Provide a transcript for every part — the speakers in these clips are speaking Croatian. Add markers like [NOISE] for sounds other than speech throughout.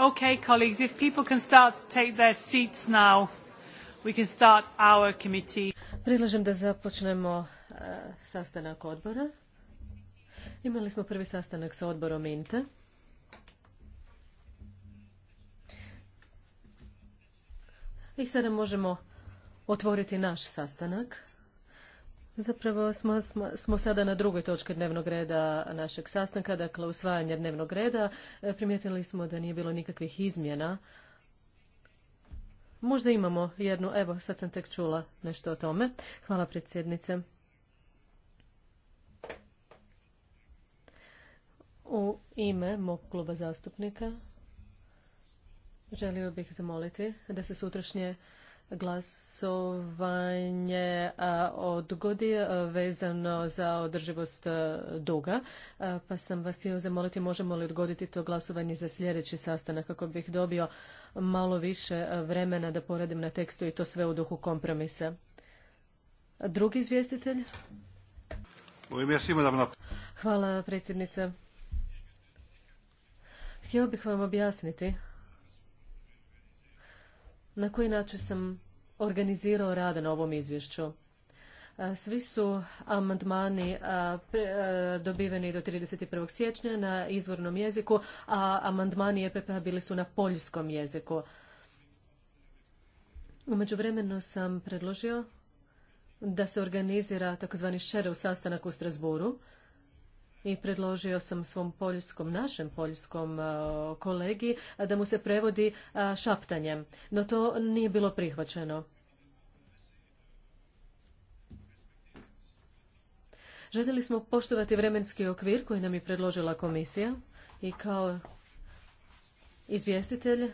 Okay, colleagues, if people can start to take their seats now, we can start our committee. Predlažem da započnemo e, sastanak odbora. Imali smo prvi sastanak sa odborom inte I sada možemo otvoriti naš sastanak. Zapravo smo, smo, sada na drugoj točki dnevnog reda našeg sastanka, dakle usvajanje dnevnog reda. E, primijetili smo da nije bilo nikakvih izmjena. Možda imamo jednu, evo sad sam tek čula nešto o tome. Hvala predsjednice. U ime mog kluba zastupnika želio bih zamoliti da se sutrašnje glasovanje odgodi vezano za održivost duga, pa sam vas htio zamoliti možemo li odgoditi to glasovanje za sljedeći sastanak kako bih dobio malo više vremena da poradim na tekstu i to sve u duhu kompromisa. Drugi izvjestitelj? Hvala predsjednice. Htio bih vam objasniti na koji način sam organizirao rad na ovom izvješću. E, svi su amandmani e, e, dobiveni do 31. siječnja na izvornom jeziku, a amandmani EPP bili su na poljskom jeziku. U međuvremenu sam predložio da se organizira takozvani šerov sastanak u Strasboru i predložio sam svom poljskom, našem poljskom e, kolegi da mu se prevodi e, šaptanjem, no to nije bilo prihvaćeno. Željeli smo poštovati vremenski okvir koji nam je predložila komisija i kao izvjestitelj e,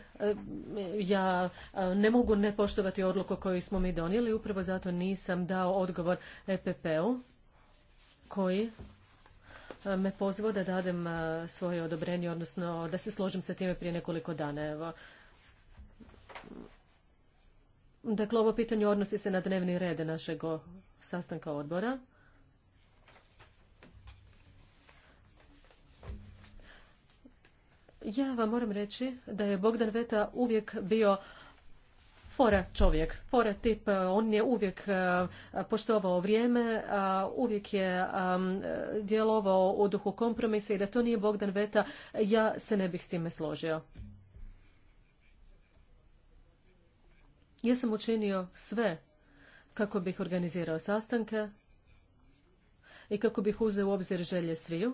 ja ne mogu ne poštovati odluku koju smo mi donijeli, upravo zato nisam dao odgovor EPP-u koji me pozvao da dadem e, svoje odobrenje, odnosno da se složim sa time prije nekoliko dana. Evo. Dakle, ovo pitanje odnosi se na dnevni red našeg sastanka odbora. Ja vam moram reći da je Bogdan Veta uvijek bio fora čovjek, fora tip, e, on je uvijek e, poštovao vrijeme, uvijek je djelovao u duhu kompromisa i da to nije Bogdan Veta, ja se ne bih s time složio. Ja sam učinio sve kako bih organizirao sastanke i kako bih uzeo u obzir želje sviju.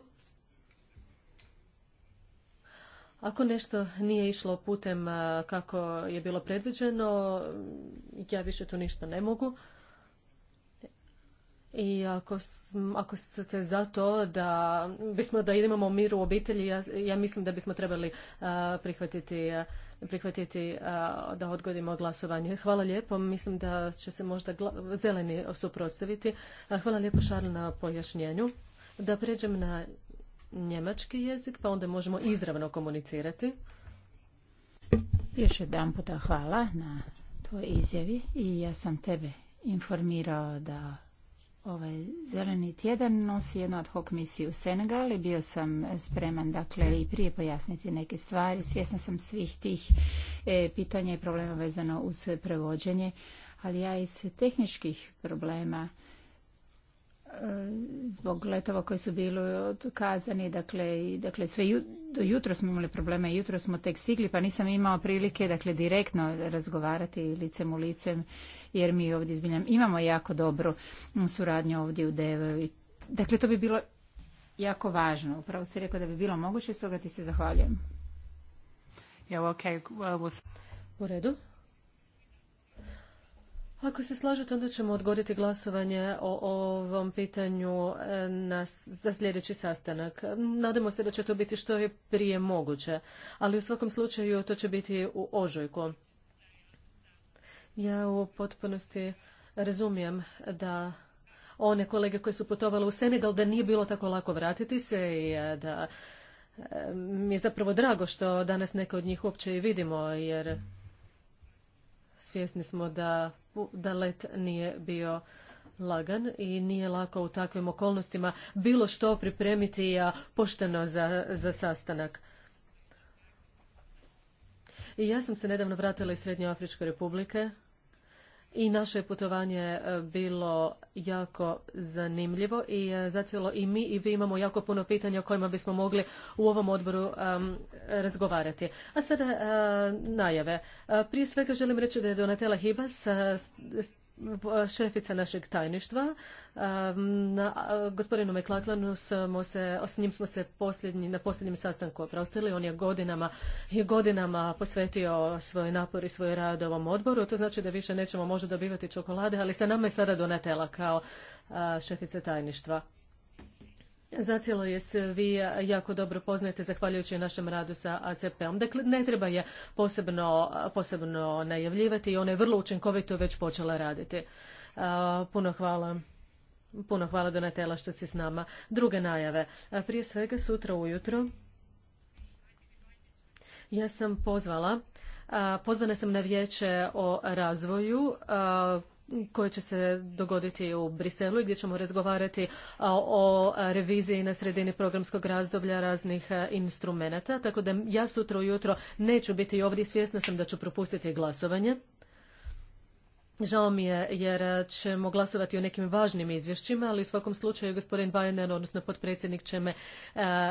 Ako nešto nije išlo putem kako je bilo predviđeno, ja više tu ništa ne mogu. I ako, ako ste za to da bismo da idemo u miru u obitelji, ja, mislim da bismo trebali prihvatiti, prihvatiti da odgodimo glasovanje. Hvala lijepo. Mislim da će se možda zeleni suprotstaviti. Hvala lijepo Šarl na pojašnjenju. Da pređem na njemački jezik, pa onda možemo izravno komunicirati. Još jedan puta hvala na tvoj izjavi i ja sam tebe informirao da ovaj zeleni tjedan nosi jednu ad hoc misiju u Senegal i bio sam spreman dakle i prije pojasniti neke stvari. Svjesna sam svih tih e, pitanja i problema vezano uz prevođenje, ali ja iz tehničkih problema zbog letova koji su bili otkazani, dakle, i, dakle sve do jutro smo imali probleme, jutro smo tek stigli, pa nisam imao prilike, dakle, direktno razgovarati licem u licem, jer mi ovdje izbiljam, imamo jako dobru suradnju ovdje u deve Dakle, to bi bilo jako važno. Upravo si rekao da bi bilo moguće, stoga ti se zahvaljujem. Yeah, U redu, ako se slažete, onda ćemo odgoditi glasovanje o ovom pitanju e, na, za sljedeći sastanak. Nadamo se da će to biti što je prije moguće, ali u svakom slučaju to će biti u ožujku. Ja u potpunosti razumijem da one kolege koje su putovale u Senegal, da nije bilo tako lako vratiti se i e, da e, mi je zapravo drago što danas neke od njih uopće i vidimo, jer Svjesni smo da, da let nije bio lagan i nije lako u takvim okolnostima bilo što pripremiti pošteno za, za sastanak. I ja sam se nedavno vratila iz Srednjoafričke republike i naše putovanje e, bilo jako zanimljivo i e, zacijelo i mi i vi imamo jako puno pitanja o kojima bismo mogli u ovom odboru razgovarati. A sada e, najave. Prije svega želim reći da je Donatela Hibas uh, šefica našeg tajništva. gospodinu Meklatlanu smo se, s njim smo se posljednji, na posljednjem sastanku oprostili. On je godinama i godinama posvetio svoj napor i svoj rad ovom odboru. To znači da više nećemo možda dobivati čokolade, ali se nama je sada donatela kao šefica tajništva. Zacijelo je vi jako dobro poznajete zahvaljujući našem radu sa ACP-om. Dakle, ne treba je posebno, posebno najavljivati i ona je vrlo učinkovito već počela raditi. Puno hvala. Puno hvala Donatela što si s nama. Druge najave. Prije svega sutra ujutro ja sam pozvala Pozvana sam na vijeće o razvoju koje će se dogoditi u Briselu i gdje ćemo razgovarati o reviziji na sredini programskog razdoblja raznih instrumenata. Tako da ja sutra ujutro neću biti ovdje, svjesna sam da ću propustiti glasovanje. Žao mi je jer ćemo glasovati o nekim važnim izvješćima, ali u svakom slučaju gospodin Bajner, odnosno potpredsjednik, e,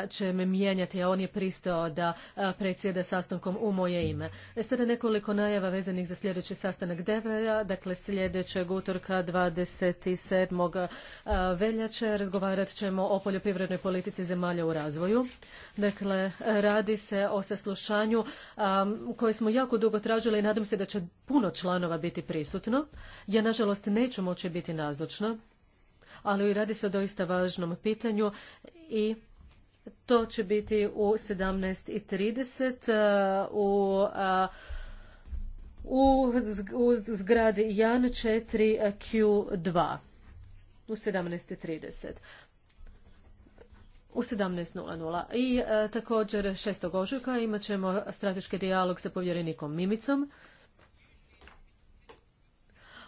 će me, mijenjati, a on je pristao da e, predsjeda sastankom u moje ime. E sada nekoliko najava vezanih za sljedeći sastanak Devera, dakle sljedećeg utorka 27. E, veljače razgovarat ćemo o poljoprivrednoj politici zemalja u razvoju. Dakle, radi se o saslušanju koje smo jako dugo tražili i nadam se da će puno članova biti prisutno ja, nažalost, neću moći biti nazočna, ali radi se o doista važnom pitanju i to će biti u 17.30 e, u e, u, u zgradi Jan 4Q2 u 17.30. U 17.00. I e, također 6. ožujka imat ćemo strateški dijalog sa povjerenikom Mimicom.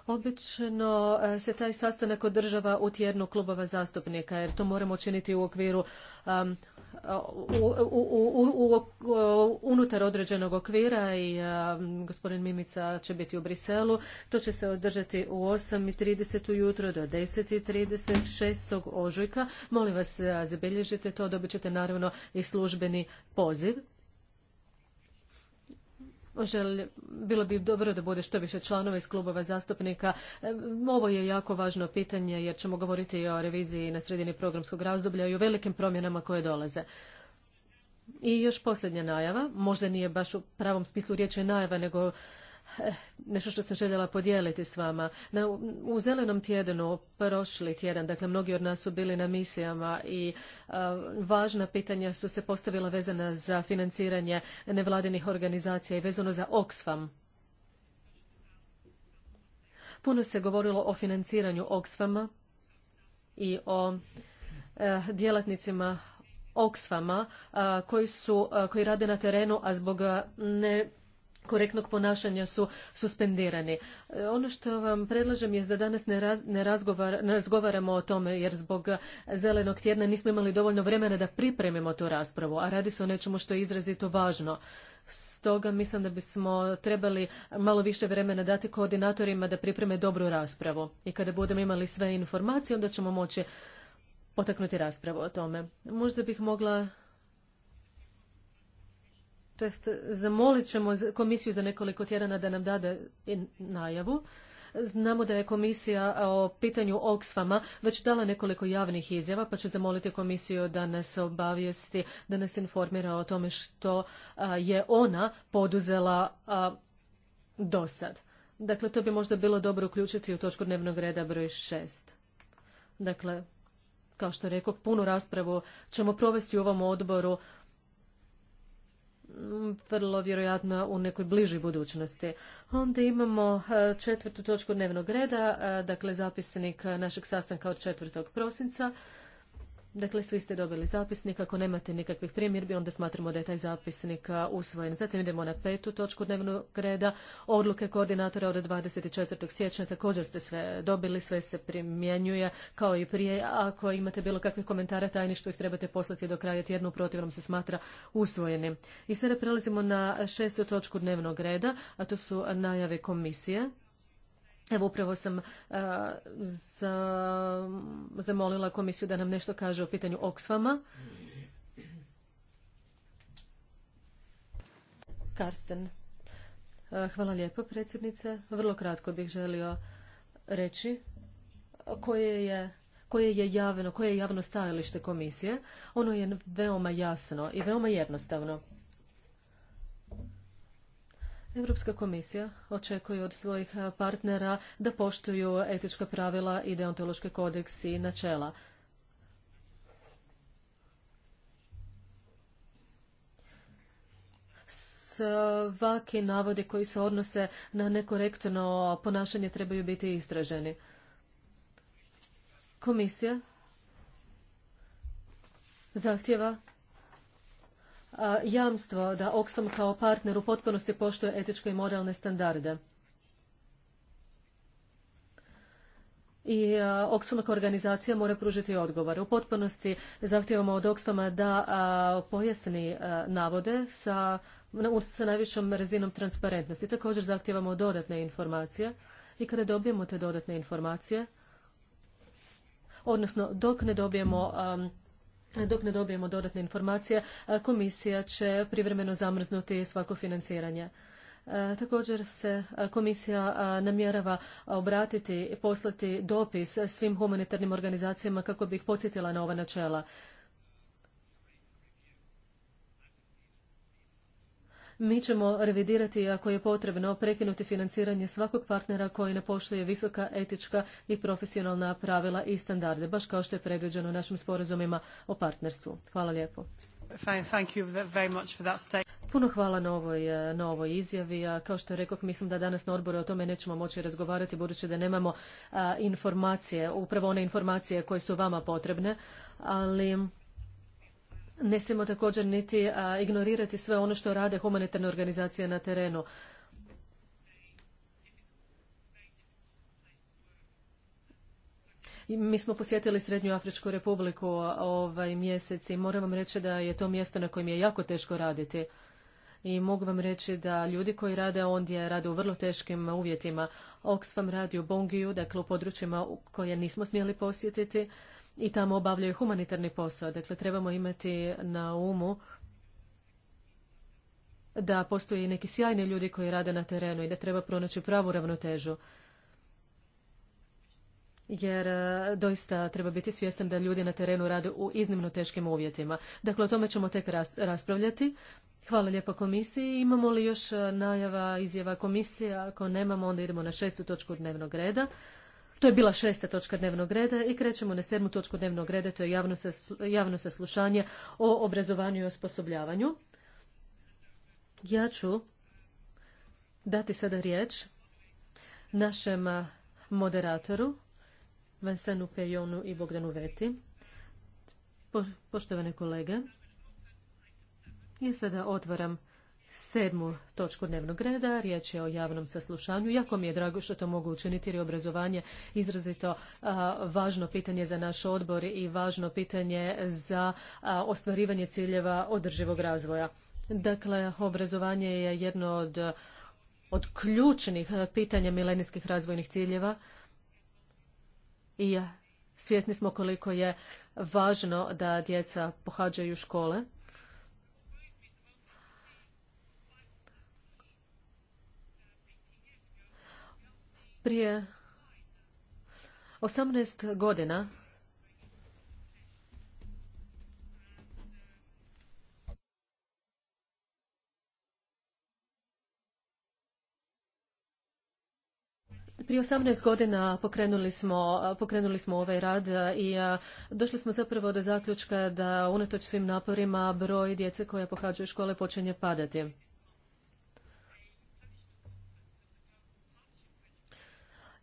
Obično e, se taj sastanak održava u tjednu klubova zastupnika, jer to moramo činiti u okviru e, u, unutar određenog okvira i gospodin Mimica će biti u Briselu. To će se održati u 8.30 ujutro do 10.30 6. ožujka. Molim vas, e, zabilježite to, dobit ćete naravno i službeni poziv bilo bi dobro da bude što više članova iz klubova zastupnika. E, ovo je jako važno pitanje jer ćemo govoriti i o reviziji na sredini programskog razdoblja i o velikim promjenama koje dolaze. I još posljednja najava, možda nije baš u pravom smislu riječi najava, nego Eh, nešto što sam željela podijeliti s vama. Na, u zelenom tjednu, prošli tjedan, dakle mnogi od nas su bili na misijama i eh, važna pitanja su se postavila vezana za financiranje nevladinih organizacija i vezano za Oxfam. Puno se govorilo o financiranju Oxfama i o eh, djelatnicima Oxfama koji, su, koji rade na terenu, a zbog ne korektnog ponašanja su suspendirani. E, ono što vam predlažem je da danas ne, ne razgovaramo o tome jer zbog zelenog tjedna nismo imali dovoljno vremena da pripremimo tu raspravu, a radi se o nečemu što je izrazito važno. Stoga mislim da bismo trebali malo više vremena dati koordinatorima da pripreme dobru raspravu. I kada budemo imali sve informacije, onda ćemo moći potaknuti raspravu o tome. Možda bih mogla to jest zamolit ćemo komisiju za nekoliko tjedana da nam dade najavu. Znamo da je komisija o pitanju Oxfama već dala nekoliko javnih izjava, pa ću zamoliti komisiju da nas obavijesti, da nas informira o tome što je ona poduzela do sad. Dakle, to bi možda bilo dobro uključiti u točku dnevnog reda broj 6. Dakle, kao što rekao, punu raspravu ćemo provesti u ovom odboru Mm, vrlo vjerojatno u nekoj bližoj budućnosti. Onda imamo e, četvrtu točku dnevnog reda, e, dakle zapisnik našeg sastanka od 4. prosinca. Dakle, svi ste dobili zapisnik. Ako nemate nikakvih primjerbi, onda smatramo da je taj zapisnik usvojen. Zatim idemo na petu točku dnevnog reda. Odluke koordinatora od 24. siječnja također ste sve dobili, sve se primjenjuje kao i prije. Ako imate bilo kakvih komentara, tajništvo ih trebate poslati do kraja tjednu. u protivnom se smatra usvojenim. I sada prelazimo na šestu točku dnevnog reda, a to su najave komisije. Evo upravo sam e, zamolila komisiju da nam nešto kaže o pitanju oksvama. Karsten. E, hvala lijepo predsjednice. Vrlo kratko bih želio reći koje je koje je javno, koje je javno stajalište komisije, ono je veoma jasno i veoma jednostavno. Europska komisija očekuje od svojih partnera da poštuju etička pravila i deontološke kodeks i načela. Svaki navodi koji se odnose na nekorektno ponašanje trebaju biti istraženi. Komisija zahtjeva jamstvo da Oxfam kao partner u potpunosti poštuje etičke i moralne standarde. i Oxfam kao organizacija mora pružiti odgovore. U potpunosti zahtijevamo od Oxfama da pojasni navode sa, sa najvišom razinom transparentnosti. Također zahtijevamo dodatne informacije i kada dobijemo te dodatne informacije, odnosno dok ne dobijemo dok ne dobijemo dodatne informacije, komisija će privremeno zamrznuti svako financiranje. Također se komisija namjerava obratiti i poslati dopis svim humanitarnim organizacijama kako bi ih podsjetila na ova načela. Mi ćemo revidirati, ako je potrebno, prekinuti financiranje svakog partnera koji ne poštuje visoka etička i profesionalna pravila i standarde, baš kao što je predviđeno našim sporazumima o partnerstvu. Hvala lijepo. Puno hvala eh, na ovoj, izjavi. A kao što rekao, mislim da danas na odboru o tome nećemo moći razgovarati budući da nemamo eh, informacije, upravo one informacije koje su vama potrebne, ali ne smijemo također niti ignorirati sve ono što rade humanitarne organizacije na terenu. Mi smo posjetili Srednju Afričku republiku ovaj mjesec i moram vam reći da je to mjesto na kojem je jako teško raditi. I mogu vam reći da ljudi koji rade ondje rade u vrlo teškim uvjetima. Oxfam radi u Bongiju, dakle u područjima koje nismo smjeli posjetiti i tamo obavljaju humanitarni posao. Dakle, trebamo imati na umu da postoje neki sjajni ljudi koji rade na terenu i da treba pronaći pravu ravnotežu. Jer e, doista treba biti svjestan da ljudi na terenu rade u iznimno teškim uvjetima. Dakle, o tome ćemo tek raspravljati. Hvala lijepo komisiji. Imamo li još e, najava izjava komisije? Ako nemamo, onda idemo na šestu točku dnevnog reda. To je bila šesta točka dnevnog reda i krećemo na sedmu točku dnevnog reda, to je javno, javno saslušanje o obrazovanju i osposobljavanju. Ja ću dati sada riječ našem moderatoru, vansenu Pejonu i Bogdanu Veti. poštovane kolege, ja sada otvaram sedmu točku dnevnog reda. Riječ je o javnom saslušanju. Jako mi je drago što to mogu učiniti jer je obrazovanje izrazito važno pitanje za naš odbor i važno pitanje za ostvarivanje ciljeva održivog razvoja. Dakle, obrazovanje je jedno od, od ključnih pitanja milenijskih razvojnih ciljeva i svjesni smo koliko je važno da djeca pohađaju škole Prije 18 godina Prije 18 godina pokrenuli smo, pokrenuli smo ovaj rad i došli smo zapravo do zaključka da unatoč svim naporima broj djece koja pohađaju škole počinje padati.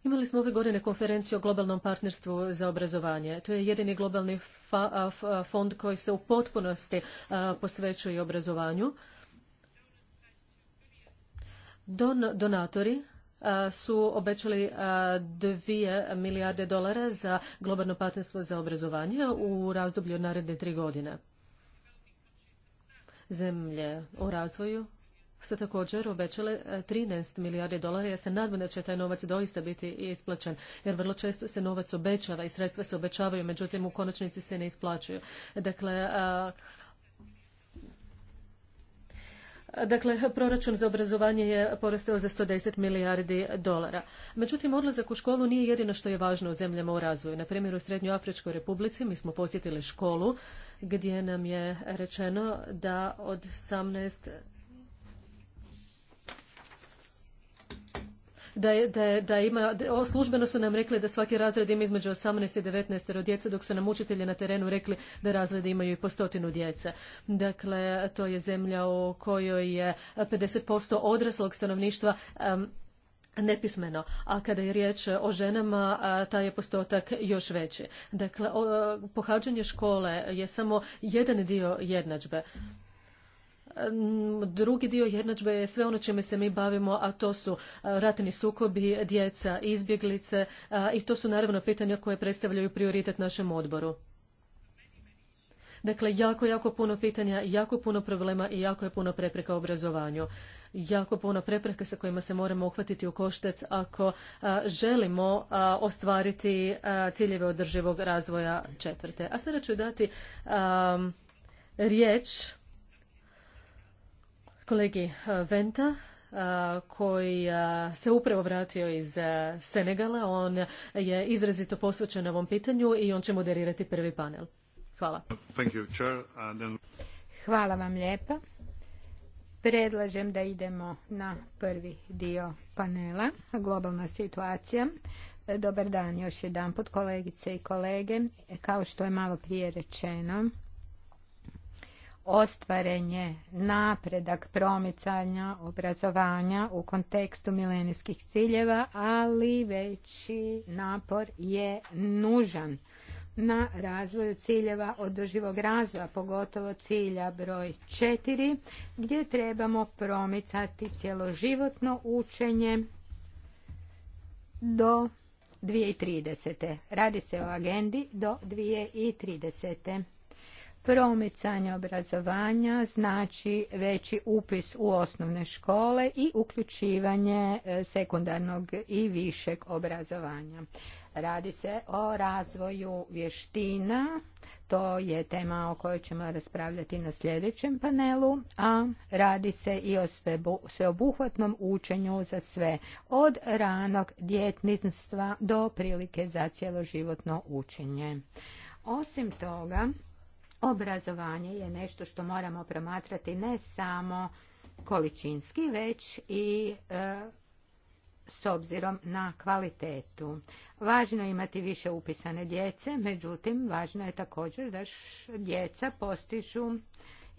Imali smo ove godine konferenciju o globalnom partnerstvu za obrazovanje. To je jedini globalni fond koji se u potpunosti posvećuje obrazovanju. donatori su obećali dvije milijarde dolara za globalno partnerstvo za obrazovanje u razdoblju od naredne tri godine. Zemlje u razvoju su također obećale 13 e, milijardi dolara. Ja se nadam da će taj novac doista biti isplaćen, jer vrlo često se novac obećava i sredstva se obećavaju, međutim u konačnici se ne isplaćuju. Dakle, Dakle, proračun za obrazovanje je porastao za 110 milijardi dolara. Međutim, odlazak u školu nije jedino što je važno u zemljama u razvoju. Na primjer, u Srednjoafričkoj republici mi smo posjetili školu gdje nam je rečeno da od 18 da, je, da, da ima, službeno su nam rekli da svaki razred ima između 18 i 19 djece, dok su nam učitelji na terenu rekli da razredi imaju i po stotinu djece. Dakle, to je zemlja u kojoj je 50% odraslog stanovništva nepismeno, a kada je riječ o ženama, taj je postotak još veći. Dakle, pohađanje škole je samo jedan dio jednadžbe. Drugi dio jednadžbe je sve ono čime se mi bavimo, a to su e, ratni sukobi, djeca, izbjeglice e, i to su naravno pitanja koje predstavljaju prioritet našem odboru. Dakle, jako, jako puno pitanja, jako puno problema i jako je puno prepreka obrazovanju. Jako puno prepreka sa kojima se moramo uhvatiti u koštec ako e, želimo ostvariti ciljeve održivog razvoja četvrte. A sada ću dati riječ kolegi eh, Venta eh, koji eh, se upravo vratio iz Senegala. On je izrazito posvećen ovom pitanju i on će moderirati prvi panel. Hvala. Uh, Hvala vam lijepa. Predlažem da idemo na prvi dio panela, globalna situacija. Dobar dan još jedan pod kolegice i kolege. Kao što je malo prije rečeno, ostvaren napredak promicanja obrazovanja u kontekstu milenijskih ciljeva, ali veći napor je nužan na razvoju ciljeva održivog razvoja, pogotovo cilja broj 4, gdje trebamo promicati cjeloživotno učenje do 2030. Radi se o agendi do 2030. Promicanje obrazovanja znači veći upis u osnovne škole i uključivanje e, sekundarnog i višeg obrazovanja. Radi se o razvoju vještina, to je tema o kojoj ćemo raspravljati na sljedećem panelu, a radi se i o sveobuhvatnom učenju za sve, od ranog djetnictva do prilike za cjeloživotno učenje. Osim toga, obrazovanje je nešto što moramo promatrati ne samo količinski, već i e, s obzirom na kvalitetu. Važno je imati više upisane djece, međutim, važno je također da djeca postižu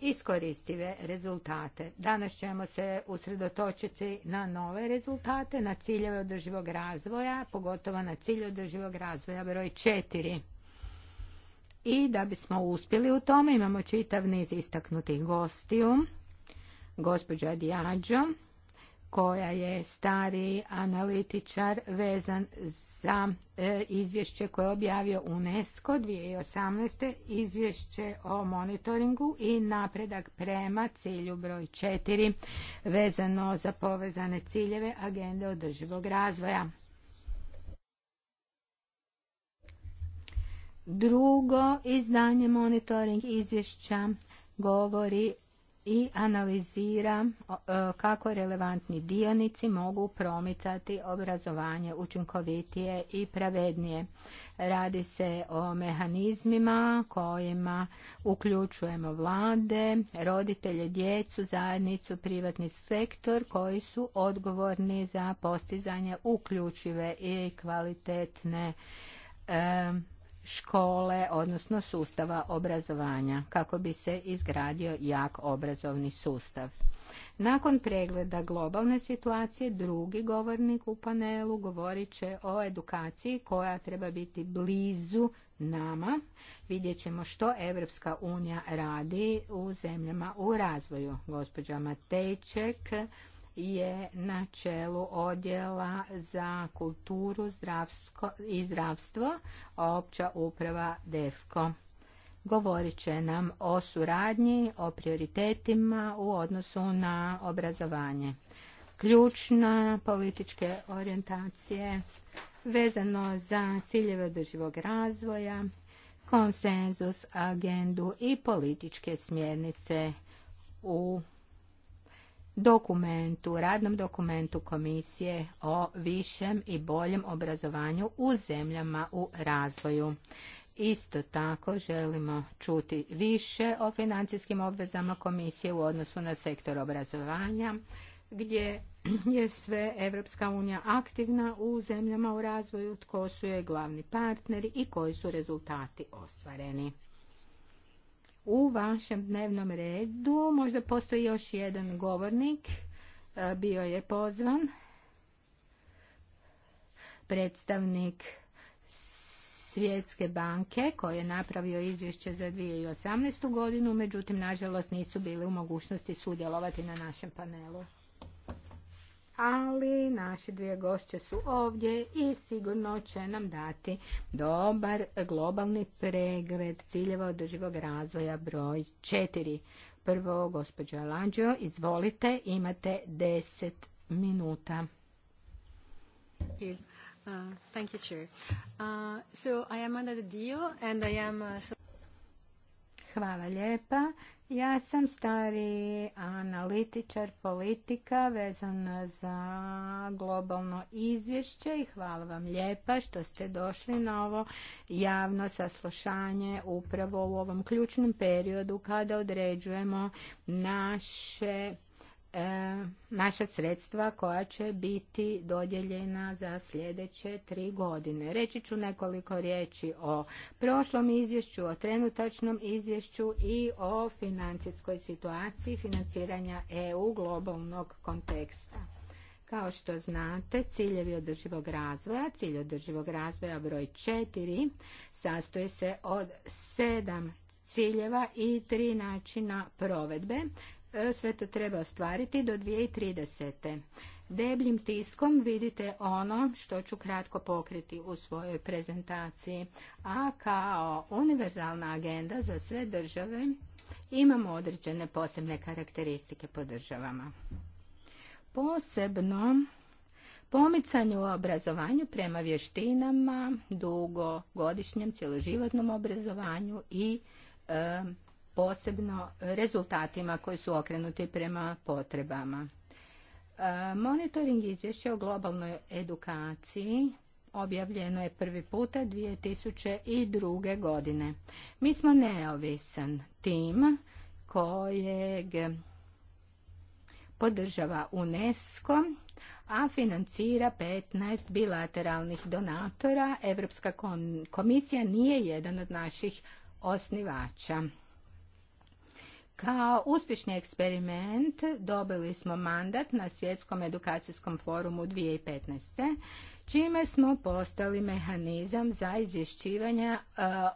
iskoristive rezultate. Danas ćemo se usredotočiti na nove rezultate, na ciljeve održivog razvoja, pogotovo na cilj održivog razvoja broj četiri i da bismo uspjeli u tome imamo čitav niz istaknutih gostiju. Gospođa Dijadžo, koja je stari analitičar vezan za e, izvješće koje je objavio UNESCO 2018. izvješće o monitoringu i napredak prema cilju broj 4 vezano za povezane ciljeve agende održivog razvoja. Drugo izdanje monitoring izvješća govori i analizira e, kako relevantni dionici mogu promicati obrazovanje učinkovitije i pravednije. Radi se o mehanizmima kojima uključujemo vlade, roditelje, djecu, zajednicu, privatni sektor koji su odgovorni za postizanje uključive i kvalitetne e, škole, odnosno sustava obrazovanja, kako bi se izgradio jak obrazovni sustav. Nakon pregleda globalne situacije, drugi govornik u panelu govorit će o edukaciji koja treba biti blizu nama. Vidjet ćemo što Evropska unija radi u zemljama u razvoju. Gospođa Matejček je na čelu odjela za kulturu zdravstvo i zdravstvo, opća uprava DEFKO. Govorit će nam o suradnji, o prioritetima u odnosu na obrazovanje. ključna političke orijentacije vezano za ciljeve održivog razvoja, konsenzus, agendu i političke smjernice u dokumentu, radnom dokumentu komisije o višem i boljem obrazovanju u zemljama u razvoju. Isto tako želimo čuti više o financijskim obvezama komisije u odnosu na sektor obrazovanja, gdje je sve Evropska unija aktivna u zemljama u razvoju, tko su je glavni partneri i koji su rezultati ostvareni u vašem dnevnom redu. Možda postoji još jedan govornik, e, bio je pozvan predstavnik Svjetske banke koji je napravio izvješće za 2018. godinu, međutim, nažalost, nisu bili u mogućnosti sudjelovati na našem panelu ali naše dvije gošće su ovdje i sigurno će nam dati dobar globalni pregled ciljeva održivog razvoja broj 4. Prvo, gospođo Alanđo, izvolite, imate 10 minuta. Hvala lijepa. Ja sam stari analitičar politika vezana za globalno izvješće i hvala vam lijepa što ste došli na ovo javno saslušanje upravo u ovom ključnom periodu kada određujemo naše E, naša sredstva koja će biti dodjeljena za sljedeće tri godine. Reći ću nekoliko riječi o prošlom izvješću, o trenutačnom izvješću i o financijskoj situaciji financiranja EU globalnog konteksta. Kao što znate, ciljevi održivog razvoja, cilj održivog razvoja broj 4 sastoje se od sedam ciljeva i tri načina provedbe. E, sve to treba ostvariti do 2030. Debljim tiskom vidite ono što ću kratko pokriti u svojoj prezentaciji, a kao univerzalna agenda za sve države imamo određene posebne karakteristike po državama. Posebno pomicanju u obrazovanju prema vještinama, dugogodišnjem cjeloživotnom obrazovanju i e, posebno rezultatima koji su okrenuti prema potrebama. E, monitoring izvješća o globalnoj edukaciji objavljeno je prvi puta 2002. godine. Mi smo neovisan tim kojeg podržava UNESCO, a financira 15 bilateralnih donatora. Europska komisija nije jedan od naših osnivača. Kao uspješni eksperiment dobili smo mandat na Svjetskom edukacijskom forumu 2015. čime smo postali mehanizam za izvješćivanje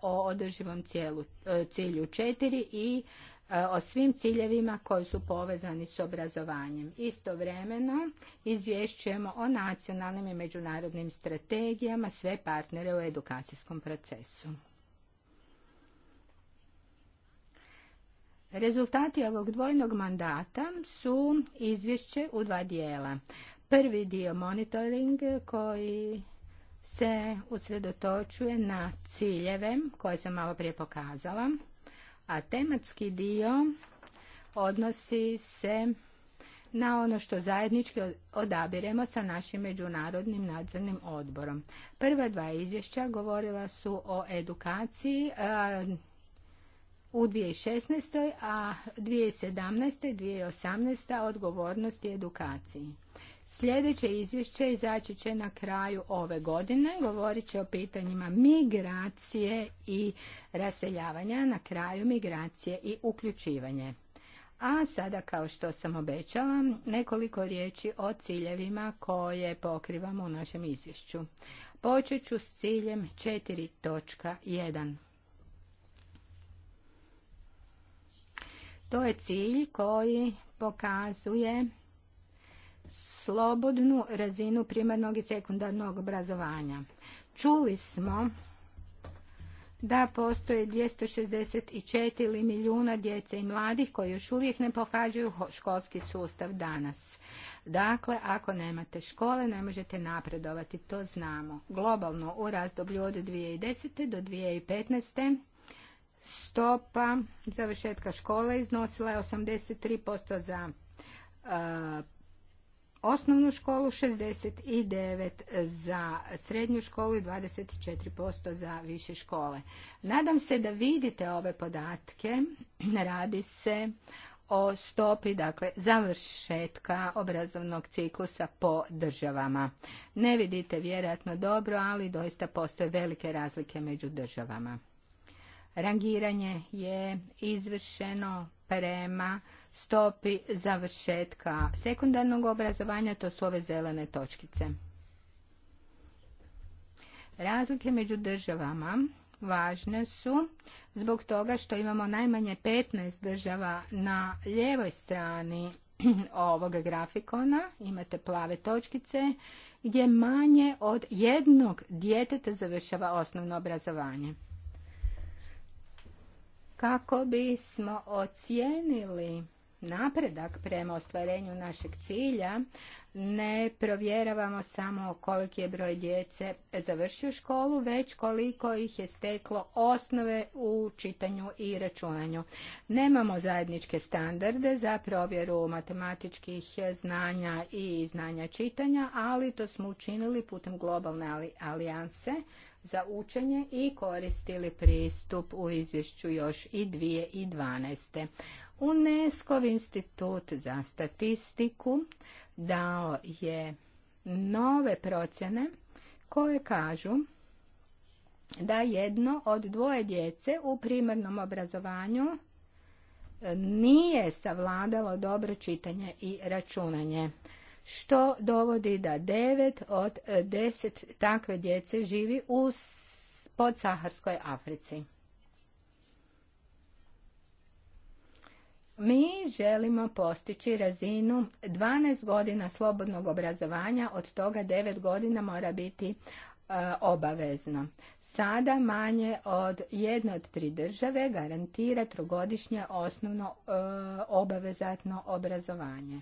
o održivom cijelu, e, cilju 4 i e, o svim ciljevima koji su povezani s obrazovanjem. Istovremeno izvješćujemo o nacionalnim i međunarodnim strategijama sve partnere u edukacijskom procesu. Rezultati ovog dvojnog mandata su izvješće u dva dijela. Prvi dio monitoring koji se usredotočuje na ciljeve koje sam malo prije pokazala, a tematski dio odnosi se na ono što zajednički odabiremo sa našim međunarodnim nadzornim odborom. Prva dva izvješća govorila su o edukaciji u 2016. a 2017. i 2018. odgovornost i edukaciji. Sljedeće izvješće izaći će na kraju ove godine. Govorit će o pitanjima migracije i raseljavanja, na kraju migracije i uključivanje. A sada, kao što sam obećala, nekoliko riječi o ciljevima koje pokrivamo u našem izvješću. Počet ću s ciljem 4.1. To je cilj koji pokazuje slobodnu razinu primarnog i sekundarnog obrazovanja. Čuli smo da postoje 264 milijuna djece i mladih koji još uvijek ne pohađaju školski sustav danas. Dakle, ako nemate škole, ne možete napredovati, to znamo. Globalno u razdoblju od 2010. do 2015 stopa završetka škole iznosila je 83% za e, osnovnu školu, 69% za srednju školu i 24% za više škole. Nadam se da vidite ove podatke. Radi se o stopi dakle, završetka obrazovnog ciklusa po državama. Ne vidite vjerojatno dobro, ali doista postoje velike razlike među državama. Rangiranje je izvršeno prema stopi završetka sekundarnog obrazovanja, to su ove zelene točkice. Razlike među državama važne su zbog toga što imamo najmanje 15 država na ljevoj strani [CLEARS THROAT] ovog grafikona, imate plave točkice, gdje manje od jednog djeteta završava osnovno obrazovanje kako bismo ocijenili napredak prema ostvarenju našeg cilja ne provjeravamo samo koliki je broj djece završio školu, već koliko ih je steklo osnove u čitanju i računanju. Nemamo zajedničke standarde za provjeru matematičkih znanja i znanja čitanja, ali to smo učinili putem globalne alijanse za učenje i koristili pristup u izvješću još i 2012. UNESCO institut za statistiku dao je nove procjene koje kažu da jedno od dvoje djece u primarnom obrazovanju nije savladalo dobro čitanje i računanje što dovodi da 9 od 10 e, takve djece živi u podsaharskoj Africi. Mi želimo postići razinu 12 godina slobodnog obrazovanja, od toga 9 godina mora biti e, obavezno. Sada manje od jedne od tri države garantira trogodišnje osnovno e, obavezatno obrazovanje.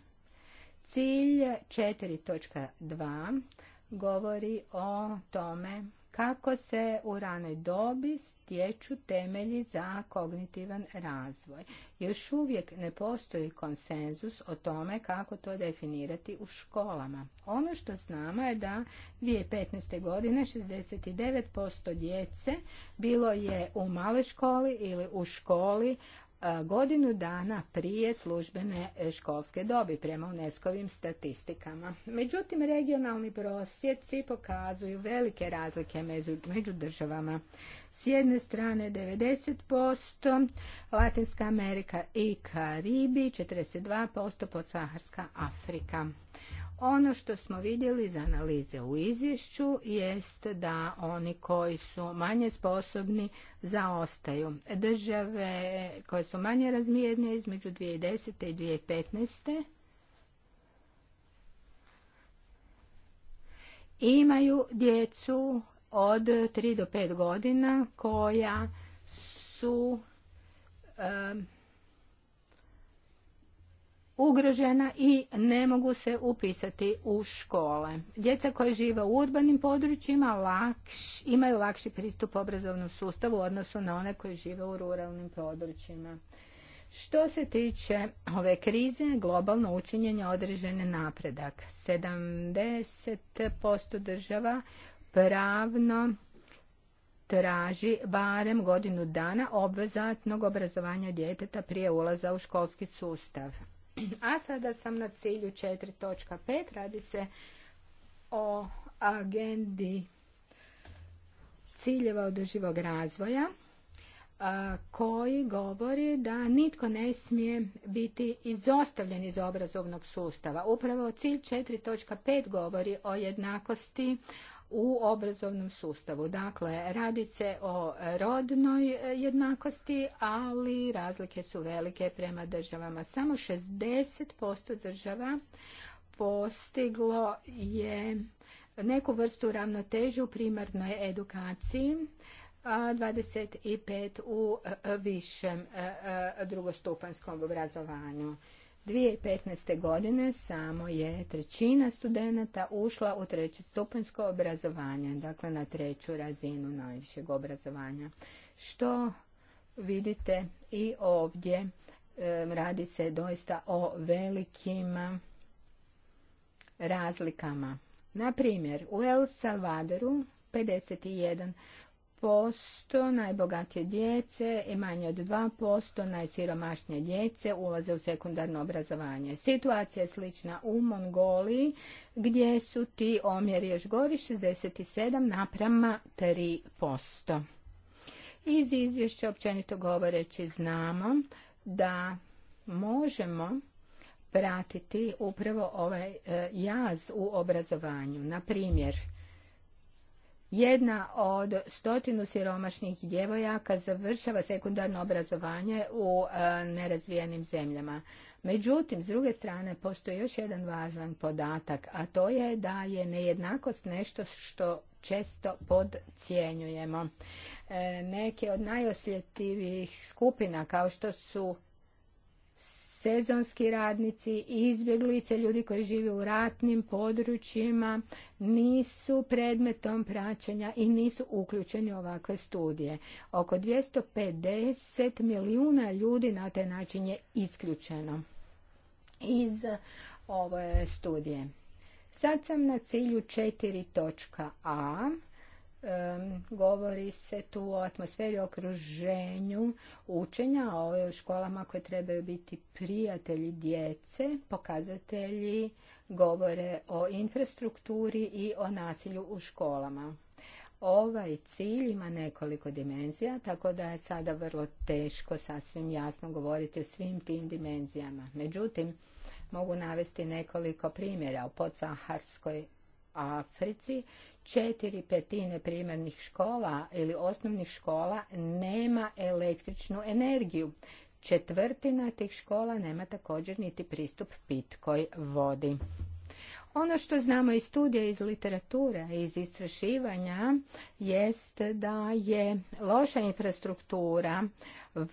Cilj 4.2 govori o tome kako se u ranoj dobi stječu temelji za kognitivan razvoj. Još uvijek ne postoji konsenzus o tome kako to definirati u školama. Ono što znamo je da 2015. godine 69% djece bilo je u maloj školi ili u školi godinu dana prije službene školske dobi prema UNESCO-vim statistikama. Međutim, regionalni prosjeci pokazuju velike razlike među, među državama. S jedne strane 90%, Latinska Amerika i Karibi, 42%, podsaharska Afrika. Ono što smo vidjeli za analize u izvješću jest da oni koji su manje sposobni zaostaju. Države koje su manje razmijedne između 2010. i 2015. imaju djecu od 3 do 5 godina koja su um, ugrožena i ne mogu se upisati u škole. Djeca koja žive u urbanim područjima imaju lakši pristup obrazovnom sustavu u odnosu na one koje žive u ruralnim područjima. Što se tiče ove krize, globalno učinjen je napredak. 70% država pravno traži barem godinu dana obvezatnog obrazovanja djeteta prije ulaza u školski sustav. A sada sam na cilju 4.5. Radi se o agendi ciljeva održivog razvoja koji govori da nitko ne smije biti izostavljen iz obrazovnog sustava. Upravo cilj 4.5 govori o jednakosti, u obrazovnom sustavu. Dakle, radi se o rodnoj jednakosti, ali razlike su velike prema državama. Samo 60% država postiglo je neku vrstu ravnoteže u primarnoj edukaciji, a 25 u višem drugostupanskom obrazovanju. 2015. godine samo je trećina studenata ušla u treće stupanjsko obrazovanje, dakle na treću razinu najvišeg obrazovanja. Što vidite i ovdje e, radi se doista o velikim razlikama. Na primjer, u El Salvadoru 51 posto najbogatije djece i manje od 2% najsiromašnije djece ulaze u sekundarno obrazovanje. Situacija je slična u Mongoliji gdje su ti omjeri još gori 67 naprama 3%. Iz izvješća općenito govoreći znamo da možemo pratiti upravo ovaj e, jaz u obrazovanju. Na primjer, jedna od stotinu siromašnih djevojaka završava sekundarno obrazovanje u e, nerazvijenim zemljama. Međutim, s druge strane, postoji još jedan važan podatak, a to je da je nejednakost nešto što često podcijenjujemo. E, neke od najosjetljivijih skupina kao što su sezonski radnici, izbjeglice, ljudi koji žive u ratnim područjima nisu predmetom praćenja i nisu uključeni u ovakve studije. Oko 250 milijuna ljudi na taj način je isključeno iz ove studije. Sad sam na cilju 4.a govori se tu o atmosferi okruženju učenja, o školama koje trebaju biti prijatelji djece, pokazatelji govore o infrastrukturi i o nasilju u školama. Ovaj cilj ima nekoliko dimenzija, tako da je sada vrlo teško sasvim jasno govoriti o svim tim dimenzijama. Međutim, mogu navesti nekoliko primjera. U podsaharskoj Africi četiri petine primarnih škola ili osnovnih škola nema električnu energiju. Četvrtina tih škola nema također niti pristup pitkoj vodi. Ono što znamo iz studija, iz literatura, iz istraživanja jest da je loša infrastruktura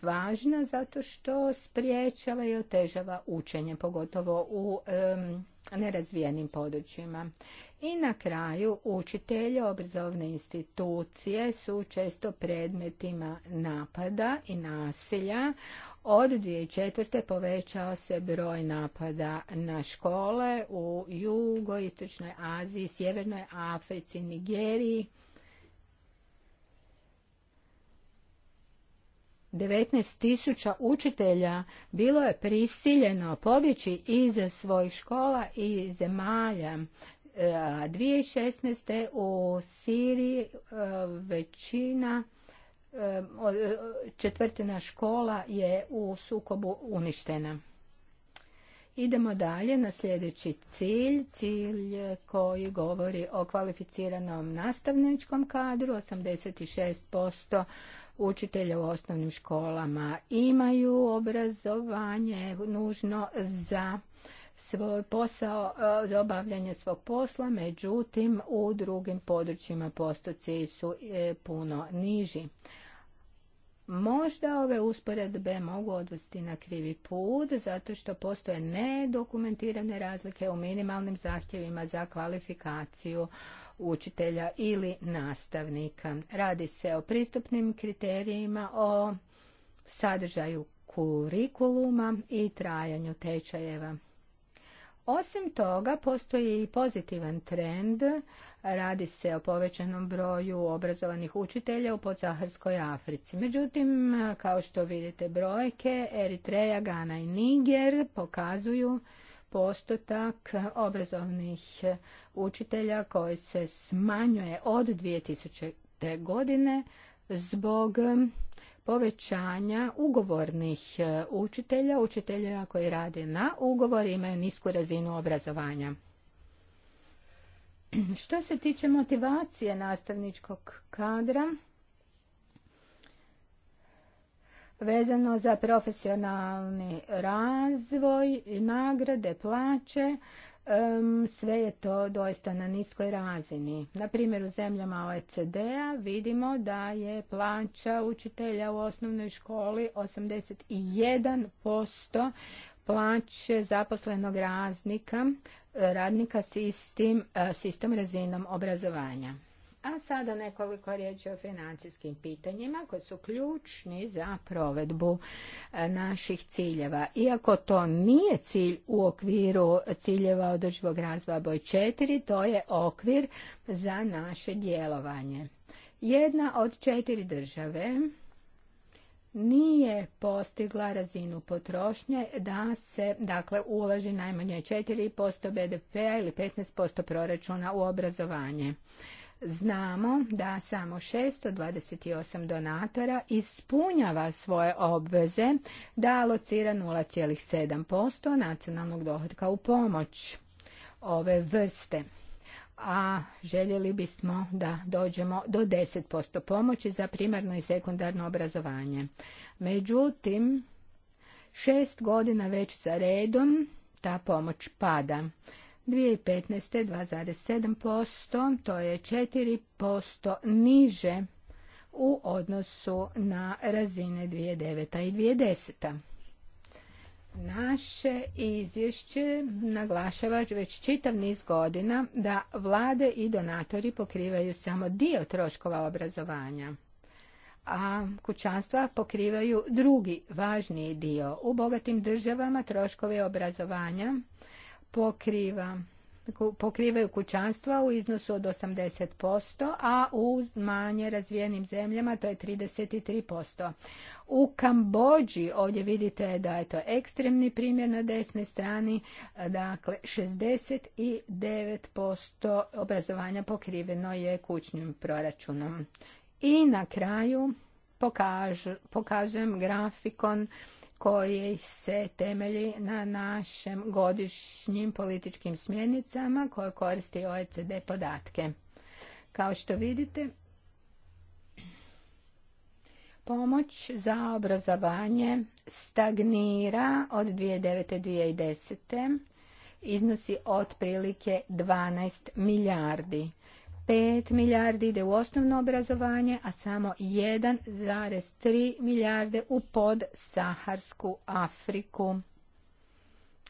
važna zato što spriječava i otežava učenje, pogotovo u nerazvijenim područjima. I na kraju, učitelje obrazovne institucije su često predmetima napada i nasilja. Od 2004. povećao se broj napada na škole u jugoistočnoj Aziji, sjevernoj Africi, Nigeriji 19.000 učitelja bilo je prisiljeno pobjeći iz svojih škola i zemalja. 2016. E, u Siriji e, većina e, četvrtina škola je u sukobu uništena. Idemo dalje na sljedeći cilj, cilj koji govori o kvalificiranom nastavničkom kadru, 86% učitelja u osnovnim školama imaju obrazovanje nužno za svoj posao, e, za obavljanje svog posla, međutim u drugim područjima postoci su e, puno niži. Možda ove usporedbe mogu odvesti na krivi put, zato što postoje nedokumentirane razlike u minimalnim zahtjevima za kvalifikaciju učitelja ili nastavnika. Radi se o pristupnim kriterijima, o sadržaju kurikuluma i trajanju tečajeva. Osim toga, postoji i pozitivan trend. Radi se o povećanom broju obrazovanih učitelja u podsaharskoj Africi. Međutim, kao što vidite brojke, Eritreja, Gana i Niger pokazuju postotak obrazovnih učitelja koji se smanjuje od 2000. godine zbog povećanja ugovornih e, učitelja, učitelja koji rade na ugovor i imaju nisku razinu obrazovanja. Što se tiče motivacije nastavničkog kadra, vezano za profesionalni razvoj, nagrade, plaće, sve je to doista na niskoj razini. Na primjer, u zemljama OECD-a vidimo da je plaća učitelja u osnovnoj školi 81% plaće zaposlenog raznika, radnika s, istim, e, s istom razinom obrazovanja. A sada nekoliko riječi o financijskim pitanjima koji su ključni za provedbu e, naših ciljeva. Iako to nije cilj u okviru ciljeva održivog razvoja boj 4, to je okvir za naše djelovanje. Jedna od četiri države nije postigla razinu potrošnje da se dakle ulaži najmanje 4% BDP-a ili 15% proračuna u obrazovanje. Znamo da samo 628 donatora ispunjava svoje obveze da alocira 0,7% nacionalnog dohodka u pomoć ove vrste a željeli bismo da dođemo do 10% pomoći za primarno i sekundarno obrazovanje. Međutim, šest godina već za redom ta pomoć pada. 2015. 2,7%, to je 4% niže u odnosu na razine 2009. i 2010. Naše izvješće naglašava već čitav niz godina da vlade i donatori pokrivaju samo dio troškova obrazovanja, a kućanstva pokrivaju drugi važniji dio. U bogatim državama troškove obrazovanja pokriva pokrivaju kućanstva u iznosu od 80%, a u manje razvijenim zemljama to je 33%. U Kambođi ovdje vidite da je to ekstremni primjer na desnoj strani, dakle 69% obrazovanja pokriveno je kućnim proračunom. I na kraju pokazujem grafikon koji se temelji na našem godišnjim političkim smjernicama koje koristi OECD podatke. Kao što vidite, pomoć za obrazovanje stagnira od 2009. 2010. iznosi otprilike 12 milijardi 5 milijardi ide u osnovno obrazovanje, a samo 1,3 milijarde u podsaharsku Afriku.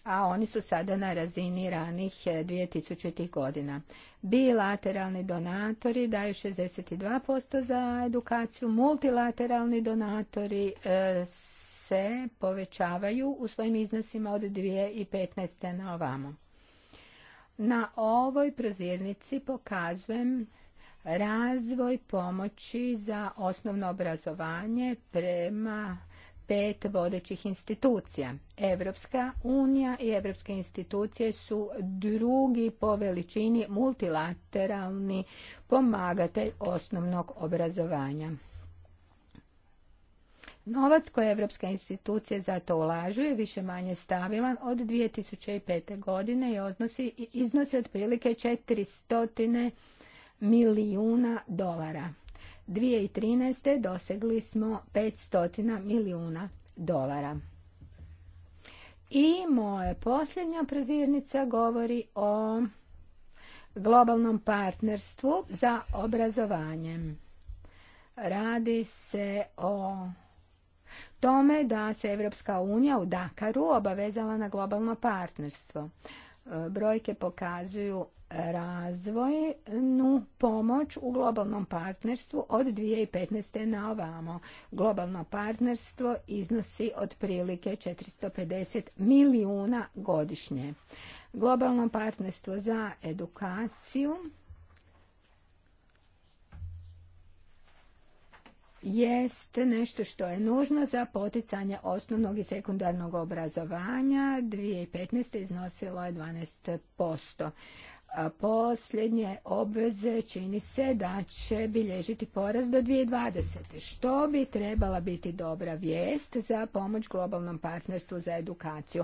A oni su sada na razini ranih 2000. Eh, godina. Bilateralni donatori daju 62% za edukaciju, multilateralni donatori eh, se povećavaju u svojim iznosima od 2015. na ovamo. Na ovoj prozirnici pokazujem razvoj pomoći za osnovno obrazovanje prema pet vodećih institucija. Evropska unija i evropske institucije su drugi po veličini multilateralni pomagatelj osnovnog obrazovanja. Novac koje Evropska institucije za to ulažu je više manje stabilan od 2005. godine i odnosi, iznosi otprilike 400 milijuna dolara. 2013. dosegli smo 500 milijuna dolara. I moje posljednja prezirnica govori o globalnom partnerstvu za obrazovanje. Radi se o tome da se Evropska unija u Dakaru obavezala na globalno partnerstvo. E, brojke pokazuju razvojnu pomoć u globalnom partnerstvu od 2015. na ovamo. Globalno partnerstvo iznosi otprilike 450 milijuna godišnje. Globalno partnerstvo za edukaciju jest nešto što je nužno za poticanje osnovnog i sekundarnog obrazovanja. 2015. iznosilo je 12%. posljednje obveze čini se da će bilježiti poraz do 2020. Što bi trebala biti dobra vijest za pomoć globalnom partnerstvu za edukaciju?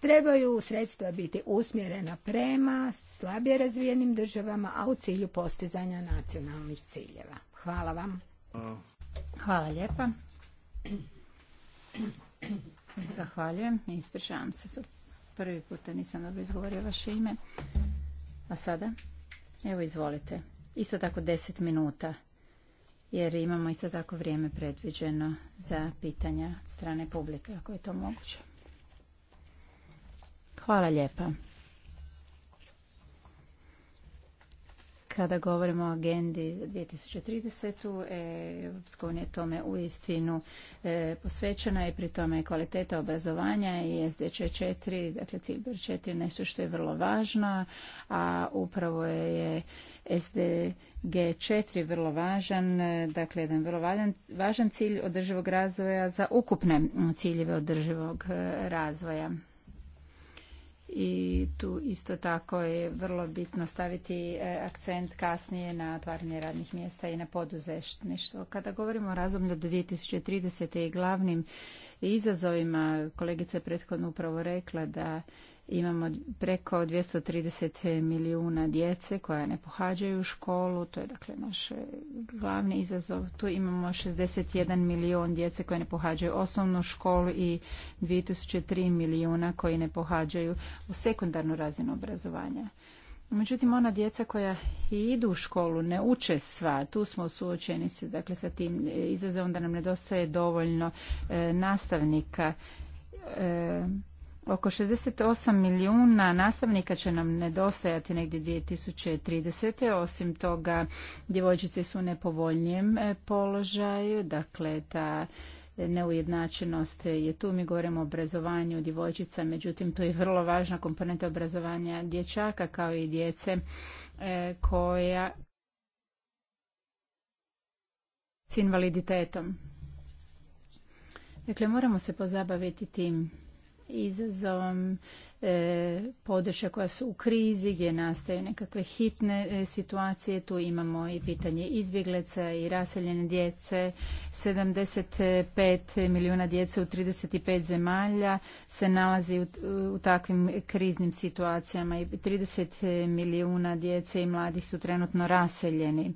Trebaju sredstva biti usmjerena prema slabije razvijenim državama, a u cilju postizanja nacionalnih ciljeva. Hvala vam. Hvala lijepa. Zahvaljujem i ispričavam se. Prvi puta nisam dobro izgovorio vaše ime. A sada? Evo izvolite. Isto tako deset minuta. Jer imamo isto tako vrijeme predviđeno za pitanja od strane publike, ako je to moguće. Hvala lijepa. Kada govorimo o agendi za 2030. Europska unija tome u istinu e, posvećena i pri tome je kvaliteta obrazovanja i SDČ 4, dakle cilj 4, nešto što je vrlo važno, a upravo je SDG 4 vrlo važan, e, dakle jedan vrlo važan cilj održivog razvoja za ukupne ciljeve održivog e, razvoja i tu isto tako je vrlo bitno staviti e, akcent kasnije na otvaranje radnih mjesta i na poduzetništvo. Kada govorimo o razdoblju do 2030. i glavnim izazovima, kolegica je prethodno upravo rekla da Imamo preko 230 milijuna djece koja ne pohađaju školu, to je dakle naš glavni izazov. Tu imamo 61 milijun djece koja ne pohađaju osnovnu školu i 2003 milijuna koji ne pohađaju u sekundarnu razinu obrazovanja. Međutim, ona djeca koja idu u školu, ne uče sva, tu smo suočeni se, dakle, sa tim izazovom da nam nedostaje dovoljno e, nastavnika. E, Oko 68 milijuna nastavnika će nam nedostajati negdje 2030. Osim toga, djevojčice su u nepovoljnijem e, položaju, dakle ta neujednačenost je tu. Mi govorimo o obrazovanju djevojčica, međutim to je vrlo važna komponenta obrazovanja dječaka kao i djece e, koja s invaliditetom. Dakle, moramo se pozabaviti tim izazovom e, područja koja su u krizi, gdje nastaju nekakve hitne e, situacije. Tu imamo i pitanje izbjeglica i raseljene djece. 75 milijuna djece u 35 zemalja se nalazi u, takvim kriznim situacijama i 30 milijuna djece i mladih su trenutno raseljeni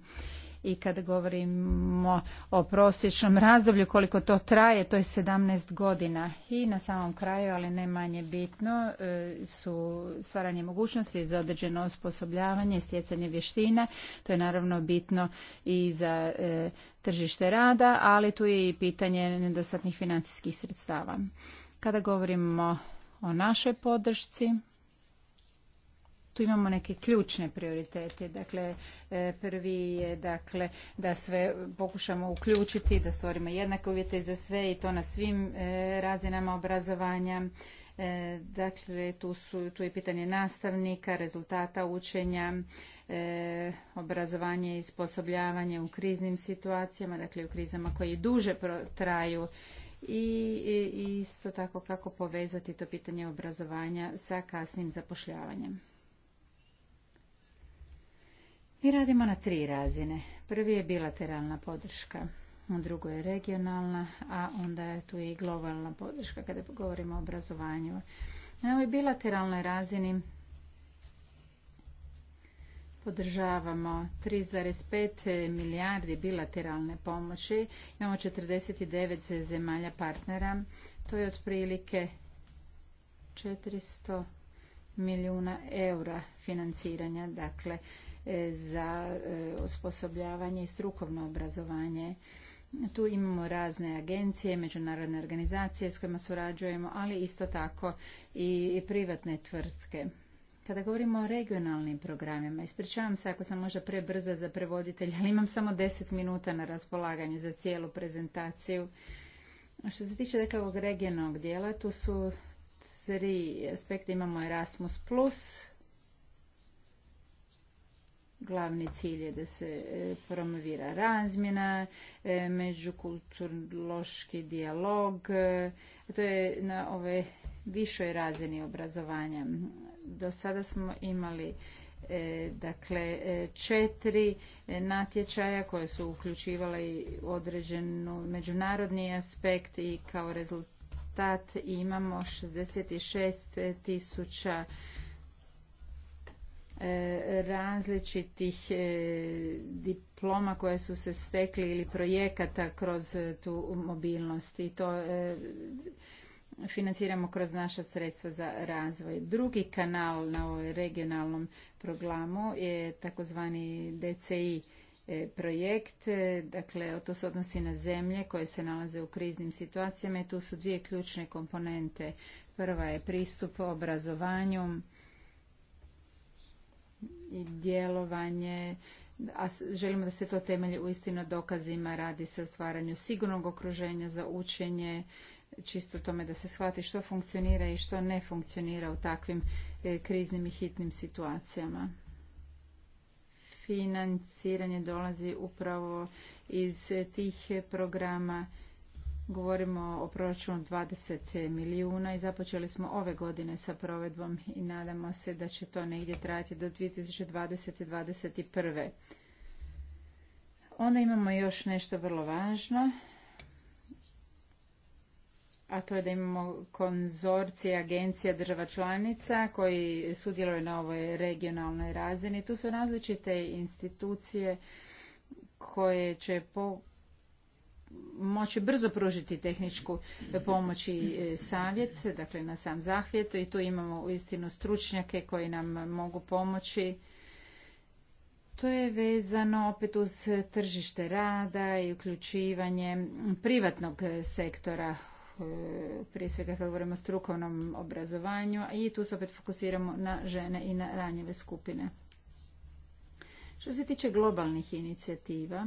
i kada govorimo o prosječnom razdoblju koliko to traje to je 17 godina i na samom kraju ali ne manje bitno e, su stvaranje mogućnosti za određeno osposobljavanje stjecanje vještina to je naravno bitno i za e, tržište rada ali tu je i pitanje nedostatnih financijskih sredstava kada govorimo o našoj podršci tu imamo neke ključne prioritete. Dakle, e, prvi je dakle da sve pokušamo uključiti, da stvorimo jednake uvjete za sve i to na svim e, razinama obrazovanja. E, dakle, tu, su, tu je pitanje nastavnika, rezultata učenja, obrazovanje i sposobljavanje u kriznim situacijama, dakle u krizama koje duže traju i isto tako kako povezati to pitanje obrazovanja sa kasnim zapošljavanjem. Mi radimo na tri razine. Prvi je bilateralna podrška, drugo je regionalna, a onda je tu i globalna podrška kada govorimo o obrazovanju. Na ovoj bilateralnoj razini podržavamo 3,5 milijardi bilateralne pomoći. Imamo 49 zemalja partnera. To je otprilike 400 milijuna eura financiranja, dakle e, za e, osposobljavanje i strukovno obrazovanje. Tu imamo razne agencije, međunarodne organizacije s kojima surađujemo, ali isto tako i privatne tvrtke. Kada govorimo o regionalnim programima, ispričavam se ako sam možda prebrza za prevoditelj, ali imam samo 10 minuta na raspolaganju za cijelu prezentaciju. Što se tiče dakle, ovog regionalnog dijela, tu su tri aspekta imamo Erasmus+, glavni cilj je da se e, promovira razmjena, e, međukulturološki dijalog, e, to je na ove višoj razini obrazovanja. Do sada smo imali dakle četiri natječaja koje su uključivale i određenu međunarodni aspekt i kao rezultat Eurostat imamo 66 tisuća e, različitih e, diploma koje su se stekli ili projekata kroz tu mobilnost i to e, financiramo kroz naša sredstva za razvoj. Drugi kanal na ovoj regionalnom programu je takozvani DCI E, projekt. E, dakle, to se odnosi na zemlje koje se nalaze u kriznim situacijama i tu su dvije ključne komponente. Prva je pristup obrazovanju i djelovanje a želimo da se to temelji uistinu dokazima, radi se o stvaranju sigurnog okruženja za učenje, čisto tome da se shvati što funkcionira i što ne funkcionira u takvim e, kriznim i hitnim situacijama financiranje dolazi upravo iz tih programa. Govorimo o proračunu 20 milijuna i započeli smo ove godine sa provedbom i nadamo se da će to negdje trajati do 2020. 2021. Onda imamo još nešto vrlo važno a to je da imamo konzorcije agencija država članica koji sudjeluju na ovoj regionalnoj razini. Tu su različite institucije koje će po moći brzo pružiti tehničku pomoć i e, savjet, dakle na sam zahvjet i tu imamo istinu stručnjake koji nam mogu pomoći. To je vezano opet uz tržište rada i uključivanje privatnog sektora Eh, prije svega kad govorimo o strukovnom obrazovanju i tu se opet fokusiramo na žene i na ranjive skupine. Što se tiče globalnih inicijativa,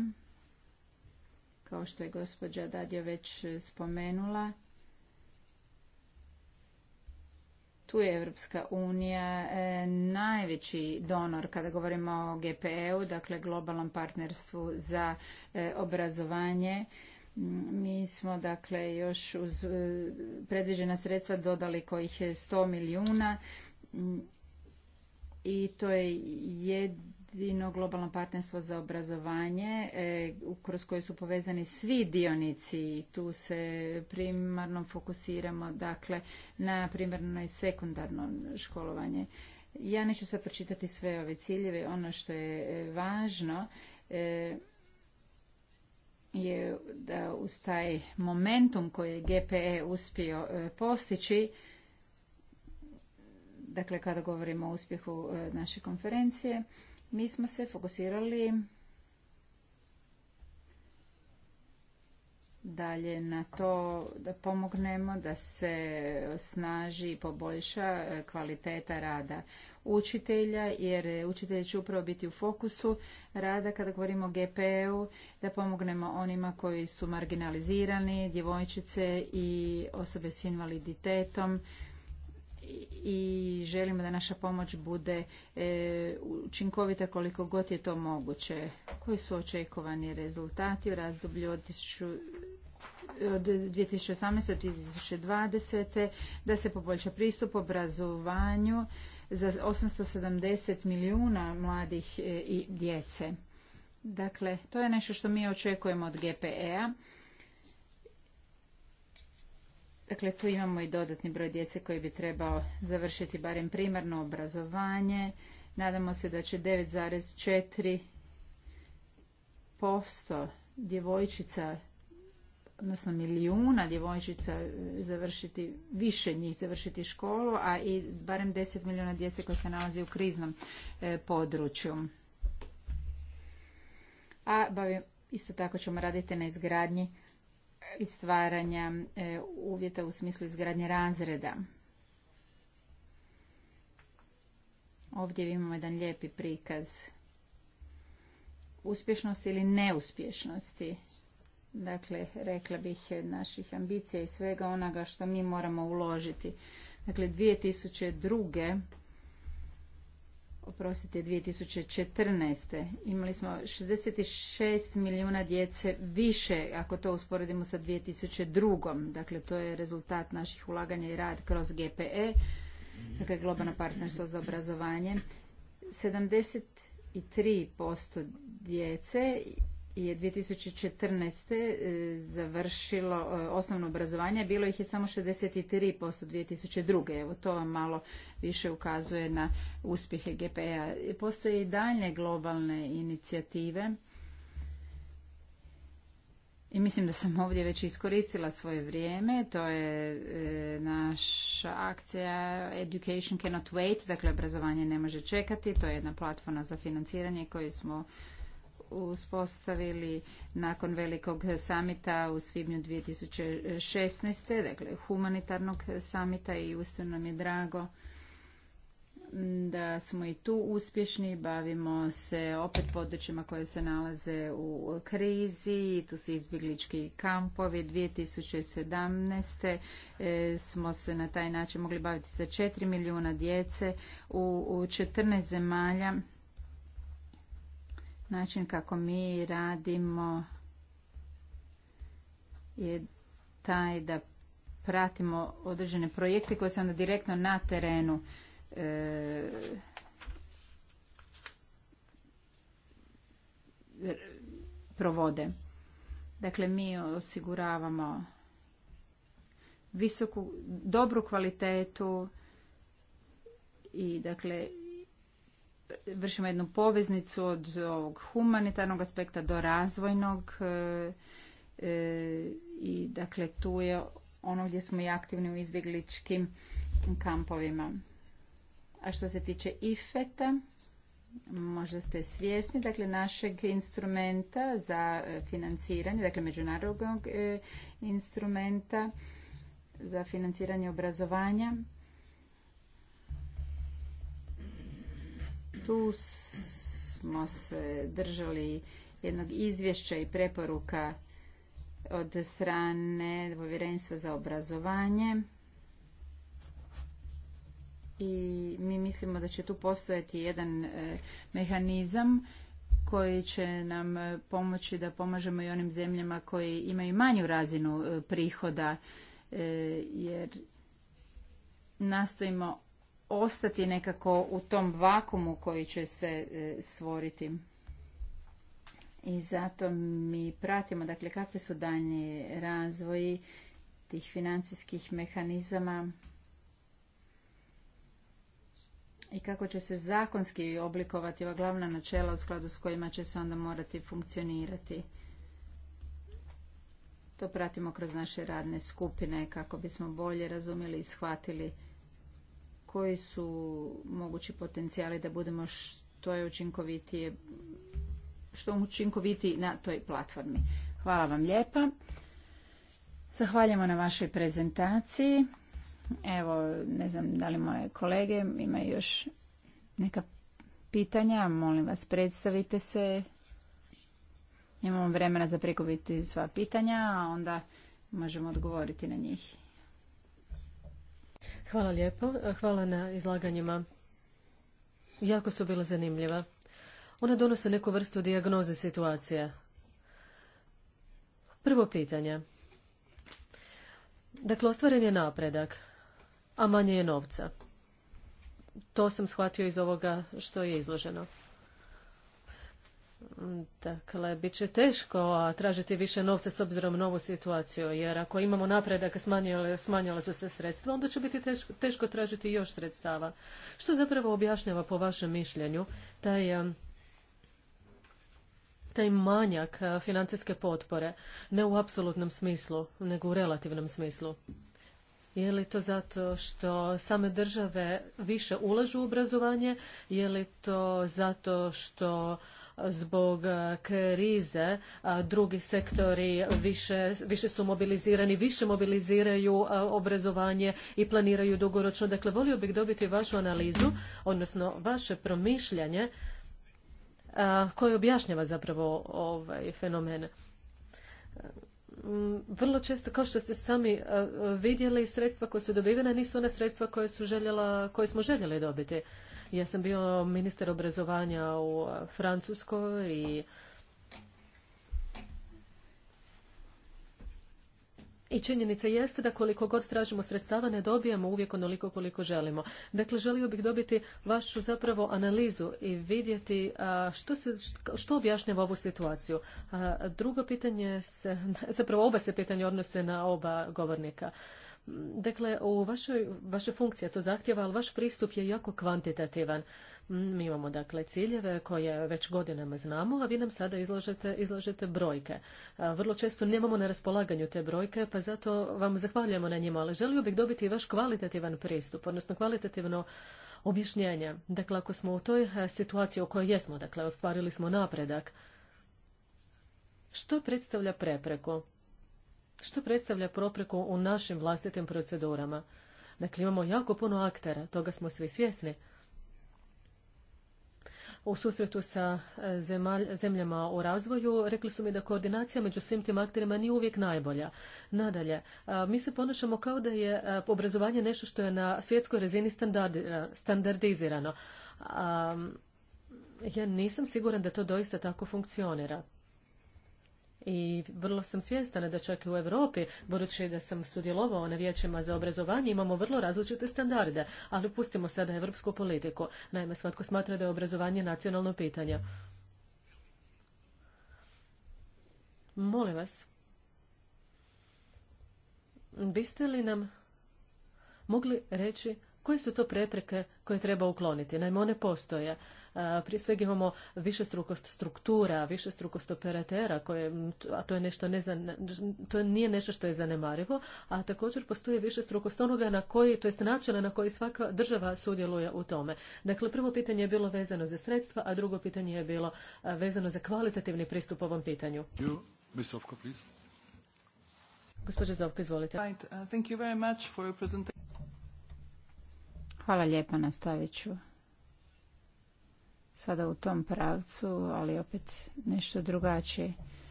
kao što je gospođa Dadjo već spomenula, tu je Evropska unija eh, najveći donor kada govorimo o GPE-u, dakle globalnom partnerstvu za eh, obrazovanje. Mi smo dakle još uz e, predviđena sredstva dodali kojih je 100 milijuna i to je jedino globalno partnerstvo za obrazovanje e, kroz koje su povezani svi dionici i tu se primarno fokusiramo dakle na primarno i sekundarno školovanje. Ja neću sad pročitati sve ove ciljeve, ono što je e, važno je da uz taj momentum koji je GPE uspio e, postići, dakle kada govorimo o uspjehu e, naše konferencije, mi smo se fokusirali dalje na to da pomognemo da se snaži i poboljša e, kvaliteta rada učitelja jer učitelji će upravo biti u fokusu rada kada govorimo o GPU da pomognemo onima koji su marginalizirani, djevojčice i osobe s invaliditetom i želimo da naša pomoć bude e, učinkovita koliko god je to moguće. Koji su očekovani rezultati u razdoblju od od 2018. do 2020. da se poboljša pristup obrazovanju za 870 milijuna mladih e, i djece. Dakle, to je nešto što mi očekujemo od GPE-a. Dakle, tu imamo i dodatni broj djece koji bi trebao završiti barem primarno obrazovanje. Nadamo se da će 9,4% djevojčica odnosno milijuna djevojčica e, završiti, više njih završiti školu, a i barem 10 milijuna djece koje se nalazi u kriznom e, području. A isto tako ćemo raditi na izgradnji i stvaranja e, uvjeta u smislu izgradnje razreda. Ovdje imamo jedan lijepi prikaz uspješnosti ili neuspješnosti dakle, rekla bih, naših ambicija i svega onoga što mi moramo uložiti. Dakle, 2002. Oprostite, 2014. imali smo 66 milijuna djece više, ako to usporedimo sa 2002. Dakle, to je rezultat naših ulaganja i rad kroz GPE, dakle, globalno partnerstvo za obrazovanje. 73% djece je 2014. E, završilo e, osnovno obrazovanje, bilo ih je samo 63% 2002. Evo to vam malo više ukazuje na uspjehe GPA. Postoje i dalje globalne inicijative i mislim da sam ovdje već iskoristila svoje vrijeme. To je e, naša akcija Education Cannot Wait, dakle obrazovanje ne može čekati. To je jedna platforma za financiranje koju smo uspostavili nakon velikog samita u svibnju 2016. Dakle, humanitarnog samita i ustavno nam je drago da smo i tu uspješni, bavimo se opet područjima koje se nalaze u krizi, tu su izbjeglički kampovi, 2017. E, smo se na taj način mogli baviti sa 4 milijuna djece u, u 14 zemalja. Način kako mi radimo je taj da pratimo određene projekte koje se onda direktno na terenu e, provode. Dakle, mi osiguravamo visoku, dobru kvalitetu i dakle vršimo jednu poveznicu od ovog humanitarnog aspekta do razvojnog e, e, i dakle tu je ono gdje smo i aktivni u izbjegličkim kampovima. A što se tiče IFET-a, možda ste svjesni, dakle našeg instrumenta za financiranje, dakle međunarodnog e, instrumenta za financiranje obrazovanja. Tu smo se držali jednog izvješća i preporuka od strane povjerenstva za obrazovanje i mi mislimo da će tu postojati jedan e, mehanizam koji će nam e, pomoći da pomažemo i onim zemljama koji imaju manju razinu e, prihoda jer nastojimo ostati nekako u tom vakumu koji će se e, stvoriti. I zato mi pratimo dakle kakvi su daljnji razvoji tih financijskih mehanizama i kako će se zakonski oblikovati ova glavna načela u skladu s kojima će se onda morati funkcionirati. To pratimo kroz naše radne skupine kako bismo bolje razumjeli i shvatili koji su mogući potencijali da budemo što je učinkovitije što učinkovitiji na toj platformi. Hvala vam lijepa. Zahvaljujemo na vašoj prezentaciji. Evo, ne znam da li moje kolege imaju još neka pitanja. Molim vas, predstavite se. Imamo vremena za prikupiti sva pitanja, a onda možemo odgovoriti na njih. Hvala lijepo. Hvala na izlaganjima. Jako su bila zanimljiva. Ona donose neku vrstu dijagnoze situacije. Prvo pitanje. Dakle, ostvaren je napredak, a manje je novca. To sam shvatio iz ovoga što je izloženo. Dakle, bit će teško tražiti više novca s obzirom na ovu situaciju, jer ako imamo napredak, smanjile, smanjila su se sredstva, onda će biti teško, teško tražiti još sredstava. Što zapravo objašnjava po vašem mišljenju taj, taj manjak financijske potpore, ne u apsolutnom smislu, nego u relativnom smislu? Je li to zato što same države više ulažu u obrazovanje? Je li to zato što zbog e, krize e, drugi sektori više, više su mobilizirani, više mobiliziraju e, obrazovanje i planiraju dugoročno. Dakle, volio bih dobiti vašu analizu, odnosno vaše promišljanje koje objašnjava zapravo ovaj fenomen. Vrlo često, kao što ste sami vidjeli, sredstva koja su dobivena nisu ona sredstva koje, su željela, koje smo željeli dobiti. Ja sam bio ministar obrazovanja u Francuskoj i I činjenica jeste da koliko god tražimo sredstava ne dobijemo uvijek onoliko koliko želimo. Dakle, želio bih dobiti vašu zapravo analizu i vidjeti što, se, što objašnjava ovu situaciju. Drugo pitanje se, [LAUGHS] zapravo oba se pitanje odnose na oba govornika. Dakle, u vašoj, vaša funkcija to zahtjeva, ali vaš pristup je jako kvantitativan. Mi imamo dakle ciljeve koje već godinama znamo, a vi nam sada izlažete, izlažete brojke. Vrlo često nemamo na raspolaganju te brojke, pa zato vam zahvaljujemo na njima, ali želio bih dobiti vaš kvalitativan pristup, odnosno kvalitativno objašnjenje. Dakle, ako smo u toj situaciji u kojoj jesmo, dakle, ostvarili smo napredak, što predstavlja prepreku? što predstavlja propreku u našim vlastitim procedurama. Dakle, imamo jako puno aktera, toga smo svi svjesni. U susretu sa e, zemljama u razvoju rekli su mi da koordinacija među svim tim akterima nije uvijek najbolja. Nadalje, e, mi se ponašamo kao da je a, e, obrazovanje nešto što je na svjetskoj razini standardizirano. ja nisam siguran da to doista tako funkcionira i vrlo sam svjestana da čak i u Europi, budući da sam sudjelovao na vijećima za obrazovanje, imamo vrlo različite standarde, ali pustimo sada evropsku politiku. Naime, svatko smatra da je obrazovanje nacionalno pitanje. Molim vas, biste li nam mogli reći koje su to prepreke koje treba ukloniti? Naime, one postoje. Prije svega imamo višestrukost struktura, višestrukost operatera, koje, a to, je nešto to nije nešto što je zanemarivo, a također postoji višestrukost onoga na koji, to jest načina na koji svaka država sudjeluje u tome. Dakle, prvo pitanje je bilo vezano za sredstva, a drugo pitanje je bilo vezano za kvalitativni pristup ovom pitanju. Gospođa Zovko, izvolite. Uh, Hvala lijepa, nastavit ću sada u tom pravcu, ali opet nešto drugačije.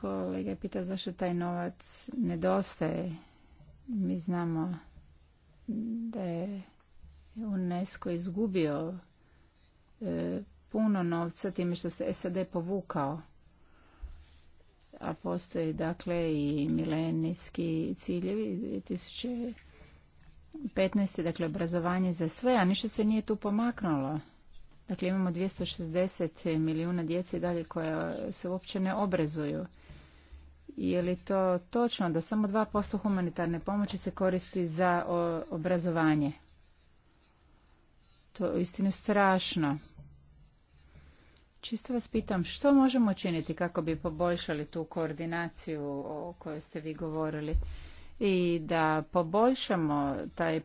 Kolega pita zašto taj novac nedostaje. Mi znamo da je UNESCO izgubio e, puno novca time što se SAD povukao. A postoji dakle i milenijski ciljevi 2015. dakle obrazovanje za sve, a ništa se nije tu pomaknulo. Dakle, imamo 260 milijuna djece dalje koja se uopće ne obrazuju. Je li to točno da samo 2% humanitarne pomoći se koristi za obrazovanje? To je istinu strašno. Čisto vas pitam, što možemo činiti kako bi poboljšali tu koordinaciju o kojoj ste vi govorili i da poboljšamo taj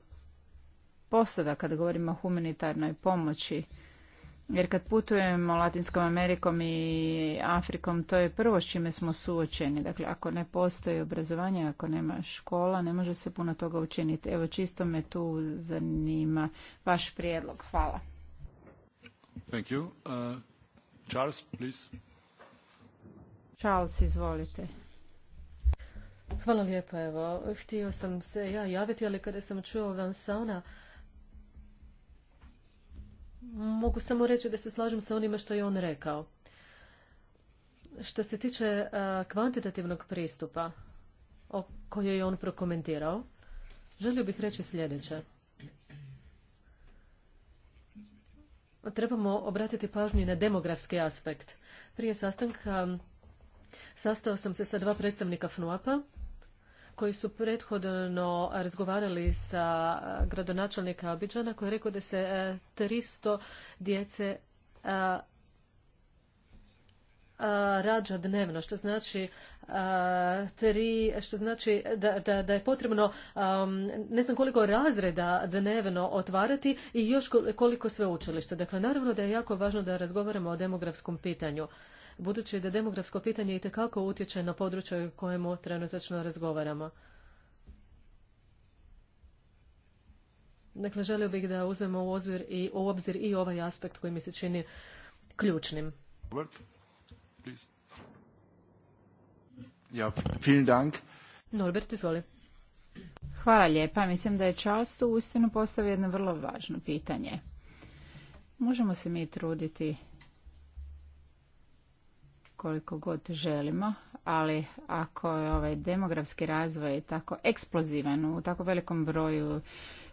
postodak kada govorimo o humanitarnoj pomoći? Jer kad putujemo Latinskom Amerikom i Afrikom, to je prvo s čime smo suočeni. Dakle, ako ne postoji obrazovanje, ako nema škola, ne može se puno toga učiniti. Evo, čisto me tu zanima vaš prijedlog. Hvala. Thank you. Uh, Charles, please. Charles, izvolite. Hvala lijepa, evo. Htio sam se ja javiti, ali kada sam čuo Vansana, mogu samo reći da se slažem sa onima što je on rekao. Što se tiče e, kvantitativnog pristupa o kojoj je on prokomentirao, želio bih reći sljedeće. Trebamo obratiti pažnju na demografski aspekt. Prije sastanka sastao sam se sa dva predstavnika FNUAP-a koji su prethodno razgovarali sa eh, gradonačelnika Abidžana koji je rekao da se 300 eh, djece eh, rađa dnevno, što znači što znači da, da je potrebno ehm, ne znam koliko razreda dnevno otvarati i još koliko sveučilišta. Dakle, naravno da je jako važno da razgovaramo o demografskom pitanju budući da demografsko pitanje i itekako utječe na područje o kojemu trenutačno razgovaramo. Dakle, želio bih da uzmemo u obzir i, u obzir i ovaj aspekt koji mi se čini ključnim. Ja, vielen Dank. Norbert, izvoli. Hvala lijepa. Mislim da je Charles tu uistinu postavio jedno vrlo važno pitanje. Možemo se mi truditi koliko god želimo, ali ako je ovaj demografski razvoj tako eksplozivan u tako velikom broju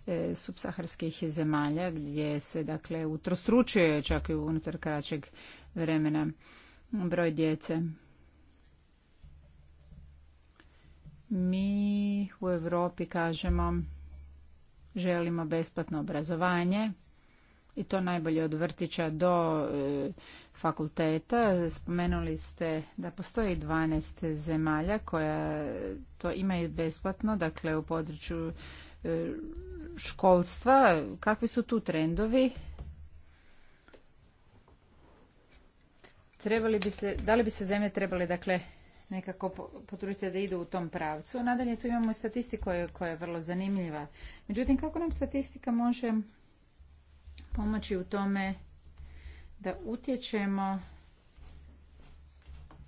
e, subsaharskih zemalja gdje se dakle utrostručuje čak i unutar kraćeg vremena broj djece. Mi u Europi kažemo želimo besplatno obrazovanje, i to najbolje od vrtića do e, fakulteta. Spomenuli ste da postoji 12 zemalja koja to ima besplatno, dakle u području e, školstva. Kakvi su tu trendovi? Trebali bi se, da li bi se zemlje trebale dakle nekako potrudite da idu u tom pravcu. Nadalje tu imamo statistiku koja je vrlo zanimljiva. Međutim, kako nam statistika može pomoći u tome da utječemo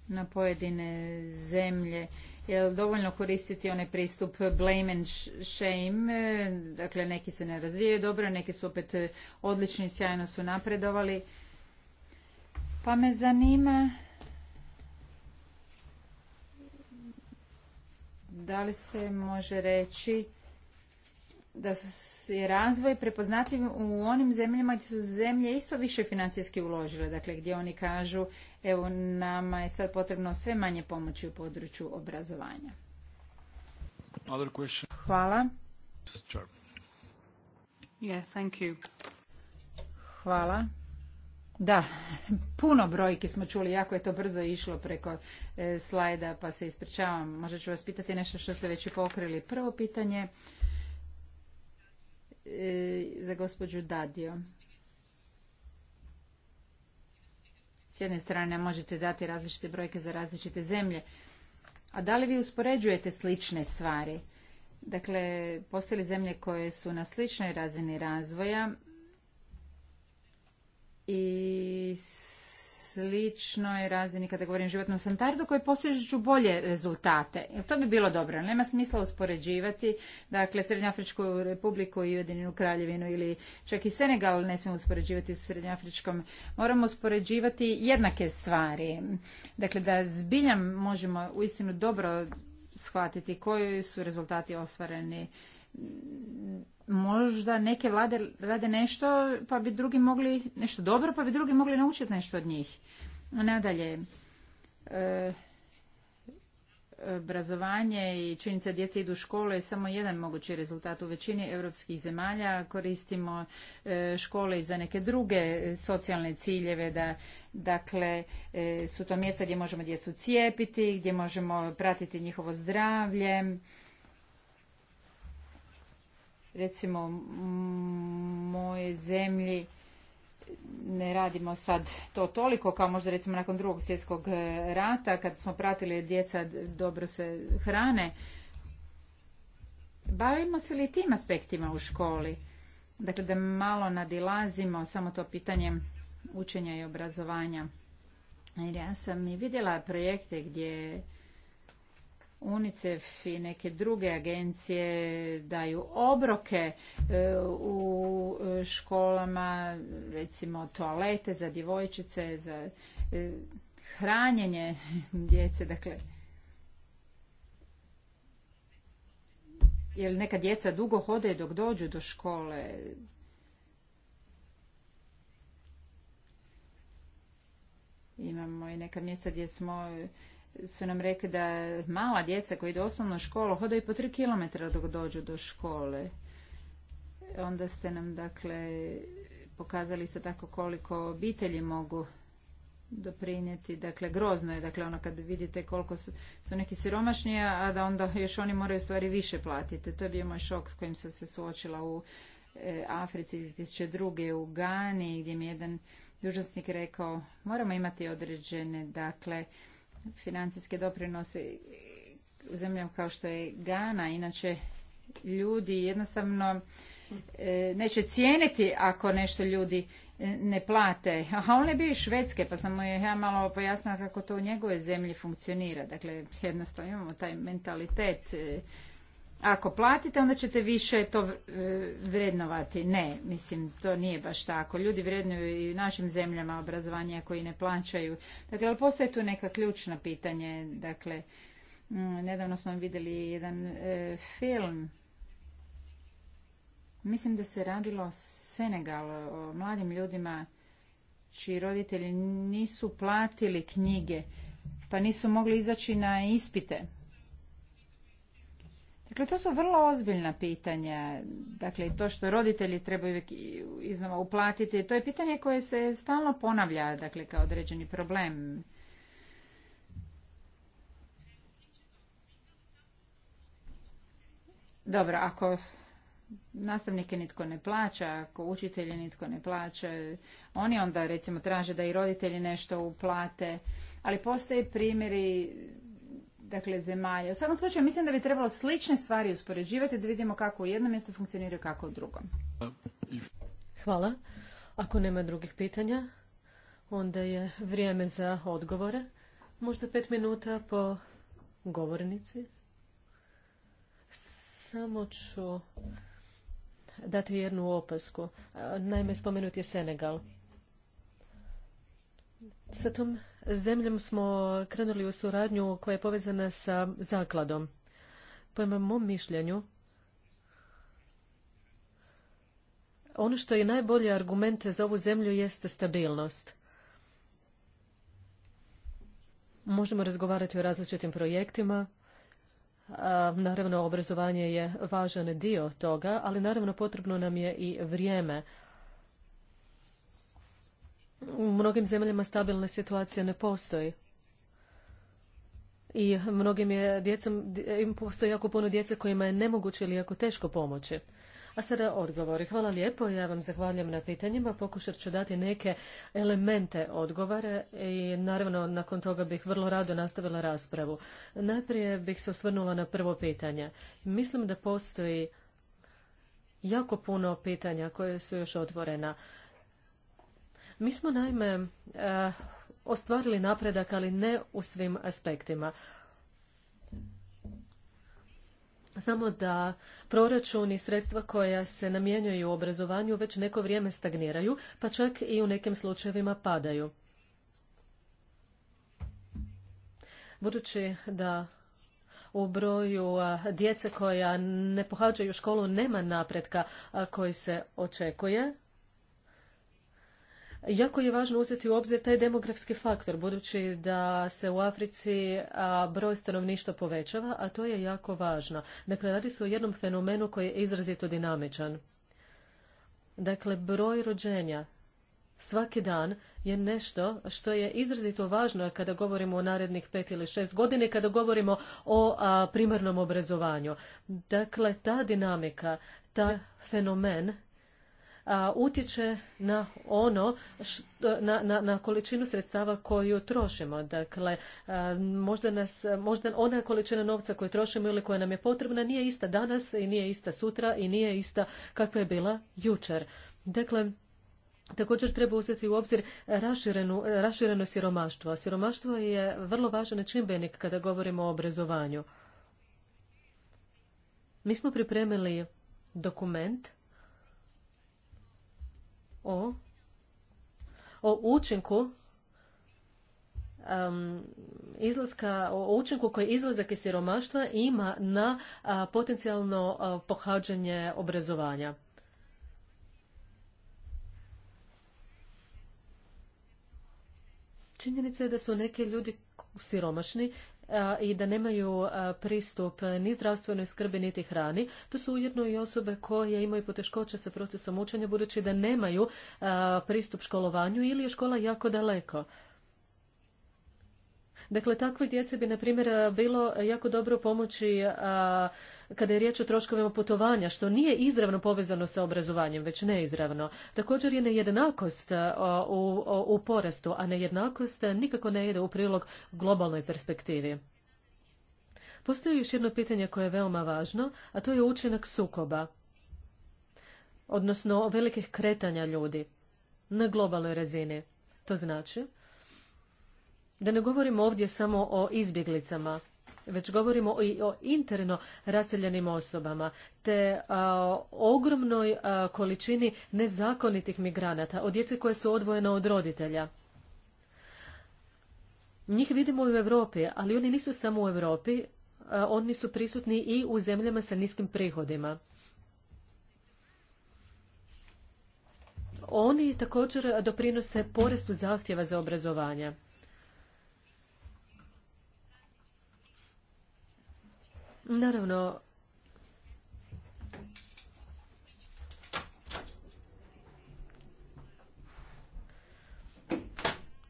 na pojedine zemlje. Je dovoljno koristiti onaj pristup blame and shame? E, dakle, neki se ne razvijaju dobro, neki su opet odlični, sjajno su napredovali. Pa me zanima da li se može reći da je razvoj prepoznatljiv u onim zemljama gdje su zemlje isto više financijski uložile, dakle gdje oni kažu evo nama je sad potrebno sve manje pomoći u području obrazovanja. Hvala. Hvala. Da, puno brojki smo čuli, jako je to brzo išlo preko e, slajda, pa se ispričavam. Možda ću vas pitati nešto što ste već i pokrili. Prvo pitanje, E, za gospođu Dadio. S jedne strane možete dati različite brojke za različite zemlje, a da li vi uspoređujete slične stvari? Dakle, postoje li zemlje koje su na sličnoj razini razvoja i sličnoj razini kada govorim životnom standardu koji postižu bolje rezultate. Jer to bi bilo dobro. Nema smisla uspoređivati dakle Srednjoafričku republiku i Ujedinjenu kraljevinu ili čak i Senegal ne smijemo uspoređivati s Srednjoafričkom. Moramo uspoređivati jednake stvari. Dakle da zbiljam možemo uistinu dobro shvatiti koji su rezultati ostvareni možda neke vlade rade nešto pa bi drugi mogli nešto dobro pa bi drugi mogli naučiti nešto od njih nadalje e, obrazovanje i činjenica djece idu u škole je samo jedan mogući rezultat. U većini europskih zemalja koristimo e, škole i za neke druge socijalne ciljeve, da, dakle e, su to mjesta gdje možemo djecu cijepiti, gdje možemo pratiti njihovo zdravlje, Recimo, moje zemlji ne radimo sad to toliko kao možda recimo nakon drugog svjetskog e, rata kad smo pratili djeca dobro se hrane. Bavimo se li tim aspektima u školi? Dakle, da malo nadilazimo samo to pitanje učenja i obrazovanja. Jer ja sam i vidjela projekte gdje UNICEF i neke druge agencije daju obroke e, u školama, recimo toalete za djevojčice, za e, hranjenje [LAUGHS] djece, dakle jer neka djeca dugo hode dok dođu do škole. Imamo i neka mjesta gdje smo su nam rekli da mala djeca koji idu u školu hodaju po tri kilometra dok dođu do škole. Onda ste nam dakle pokazali se tako koliko obitelji mogu doprinijeti. Dakle, grozno je dakle ono kad vidite koliko su, su neki siromašni, a da onda još oni moraju stvari više platiti. To je bio moj šok s kojim sam se suočila u e, Africi 2002. u Gani gdje mi jedan dužnosnik rekao moramo imati određene dakle financijske doprinose u zemljama kao što je Ghana. Inače, ljudi jednostavno e, neće cijeniti ako nešto ljudi e, ne plate. A on je bio Švedske, pa sam mu je ja malo pojasnila kako to u njegove zemlji funkcionira. Dakle, jednostavno imamo taj mentalitet e, ako platite onda ćete više to e, vrednovati. Ne, mislim, to nije baš tako. Ljudi vrednuju i u našim zemljama obrazovanje koji ne plaćaju. Dakle, ali postoje tu neka ključna pitanje. Dakle, mm, nedavno smo vidjeli jedan e, film. Mislim da se radilo o Senegal, o mladim ljudima čiji roditelji nisu platili knjige, pa nisu mogli izaći na ispite Dakle, to su vrlo ozbiljna pitanja. Dakle, to što roditelji trebaju iznova uplatiti, to je pitanje koje se stalno ponavlja, dakle, kao određeni problem. Dobro, ako nastavnike nitko ne plaća, ako učitelje nitko ne plaća, oni onda recimo traže da i roditelji nešto uplate, ali postoje primjeri dakle, zemalja. U svakom slučaju mislim da bi trebalo slične stvari uspoređivati da vidimo kako u jednom mjestu funkcionira kako u drugom. Hvala. Ako nema drugih pitanja, onda je vrijeme za odgovore. Možda pet minuta po govornici. Samo ću dati jednu opasku. Naime, spomenut je Senegal. Sa tom zemljom smo krenuli u suradnju koja je povezana sa zakladom. Po mom mišljenju, ono što je najbolji argument za ovu zemlju jeste stabilnost. Možemo razgovarati o različitim projektima. Naravno, obrazovanje je važan dio toga, ali naravno potrebno nam je i vrijeme u mnogim zemljama stabilna situacija ne postoji. I mnogim je djecom, im postoji jako puno djece kojima je nemoguće ili jako teško pomoći. A sada odgovori. Hvala lijepo, ja vam zahvaljam na pitanjima. Pokušat ću dati neke elemente odgovore i naravno nakon toga bih vrlo rado nastavila raspravu. Najprije bih se osvrnula na prvo pitanje. Mislim da postoji jako puno pitanja koje su još otvorena. Mi smo naime eh, ostvarili napredak, ali ne u svim aspektima. Samo da proračun i sredstva koja se namjenjuju u obrazovanju već neko vrijeme stagniraju, pa čak i u nekim slučajevima padaju. Budući da u broju eh, djece koja ne pohađaju školu nema napretka eh, koji se očekuje, Jako je važno uzeti u obzir taj demografski faktor, budući da se u Africi broj stanovništva povećava, a to je jako važno. Dakle, radi se o jednom fenomenu koji je izrazito dinamičan. Dakle, broj rođenja svaki dan je nešto što je izrazito važno kada govorimo o narednih pet ili šest godine, kada govorimo o primarnom obrazovanju. Dakle, ta dinamika, ta fenomen utječe na ono, na, količinu sredstava koju trošimo. Dakle, možda, nas, možda ona količina novca koju trošimo ili koja nam je potrebna nije ista danas i nije ista sutra i nije ista kakva je bila jučer. Dakle, Također treba uzeti u obzir rašireno siromaštvo. Siromaštvo je vrlo važan čimbenik kada govorimo o obrazovanju. Mi smo pripremili dokument o, o učinku izlaska, o učinku koji izlazak iz siromaštva ima na potencijalno pohađanje obrazovanja. Činjenica je da su neki ljudi siromašni i da nemaju pristup ni zdravstvenoj skrbi niti hrani. To su ujedno i osobe koje imaju poteškoće sa procesom učenja budući da nemaju pristup školovanju ili je škola jako daleko. Dakle, takvoj djeci bi, na primjer, bilo jako dobro pomoći kada je riječ o troškovima putovanja, što nije izravno povezano sa obrazovanjem, već neizravno. Također je nejednakost e, u, u porastu, a nejednakost e, nikako ne ide u prilog globalnoj perspektivi. Postoji još jedno pitanje koje je veoma važno, a to je učinak sukoba, odnosno velikih kretanja ljudi na globalnoj razini. To znači da ne govorimo ovdje samo o izbjeglicama, već govorimo i o interno raseljenim osobama, te ogromnoj količini nezakonitih migranata, od djece koje su odvojena od roditelja. Njih vidimo i u Europi, ali oni nisu samo u Europi, oni su prisutni i u zemljama sa niskim prihodima. Oni također doprinose porestu zahtjeva za obrazovanje. Naravno,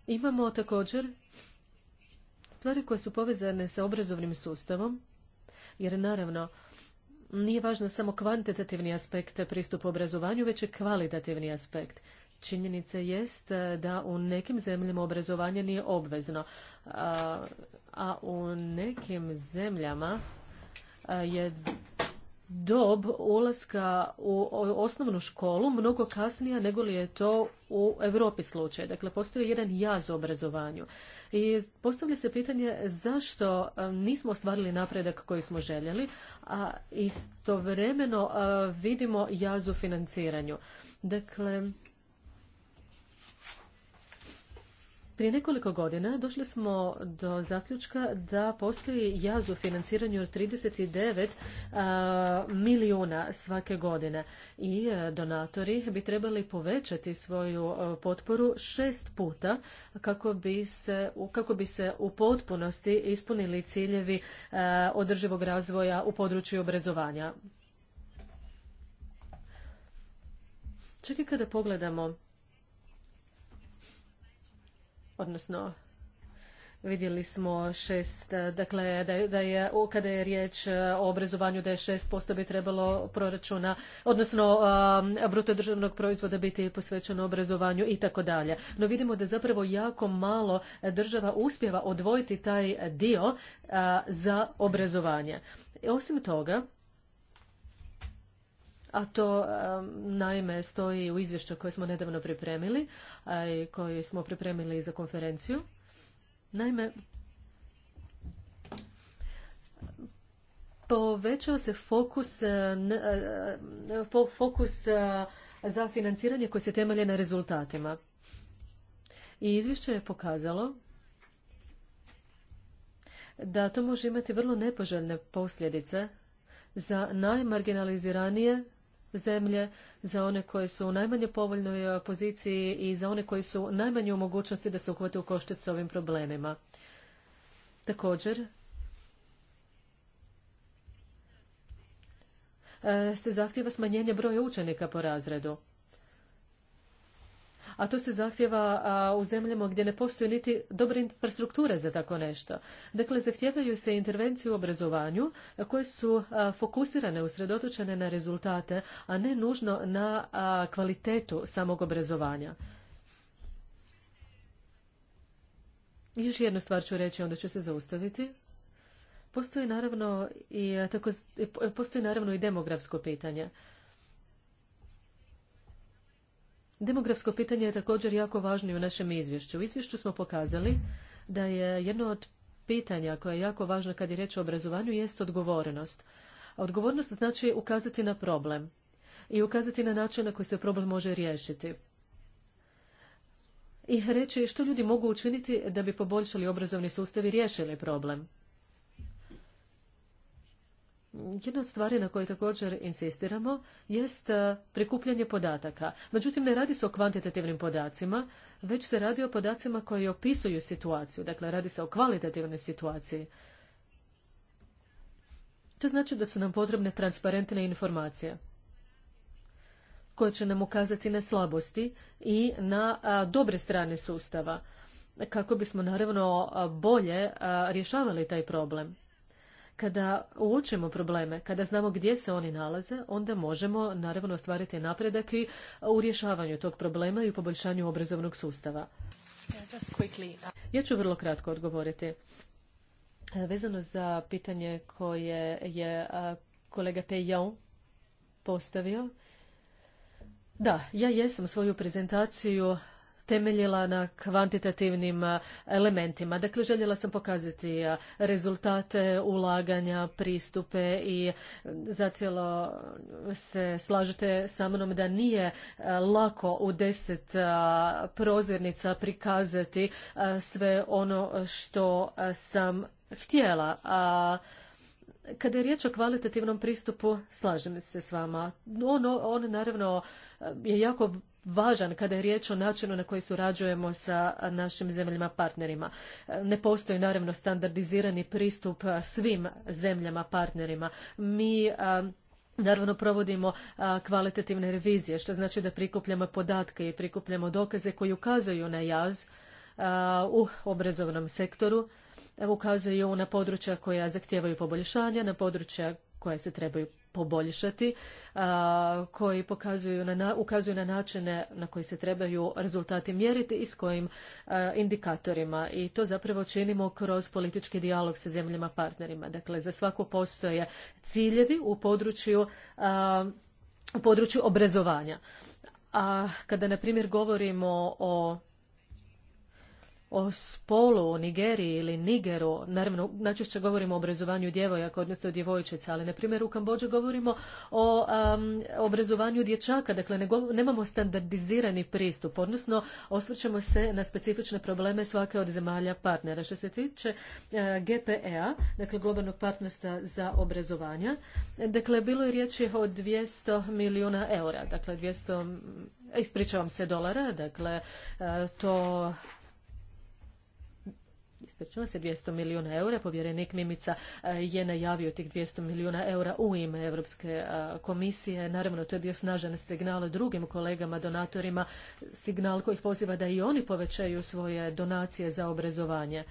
imamo također stvari koje su povezane sa obrazovnim sustavom, jer naravno, nije važno samo kvantitativni aspekt pristupa obrazovanju, već i kvalitativni aspekt. Činjenica jest da u nekim zemljama obrazovanje nije obvezno, a u nekim zemljama je dob ulaska u osnovnu školu mnogo kasnija nego li je to u Europi slučaj. Dakle, postoji jedan jaz u obrazovanju. I postavlja se pitanje zašto um, nismo ostvarili napredak koji smo željeli, a istovremeno uh, vidimo jaz u financiranju. Dakle, Prije nekoliko godina došli smo do zaključka da postoji jaz u financiranju od 39 milijuna svake godine i e, donatori bi trebali povećati svoju e, potporu šest puta kako bi se, kako bi se u potpunosti ispunili ciljevi e, održivog razvoja u području obrazovanja. Čak i kada pogledamo odnosno vidjeli smo šest, dakle da je, da je kada je riječ e, o obrazovanju da je šest posto bi trebalo proračuna, odnosno bruto državnog proizvoda biti posvećeno obrazovanju i tako dalje. No vidimo da zapravo jako malo država uspjeva odvojiti taj dio za obrazovanje. Osim toga, a to naime stoji u izvješću koje smo nedavno pripremili i koji smo pripremili za konferenciju. Naime, povećao se fokus, e, e, e, fokus za financiranje koje se temelje na rezultatima. I izvješće je pokazalo da to može imati vrlo nepoželjne posljedice za najmarginaliziranije zemlje, za one koji su u najmanje povoljnoj e, poziciji i za one koji su najmanje u mogućnosti da se uhvate u koštac s ovim problemima. Također, e, se zahtjeva smanjenje broja učenika po razredu a to se zahtjeva u zemljama gdje ne postoji niti dobre infrastrukture za tako nešto. Dakle, zahtijevaju se intervencije u obrazovanju koje su fokusirane, usredotočene na rezultate, a ne nužno na kvalitetu samog obrazovanja. Još jednu stvar ću reći, onda ću se zaustaviti. Postoji naravno postoji naravno i demografsko pitanje. Demografsko pitanje je također jako važno i u našem izvješću. U izvješću smo pokazali da je jedno od pitanja koje je jako važno kad je riječ o obrazovanju jest odgovornost. odgovornost znači ukazati na problem i ukazati na način na koji se problem može riješiti. I reći što ljudi mogu učiniti da bi poboljšali obrazovni sustav i riješili problem. Jedna od stvari na koju također insistiramo jest e, prikupljanje podataka. Međutim, ne radi se o kvantitativnim podacima, već se radi o podacima koji opisuju situaciju. Dakle, radi se o kvalitativnoj situaciji. To znači da su nam potrebne transparentne informacije koje će nam ukazati na slabosti i na dobre strane sustava, kako bismo naravno bolje rješavali taj problem. Kada uočimo probleme, kada znamo gdje se oni nalaze, onda možemo naravno ostvariti napredak i u rješavanju tog problema i u poboljšanju obrazovnog sustava. Uh, ja ću vrlo kratko odgovoriti. E, vezano za pitanje koje je kolega Peyon postavio, da, ja jesam svoju prezentaciju temeljila na kvantitativnim elementima. Dakle, željela sam pokazati rezultate ulaganja, pristupe i zacijelo se slažete sa mnom da nije lako u deset prozirnica prikazati sve ono što sam htjela. A kada je riječ o kvalitativnom pristupu, slažem se s vama. Ono, on naravno je jako važan kada je riječ o načinu na koji surađujemo sa našim zemljama partnerima. Ne postoji naravno standardizirani pristup svim zemljama partnerima. Mi Naravno provodimo kvalitativne revizije, što znači da prikupljamo podatke i prikupljamo dokaze koji ukazuju na jaz u obrazovnom sektoru, ukazuju na područja koja zahtijevaju poboljšanja, na područja koja se trebaju poboljšati, koji pokazuju ukazuju na načine na koji se trebaju rezultati mjeriti i s kojim indikatorima. I to zapravo činimo kroz politički dijalog sa zemljama partnerima. Dakle, za svako postoje ciljevi u području, u području obrazovanja. A kada, na primjer, govorimo o o spolu, o Nigeriji ili Nigeru, naravno najčešće govorimo o obrazovanju djevojaka, odnosno djevojčica, ali na primjer u Kambođi govorimo o obrazovanju dječaka, dakle nemamo standardizirani pristup, odnosno osvrćemo se na specifične probleme svake od zemalja partnera. Što se tiče uh, e, gpe dakle globalnog partnerstva za obrazovanja, dakle bilo je riječi o 200 milijuna eura, dakle 200, ispričavam se, dolara, dakle e, to ispričala se, 200 milijuna eura. Povjerenik Mimica e, je najavio tih 200 milijuna eura u ime Europske e, komisije. Naravno, to je bio snažan signal drugim kolegama, donatorima, signal koji ih poziva da i oni povećaju svoje donacije za obrazovanje.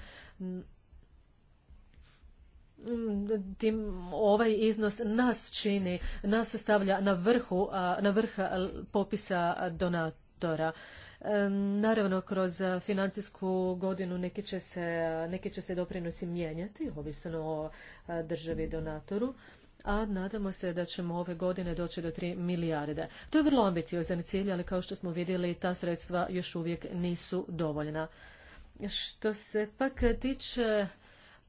ovaj iznos nas čini, nas stavlja na, vrhu, na vrh popisa donatora. Naravno, kroz financijsku godinu neki će se, doprinosi mijenjati, ovisno o državi donatoru a nadamo se da ćemo ove godine doći do 3 milijarde. To je vrlo ambiciozan cilj, ali kao što smo vidjeli, ta sredstva još uvijek nisu dovoljna. Što se pak tiče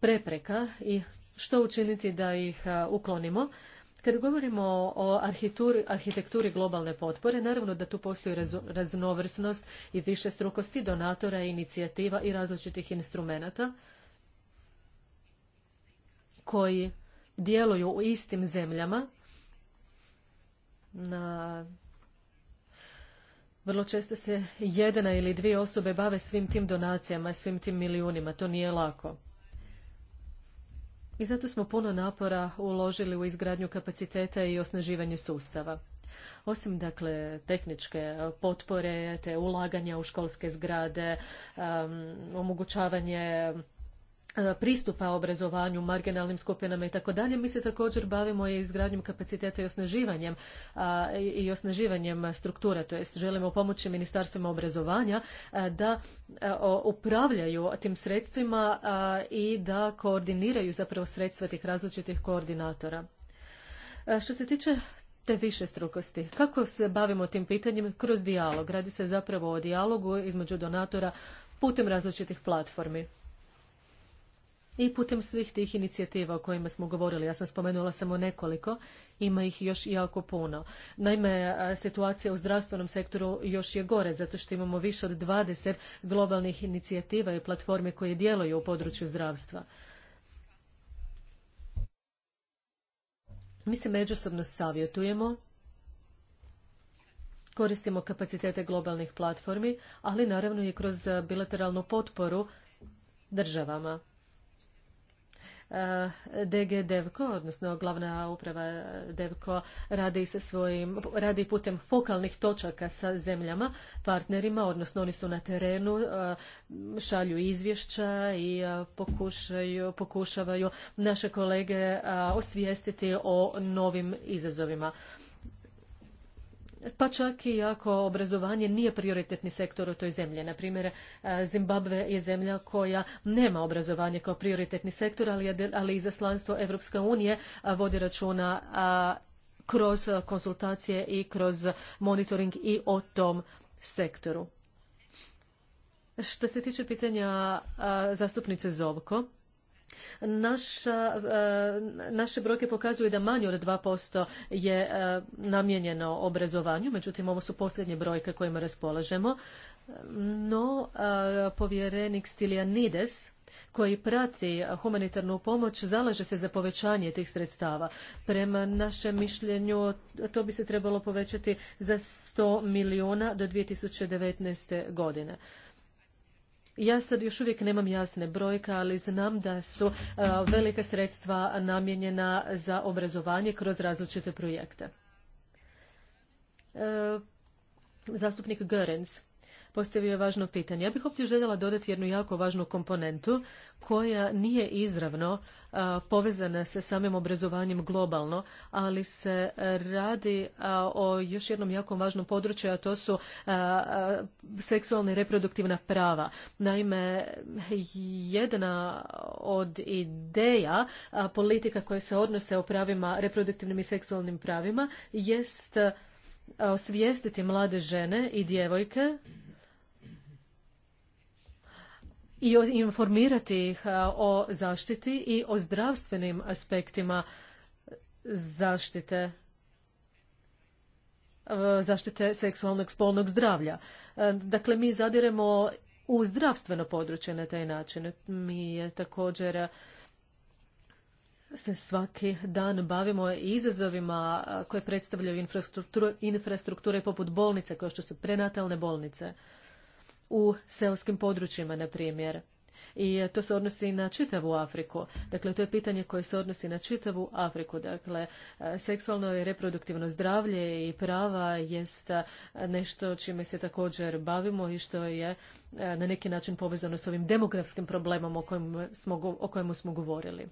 prepreka i što učiniti da ih uklonimo, kad govorimo o arhitekturi globalne potpore, naravno da tu postoji raznovrsnost i više strukosti donatora, inicijativa i različitih instrumenata koji djeluju u istim zemljama na vrlo često se jedna ili dvije osobe bave svim tim donacijama, svim tim milijunima. To nije lako i zato smo puno napora uložili u izgradnju kapaciteta i osnaživanje sustava. Osim dakle tehničke potpore, te ulaganja u školske zgrade, um, omogućavanje E, pristupa obrazovanju, marginalnim skupinama i tako dalje. Mi se također bavimo i izgradnjom kapaciteta i osnaživanjem i osnaživanjem struktura, to jest želimo pomoći ministarstvima obrazovanja da e, upravljaju tim sredstvima i da koordiniraju zapravo sredstva tih različitih koordinatora. E, što se tiče te više strukosti. Kako se bavimo tim pitanjem? Kroz dijalog. Radi se zapravo o dijalogu između donatora putem različitih platformi i putem svih tih inicijativa o kojima smo govorili, ja sam spomenula samo nekoliko, ima ih još jako puno. Naime, situacija u zdravstvenom sektoru još je gore, zato što imamo više od 20 globalnih inicijativa i platforme koje djeluju u području zdravstva. Mi se međusobno savjetujemo, koristimo kapacitete globalnih platformi, ali naravno i kroz bilateralnu potporu državama. E, DG Devko, odnosno glavna uprava Devko, radi sa svojim, radi putem fokalnih točaka sa zemljama, partnerima, odnosno oni su na terenu, e, šalju izvješća i e, pokušaju, pokušavaju naše kolege osvijestiti o novim izazovima pa čak i ako obrazovanje nije prioritetni sektor u toj zemlji. Na primjer, e, Zimbabve je zemlja koja nema obrazovanje kao prioritetni sektor, ali, ali izaslanstvo Evropske unije vodi računa kroz konsultacije i kroz monitoring i o tom sektoru. Što se tiče pitanja zastupnice Zovko, Naša, e, naše brojke pokazuju da manje od 2% je e, namijenjeno obrazovanju, međutim ovo su posljednje brojke kojima raspolažemo. No, e, povjerenik Stilianides koji prati humanitarnu pomoć zalaže se za povećanje tih sredstava. Prema našem mišljenju to bi se trebalo povećati za 100 milijuna do 2019. godine. Ja sad još uvijek nemam jasne brojke, ali znam da su e, velika sredstva namijenjena za obrazovanje kroz različite projekte. E, zastupnik Görens postavio je važno pitanje. Ja bih ovdje željela dodati jednu jako važnu komponentu koja nije izravno povezana sa samim obrazovanjem globalno, ali se radi o još jednom jako važnom području, a to su seksualna i reproduktivna prava. Naime, jedna od ideja politika koje se odnose o pravima, reproduktivnim i seksualnim pravima, jest osvijestiti mlade žene i djevojke i informirati ih o zaštiti i o zdravstvenim aspektima zaštite zaštite seksualnog spolnog zdravlja. Dakle, mi zadiremo u zdravstveno područje na taj način. Mi je također se svaki dan bavimo izazovima koje predstavljaju infrastrukture, infrastrukture poput bolnice, kao što su prenatalne bolnice u seoskim područjima, na primjer. I to se odnosi na čitavu Afriku. Dakle, to je pitanje koje se odnosi na čitavu Afriku. Dakle, seksualno i reproduktivno zdravlje i prava jest nešto čime se također bavimo i što je e, na neki način povezano s ovim demografskim problemom o kojemu smo, o kojemu smo govorili.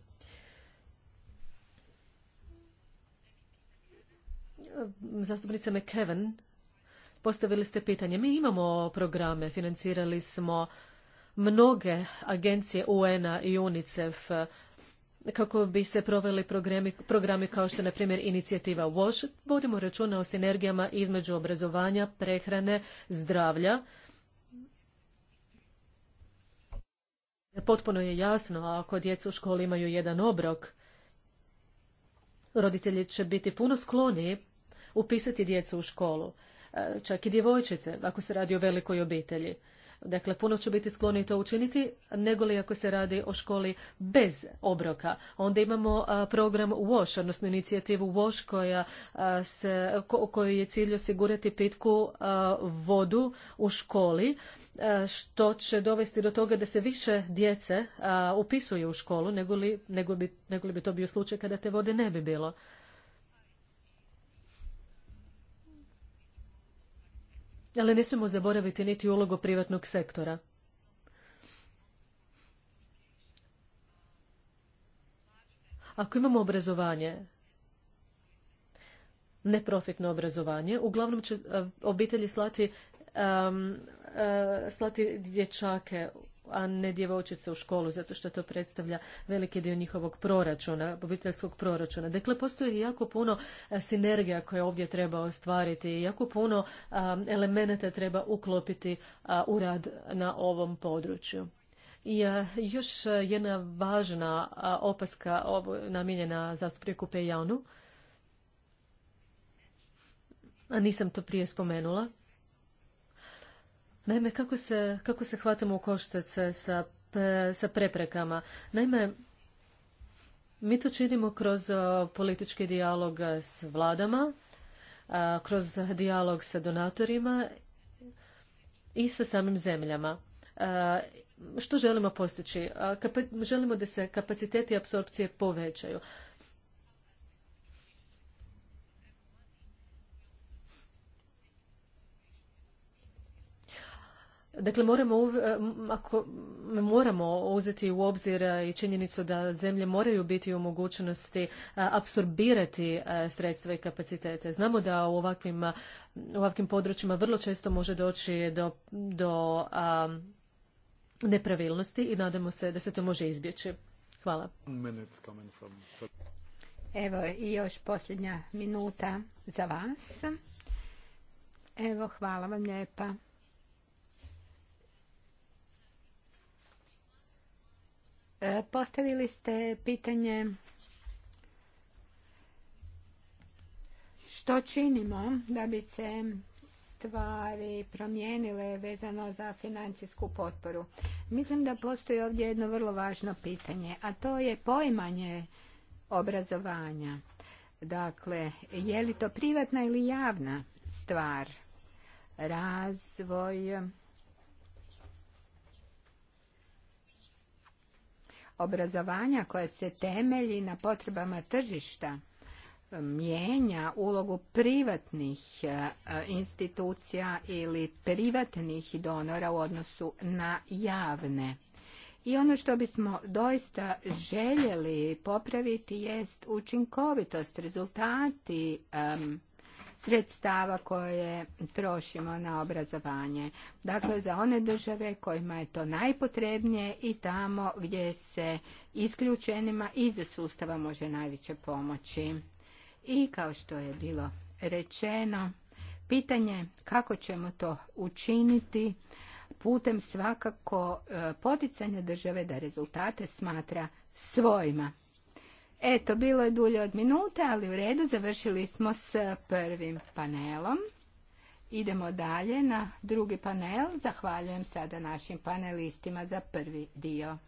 Zastupnica McKeven Postavili ste pitanje. Mi imamo programe, financirali smo mnoge agencije UN-a i UNICEF kako bi se proveli programi, programi kao što je na primjer inicijativa WASH. Vodimo računa o sinergijama između obrazovanja, prehrane, zdravlja. Potpuno je jasno, ako djeca u školi imaju jedan obrok, roditelji će biti puno skloniji upisati djecu u školu. E, čak i djevojčice, ako se radi o velikoj obitelji. Dakle, puno ću biti skloni to učiniti, nego li ako se radi o školi bez obroka. Onda imamo e, program WASH, odnosno inicijativu WASH koja e, je cilj osigurati pitku vodu u školi što će dovesti do toga da se više djece upisuje u školu negoli nego li bi to bio slučaj kada te vode ne bi bilo. ali ne smijemo zaboraviti niti ulogu privatnog sektora. Ako imamo obrazovanje, neprofitno obrazovanje, uglavnom će eh, obitelji slati, um, slati dječake a ne djevojčice u školu, zato što to predstavlja veliki dio njihovog proračuna, obiteljskog proračuna. Dakle, postoji jako puno e, sinergija koje ovdje treba ostvariti, i jako puno elemenata treba uklopiti u rad na ovom području. I e, još e, jedna važna opaska namijenjena zastupniku Pejanu, a nisam to prije spomenula, Naime, kako se, kako se hvatamo u koštac sa, sa preprekama? Naime, mi to činimo kroz politički dijalog s vladama, kroz dijalog sa donatorima i sa samim zemljama. Što želimo postići? Želimo da se kapaciteti apsorpcije povećaju. Dakle, moramo, e, ako, moramo uzeti u obzir e, i činjenicu da zemlje moraju biti u mogućnosti e, apsorbirati sredstva i kapacitete. Znamo da u ovakvim, u ovakvim područjima vrlo često može doći do, do nepravilnosti i nadamo se da se to može izbjeći. Hvala. Evo i još posljednja minuta za vas. Evo, hvala vam lijepa. E, postavili ste pitanje što činimo da bi se stvari promijenile vezano za financijsku potporu. Mislim da postoji ovdje jedno vrlo važno pitanje, a to je poimanje obrazovanja. Dakle, je li to privatna ili javna stvar? Razvoj obrazovanja koje se temelji na potrebama tržišta mijenja ulogu privatnih e, institucija ili privatnih donora u odnosu na javne. I ono što bismo doista željeli popraviti jest učinkovitost, rezultati sredstava koje trošimo na obrazovanje. Dakle, za one države kojima je to najpotrebnije i tamo gdje se isključenima iz sustava može najviše pomoći. I kao što je bilo rečeno, pitanje kako ćemo to učiniti putem svakako e, poticanja države da rezultate smatra svojima. Eto, bilo je dulje od minute, ali u redu, završili smo s prvim panelom. Idemo dalje na drugi panel. Zahvaljujem sada našim panelistima za prvi dio.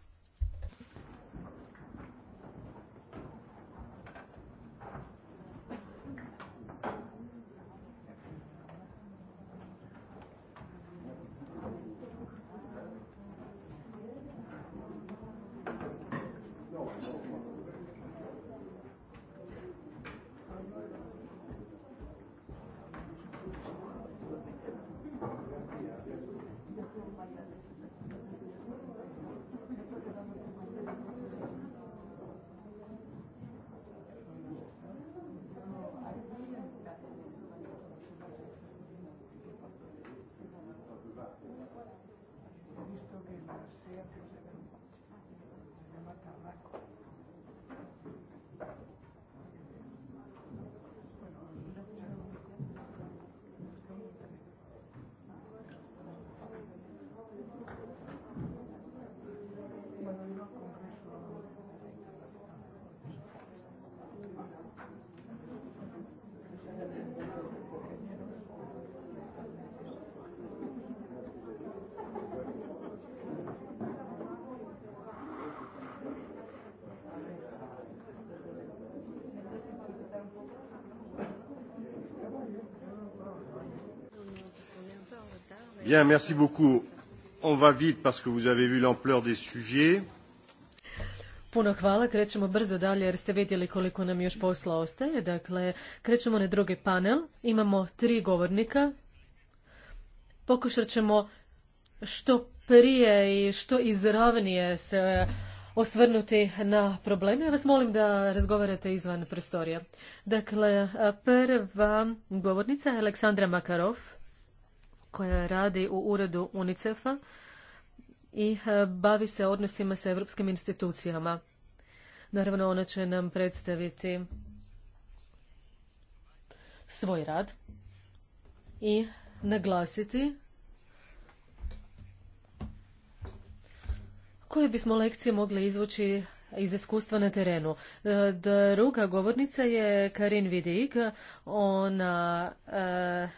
merci beaucoup. On va vite parce Puno hvala, krećemo brzo dalje jer ste vidjeli koliko nam još posla ostaje. Dakle, krećemo na drugi panel. Imamo tri govornika. Pokušat ćemo što prije i što izravnije se osvrnuti na probleme. Ja vas molim da razgovarate izvan prostorija. Dakle, prva govornica je Aleksandra Makarov koja radi u uredu UNICEF-a i eh, bavi se odnosima sa europskim institucijama. Naravno, ona će nam predstaviti svoj rad i naglasiti koje bismo lekcije mogli izvući iz iskustva na terenu. Eh, druga govornica je Karin Vidig. Ona eh,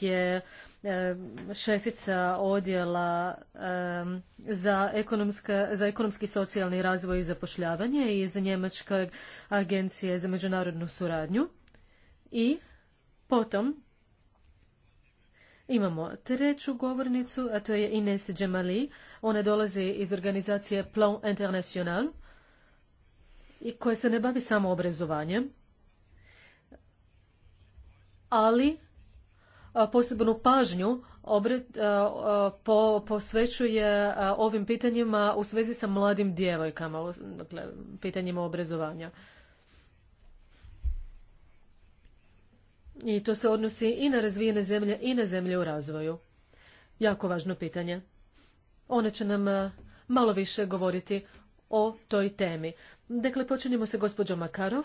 je E, šefica odjela e, za, ekonomski socijalni razvoj i zapošljavanje iz Njemačke agencije za međunarodnu suradnju. I potom imamo treću govornicu, a to je Ines Džemali. Ona dolazi iz organizacije Plan International i koja se ne bavi samo obrazovanjem, ali posebnu pažnju posvećuje ovim pitanjima u svezi sa mladim djevojkama, dakle pitanjima obrazovanja. I to se odnosi i na razvijene zemlje i na zemlje u razvoju. Jako važno pitanje. Ona će nam malo više govoriti o toj temi. Dakle, počinjemo se gospođo Makarov,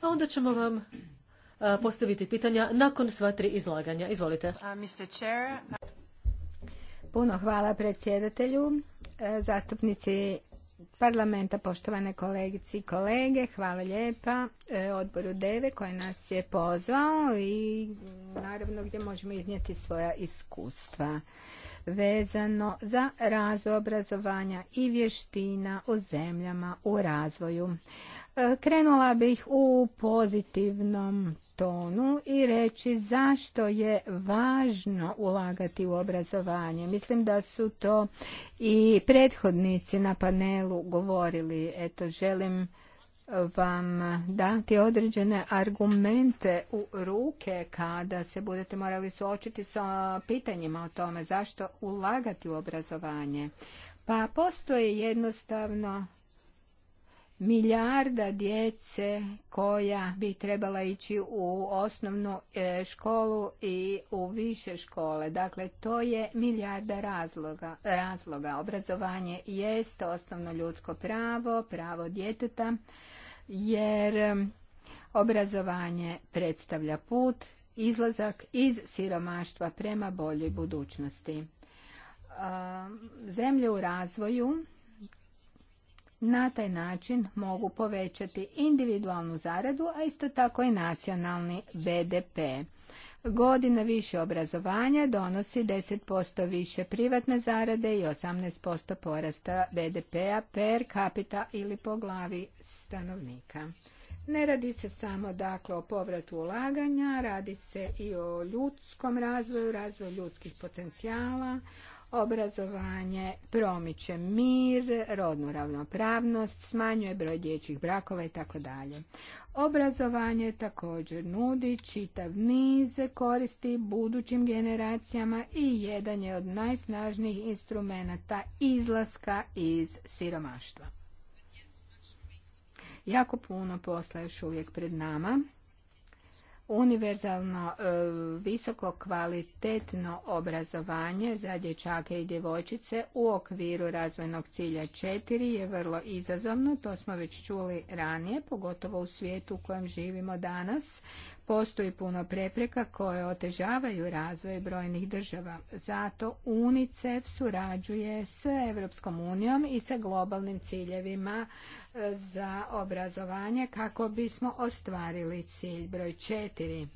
a onda ćemo vam E, postaviti pitanja nakon sva tri izlaganja. Izvolite. Uh, uh, Puno hvala predsjedatelju, e, zastupnici parlamenta, poštovane kolegici i kolege. Hvala lijepa e, odboru DEVE koji nas je pozvao i naravno gdje možemo iznijeti svoja iskustva vezano za razvoj obrazovanja i vještina u zemljama u razvoju. E, krenula bih u pozitivnom tonu i reći zašto je važno ulagati u obrazovanje. Mislim da su to i prethodnici na panelu govorili. Eto, želim vam dati određene argumente u ruke kada se budete morali suočiti sa pitanjima o tome zašto ulagati u obrazovanje. Pa postoji jednostavno milijarda djece koja bi trebala ići u osnovnu e, školu i u više škole. Dakle, to je milijarda razloga. razloga. Obrazovanje jest osnovno ljudsko pravo, pravo djeteta, jer e, obrazovanje predstavlja put, izlazak iz siromaštva prema boljoj budućnosti. Zemlje u razvoju na taj način mogu povećati individualnu zaradu, a isto tako i nacionalni BDP. Godina više obrazovanja donosi 10% više privatne zarade i 18% porasta BDP-a per capita ili po glavi stanovnika. Ne radi se samo dakle o povratu ulaganja, radi se i o ljudskom razvoju, razvoju ljudskih potencijala, obrazovanje promiče mir, rodnu ravnopravnost, smanjuje broj dječjih brakova i tako dalje. Obrazovanje također nudi čitav niz koristi budućim generacijama i jedan je od najsnažnijih instrumenata izlaska iz siromaštva. Jako puno posla još uvijek pred nama univerzalno e, visoko kvalitetno obrazovanje za dječake i djevojčice u okviru razvojnog cilja 4 je vrlo izazovno, to smo već čuli ranije, pogotovo u svijetu u kojem živimo danas, Postoji puno prepreka koje otežavaju razvoj brojnih država. Zato UNICEF surađuje s Europskom unijom i sa globalnim ciljevima e, za obrazovanje kako bismo ostvarili cilj broj četiri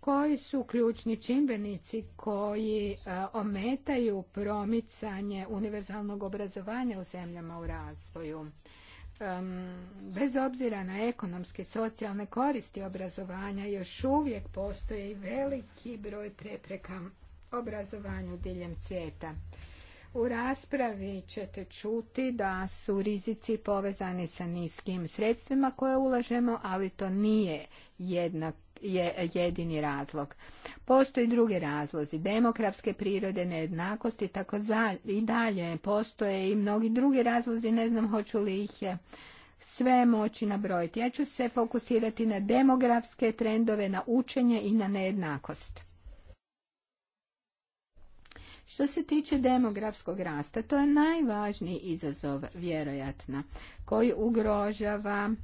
koji su ključni čimbenici koji e, ometaju promicanje univerzalnog obrazovanja u zemljama u razvoju bez obzira na ekonomske i socijalne koristi obrazovanja još uvijek postoji veliki broj prepreka obrazovanju diljem svijeta. U raspravi ćete čuti da su rizici povezani sa niskim sredstvima koje ulažemo, ali to nije jednak je jedini razlog. Postoji drugi razlozi, demografske prirode, nejednakosti, tako i dalje postoje i mnogi drugi razlozi, ne znam hoću li ih eh, sve moći nabrojiti. Ja ću se fokusirati na demografske trendove, na učenje i na nejednakost. Što se tiče demografskog rasta, to je najvažniji izazov, vjerojatno, koji ugrožava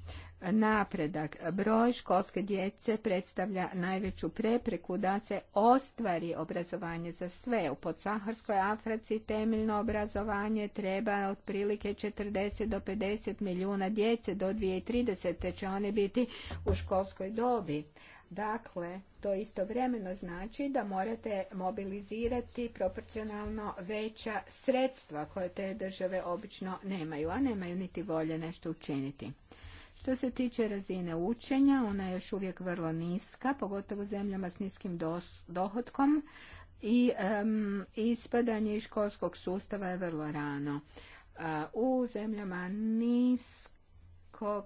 napredak. Broj školske djece predstavlja najveću prepreku da se ostvari obrazovanje za sve. U podsaharskoj Africi temeljno obrazovanje treba otprilike 40 do 50 milijuna djece do 2030. će one biti u školskoj dobi. Dakle, to istovremeno znači da morate mobilizirati proporcionalno veća sredstva koje te države obično nemaju, a nemaju niti volje nešto učiniti. Što se tiče razine učenja, ona je još uvijek vrlo niska, pogotovo u zemljama s niskim dohodkom i ispadanje iz školskog sustava je vrlo rano. u zemljama niskog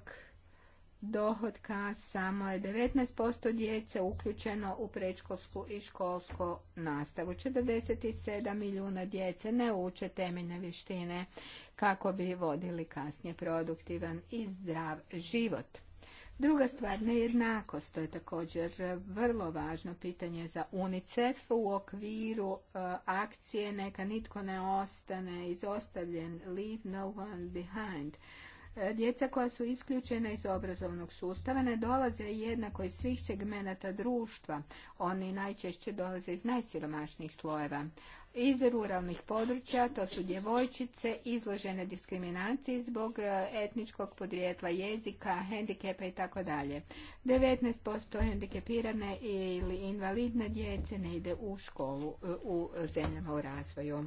dohodka samo je 19% djece uključeno u predškolsku i školsku nastavu. 47 milijuna djece ne uče temeljne vještine kako bi vodili kasnije produktivan i zdrav život. Druga stvar, nejednakost, to je također vrlo važno pitanje za UNICEF. U okviru e, akcije neka nitko ne ostane izostavljen, leave no one behind. E, djeca koja su isključena iz obrazovnog sustava ne dolaze jednako iz svih segmenata društva. Oni najčešće dolaze iz najsiromašnijih slojeva. Iz ruralnih područja to su djevojčice izložene diskriminaciji zbog e, etničkog podrijetla jezika, hendikepa i tako dalje. 19% hendikepirane ili invalidne djece ne ide u školu e, u zemljama u razvoju.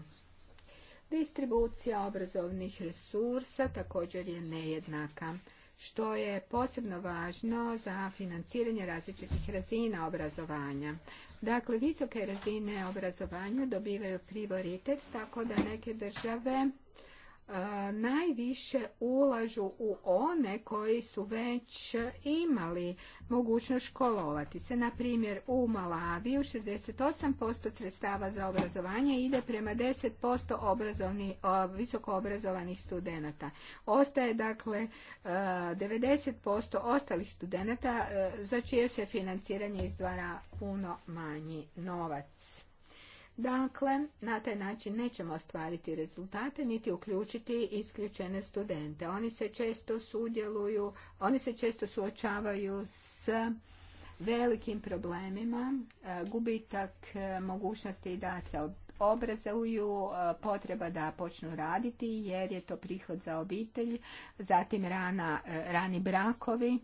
Distribucija obrazovnih resursa također je nejednaka, što je posebno važno za financiranje različitih razina obrazovanja. Dakle, visoke razine obrazovanja dobivaju prioritet, tako da neke države najviše ulažu u one koji su već imali mogućnost školovati se. Na primjer, u Malaviju 68% sredstava za obrazovanje ide prema 10% obrazovni, visokoobrazovanih studenata. Ostaje dakle 90% ostalih studenata za čije se financiranje izdvara puno manji novac. Dakle, na taj način nećemo ostvariti rezultate niti uključiti isključene studente. Oni se često sudjeluju, oni se često suočavaju s velikim problemima, e, gubitak e, mogućnosti da se obrazuju, e, potreba da počnu raditi jer je to prihod za obitelj, zatim rani brakovi.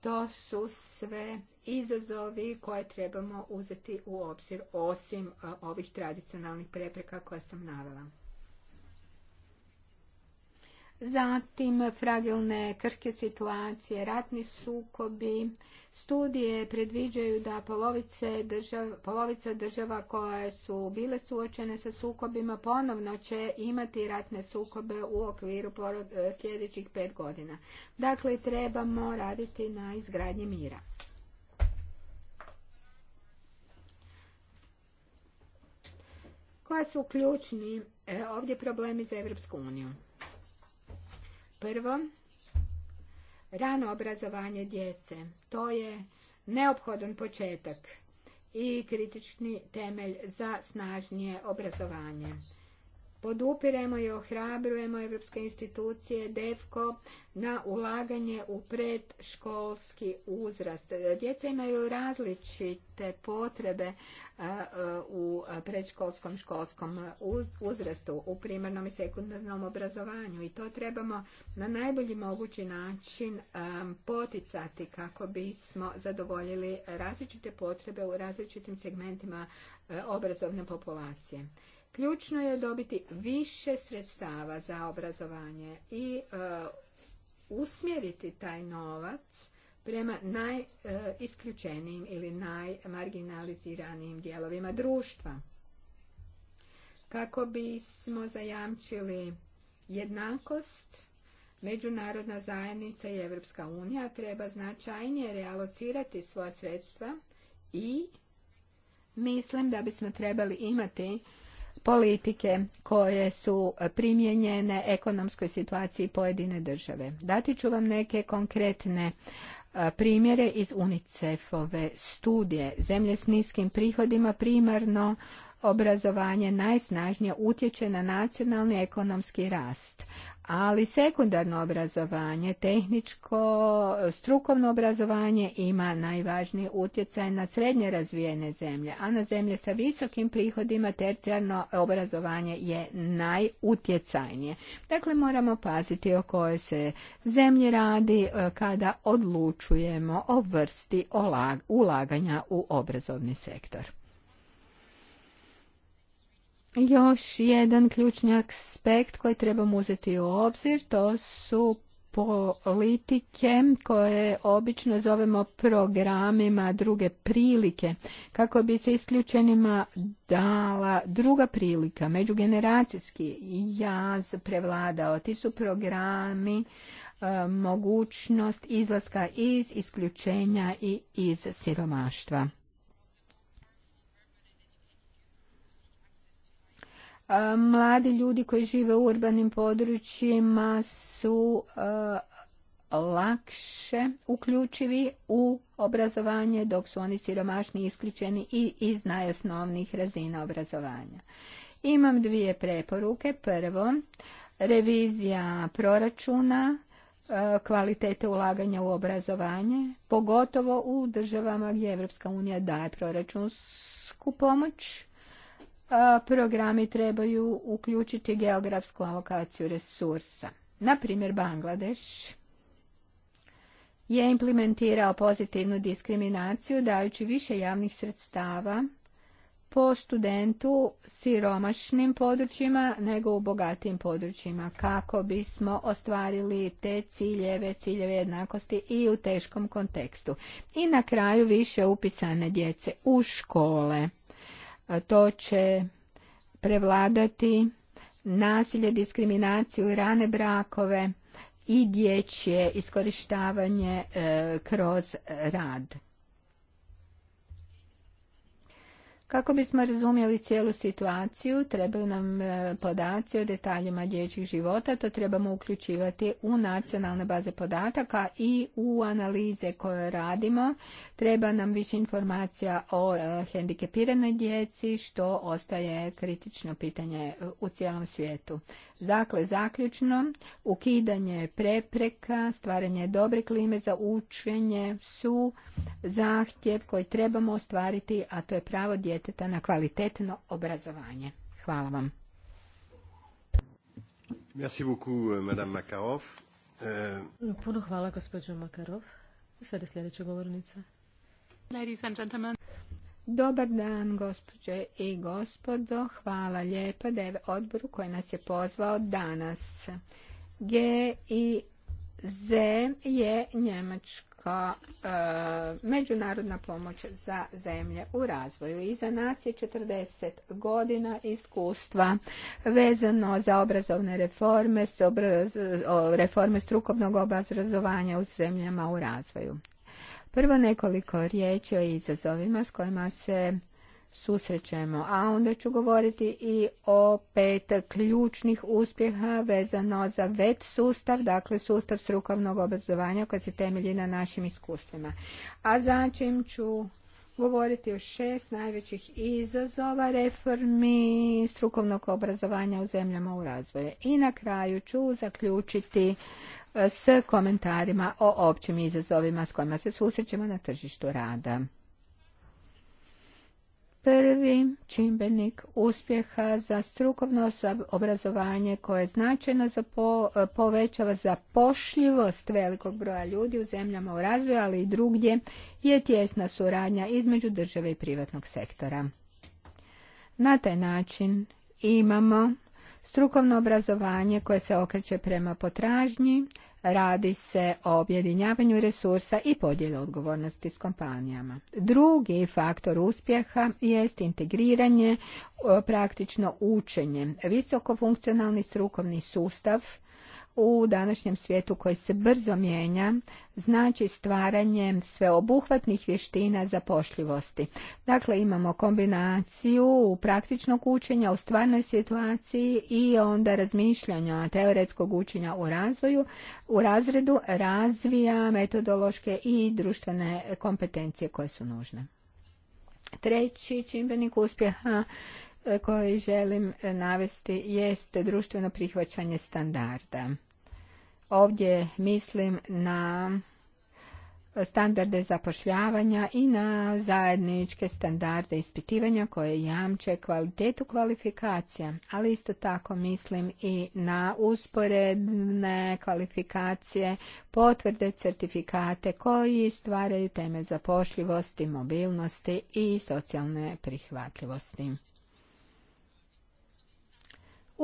To su sve izazovi koje trebamo uzeti u obzir osim ovih tradicionalnih prepreka koje sam navela. Zatim fragilne krke situacije, ratni sukobi. Studije predviđaju da polovica država koje su bile suočene sa sukobima ponovno će imati ratne sukobe u okviru e, sljedećih pet godina. Dakle, trebamo raditi na izgradnji mira. koja su ključni e, ovdje problemi za Europsku uniju. Prvo, rano obrazovanje djece. To je neophodan početak i kritični temelj za snažnije obrazovanje. Podupiremo i ohrabrujemo evropske institucije DEFKO na ulaganje u predškolski uzrast. Djeca imaju različite potrebe u predškolskom školskom uzrastu, u primarnom i sekundarnom obrazovanju i to trebamo na najbolji mogući način poticati kako bismo zadovoljili različite potrebe u različitim segmentima obrazovne populacije. Ključno je dobiti više sredstava za obrazovanje i e, usmjeriti taj novac prema najisključenijim e, ili najmarginaliziranijim dijelovima društva. Kako bismo zajamčili jednakost, međunarodna zajednica i Europska unija treba značajnije realocirati svoja sredstva i mislim da bismo trebali imati politike koje su primijenjene ekonomskoj situaciji pojedine države. Dati ću vam neke konkretne e, primjere iz UNICEF-ove studije. Zemlje s niskim prihodima primarno obrazovanje najsnažnije utječe na nacionalni ekonomski rast ali sekundarno obrazovanje, tehničko, strukovno obrazovanje ima najvažniji utjecaj na srednje razvijene zemlje, a na zemlje sa visokim prihodima tercijarno obrazovanje je najutjecajnije. Dakle, moramo paziti o kojoj se zemlji radi e, kada odlučujemo o vrsti ulaganja u obrazovni sektor. Još jedan ključni aspekt koji trebamo uzeti u obzir, to su politike koje obično zovemo programima druge prilike kako bi se isključenima dala druga prilika međugeneracijski jaz prevladao ti su programi e, mogućnost izlaska iz isključenja i iz siromaštva Mladi ljudi koji žive u urbanim područjima su lakše uključivi u obrazovanje dok su oni siromašni isključeni i iz najosnovnijih razina obrazovanja. Imam dvije preporuke. Prvo, revizija proračuna, kvalitete ulaganja u obrazovanje, pogotovo u državama gdje Evropska unija daje proračunsku pomoć E, programi trebaju uključiti geografsku alokaciju resursa. Na primjer, Bangladeš je implementirao pozitivnu diskriminaciju dajući više javnih sredstava po studentu siromašnim područjima nego u bogatim područjima kako bismo ostvarili te ciljeve, ciljeve jednakosti i u teškom kontekstu. I na kraju više upisane djece u škole to će prevladati nasilje, diskriminaciju, rane brakove i dječje iskorištavanje e, kroz rad. Kako bismo razumjeli cijelu situaciju, trebaju nam e, podaci o detaljima dječjih života, to trebamo uključivati u nacionalne baze podataka i u analize koje radimo. Treba nam više informacija o e, hendikepiranoj djeci, što ostaje kritično pitanje u cijelom svijetu. Dakle, zaključno, ukidanje prepreka, stvaranje dobre klime za učenje su zahtjev koji trebamo ostvariti, a to je pravo djeteta na kvalitetno obrazovanje. Hvala vam. Merci beaucoup, euh, Madame Makarov. Euh, Puno hvala, gospođo Makarov. Sada sljedeća govornica. Ladies Dobar dan, gospođe i gospodo. Hvala lijepa da odboru koji nas je pozvao danas. G i Z je njemačka e, međunarodna pomoć za zemlje u razvoju. Iza nas je 40 godina iskustva vezano za obrazovne reforme, reforme strukovnog obrazovanja u zemljama u razvoju. Prvo nekoliko riječi o izazovima s kojima se susrećemo, a onda ću govoriti i o pet ključnih uspjeha vezano za VET sustav, dakle sustav strukovnog obrazovanja koji se temelji na našim iskustvima. A zatim ću govoriti o šest najvećih izazova reformi strukovnog obrazovanja u zemljama u razvoju. I na kraju ću zaključiti s komentarima o općim izazovima s kojima se susrećemo na tržištu rada. Prvi čimbenik uspjeha za strukovno obrazovanje koje značajno povećava zapošljivost velikog broja ljudi u zemljama u razvoju, ali i drugdje je tjesna suradnja između države i privatnog sektora. Na taj način imamo Strukovno obrazovanje koje se okreće prema potražnji, radi se o objedinjavanju resursa i podjelu odgovornosti s kompanijama. Drugi faktor uspjeha jest integriranje, praktično učenje. Visokofunkcionalni strukovni sustav u današnjem svijetu koji se brzo mijenja znači stvaranje sveobuhvatnih vještina zapošljivosti. Dakle, imamo kombinaciju praktičnog učenja u stvarnoj situaciji i onda razmišljanja teoretskog učenja u razvoju. U razredu razvija metodološke i društvene kompetencije koje su nužne. Treći čimbenik uspjeha E, koji želim e, navesti jeste društveno prihvaćanje standarda. Ovdje mislim na standarde zapošljavanja i na zajedničke standarde ispitivanja koje jamče kvalitetu kvalifikacija, ali isto tako mislim i na usporedne kvalifikacije, potvrde, certifikate koji stvaraju teme zapošljivosti, mobilnosti i socijalne prihvatljivosti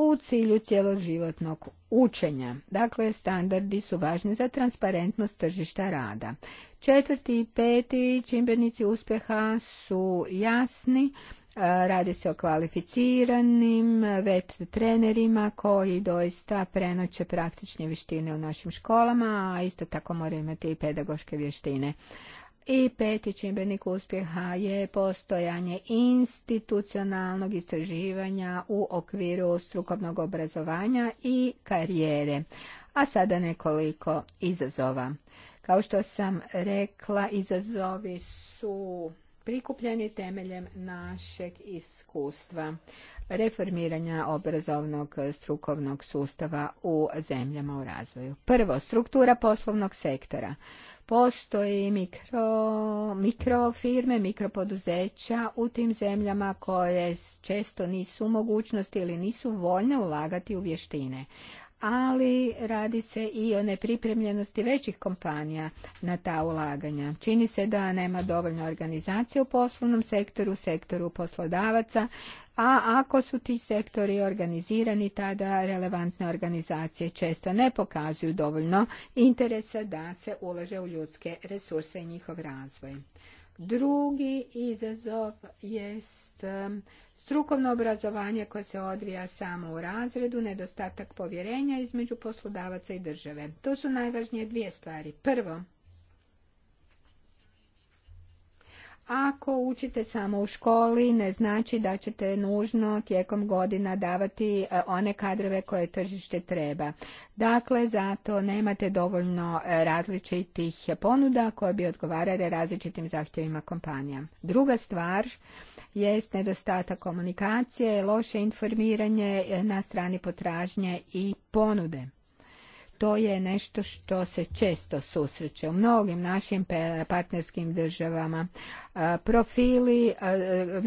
u cilju cijeloživotnog učenja. Dakle, standardi su važni za transparentnost tržišta rada. Četvrti i peti čimbenici uspjeha su jasni, e, Radi se o kvalificiranim vet trenerima koji doista prenoće praktične vještine u našim školama, a isto tako moraju imati i pedagoške vještine. I peti čimbenik uspjeha je postojanje institucionalnog istraživanja u okviru strukovnog obrazovanja i karijere. A sada nekoliko izazova. Kao što sam rekla, izazovi su prikupljeni temeljem našeg iskustva reformiranja obrazovnog strukovnog sustava u zemljama u razvoju. Prvo, struktura poslovnog sektora. Postoji mikro, mikrofirme, mikropoduzeća u tim zemljama koje često nisu u mogućnosti ili nisu voljne ulagati u vještine ali radi se i o nepripremljenosti većih kompanija na ta ulaganja. Čini se da nema dovoljno organizacije u poslovnom sektoru, sektoru poslodavaca, a ako su ti sektori organizirani, tada relevantne organizacije često ne pokazuju dovoljno interesa da se ulaže u ljudske resurse i njihov razvoj. Drugi izazov jest strukovno obrazovanje koje se odvija samo u razredu, nedostatak povjerenja između poslodavaca i države. To su najvažnije dvije stvari. Prvo, ako učite samo u školi, ne znači da ćete nužno tijekom godina davati e, one kadrove koje tržište treba. Dakle, zato nemate dovoljno e, različitih ponuda koje bi odgovarale različitim zahtjevima kompanija. Druga stvar, jest nedostatak komunikacije, loše informiranje na strani potražnje i ponude. To je nešto što se često susreće u mnogim našim partnerskim državama. Profili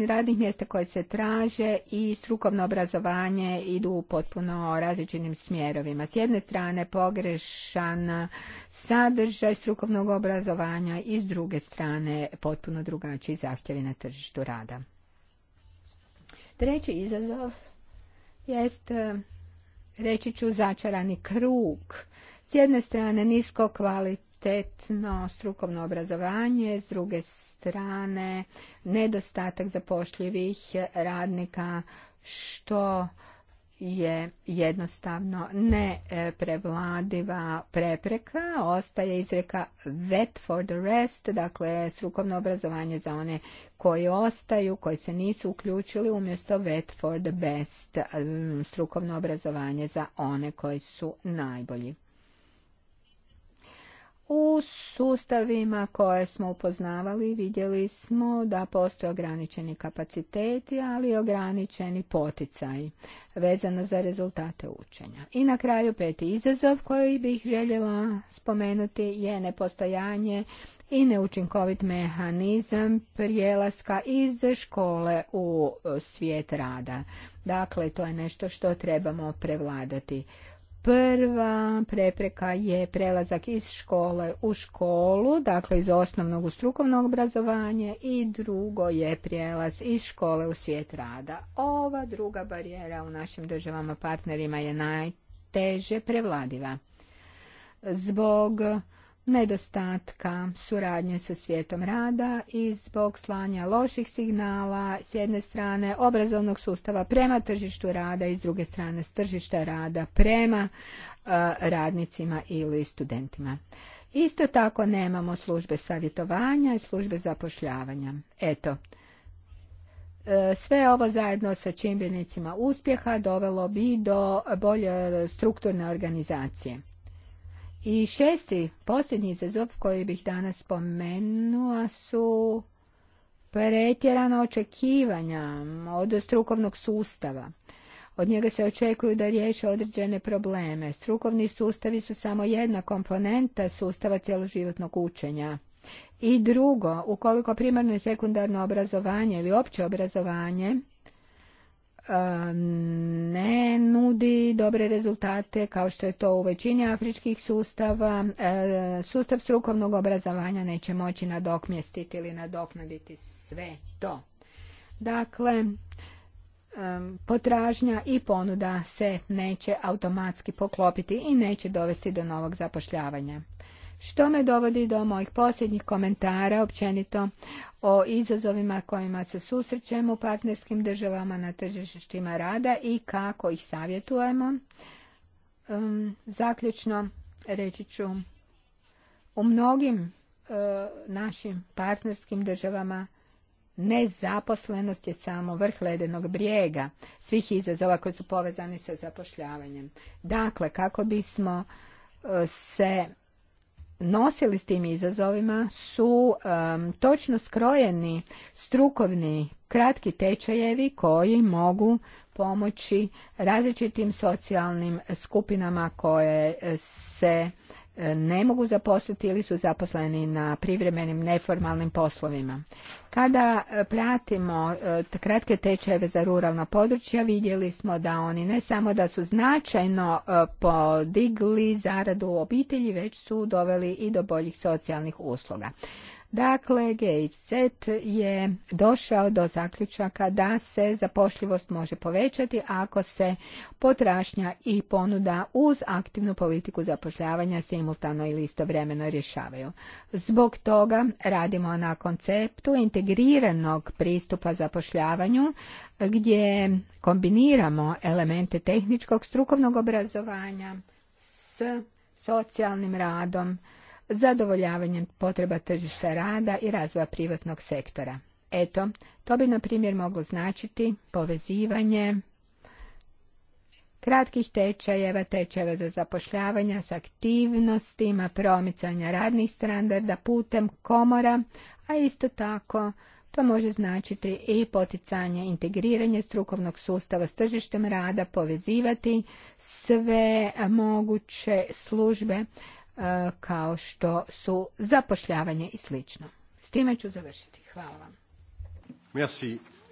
radnih mjesta koje se traže i strukovno obrazovanje idu u potpuno različitim smjerovima. S jedne strane pogrešan sadržaj strukovnog obrazovanja i s druge strane potpuno drugačiji zahtjevi na tržištu rada. Treći izazov jest, e, reći ću, začarani krug. S jedne strane nisko kvalitetno strukovno obrazovanje, s druge strane nedostatak zapošljivih radnika, što je jednostavno neprevladiva prepreka, ostaje izreka vet for the rest, dakle strukovno obrazovanje za one koji ostaju, koji se nisu uključili umjesto Vet for the Best, um, strukovno obrazovanje za one koji su najbolji. U sustavima koje smo upoznavali vidjeli smo da postoje ograničeni kapaciteti, ali i ograničeni poticaji vezano za rezultate učenja. I na kraju peti izazov koji bih željela spomenuti je nepostojanje i neučinkovit mehanizam prijelaska iz škole u e, svijet rada. Dakle, to je nešto što trebamo prevladati. Prva prepreka je prelazak iz škole u školu, dakle iz osnovnog u strukovno obrazovanje i drugo je prijelaz iz škole u svijet rada. Ova druga barijera u našim državama partnerima je najteže prevladiva. Zbog nedostatka suradnje sa svijetom rada i zbog slanja loših signala s jedne strane obrazovnog sustava prema tržištu rada i s druge strane s tržišta rada prema e, radnicima ili studentima. Isto tako nemamo službe savjetovanja i službe zapošljavanja. Eto, e, sve ovo zajedno sa čimbenicima uspjeha dovelo bi do bolje strukturne organizacije. I šesti, posljednji izazov koji bih danas spomenula su pretjerana očekivanja od strukovnog sustava. Od njega se očekuju da riješe određene probleme. Strukovni sustavi su samo jedna komponenta sustava cjeloživotnog učenja. I drugo, ukoliko primarno i sekundarno obrazovanje ili opće obrazovanje E, ne nudi dobre rezultate kao što je to u većini afričkih sustava. E, sustav strukovnog obrazovanja neće moći nadokmjestiti ili nadoknaditi sve to. Dakle, e, potražnja i ponuda se neće automatski poklopiti i neće dovesti do novog zapošljavanja. Što me dovodi do mojih posljednjih komentara općenito o izazovima kojima se susrećemo u partnerskim državama na tržištima rada i kako ih savjetujemo. zaključno reći ću u mnogim e, našim partnerskim državama nezaposlenost je samo vrh ledenog brijega svih izazova koji su povezani sa zapošljavanjem. Dakle, kako bismo e, se nosili s tim izazovima su točno skrojeni strukovni kratki tečajevi koji mogu pomoći različitim socijalnim skupinama koje se ne mogu zaposliti ili su zaposleni na privremenim neformalnim poslovima. Kada e, pratimo e, kratke tečajeve za ruralna područja, vidjeli smo da oni ne samo da su značajno e, podigli zaradu u obitelji, već su doveli i do boljih socijalnih usluga. Dakle, Set je došao do zaključaka da se zapošljivost može povećati ako se potrašnja i ponuda uz aktivnu politiku zapošljavanja simultano ili istovremeno rješavaju. Zbog toga radimo na konceptu integriranog pristupa zapošljavanju gdje kombiniramo elemente tehničkog strukovnog obrazovanja s socijalnim radom, zadovoljavanjem potreba tržišta rada i razvoja privatnog sektora. Eto, to bi na primjer moglo značiti povezivanje kratkih tečajeva, tečajeva za zapošljavanje s aktivnostima promicanja radnih standarda putem komora, a isto tako to može značiti i poticanje integriranje strukovnog sustava s tržištem rada, povezivati sve moguće službe E, kao što su zapošljavanje i slično. S time ću završiti. Hvala vam.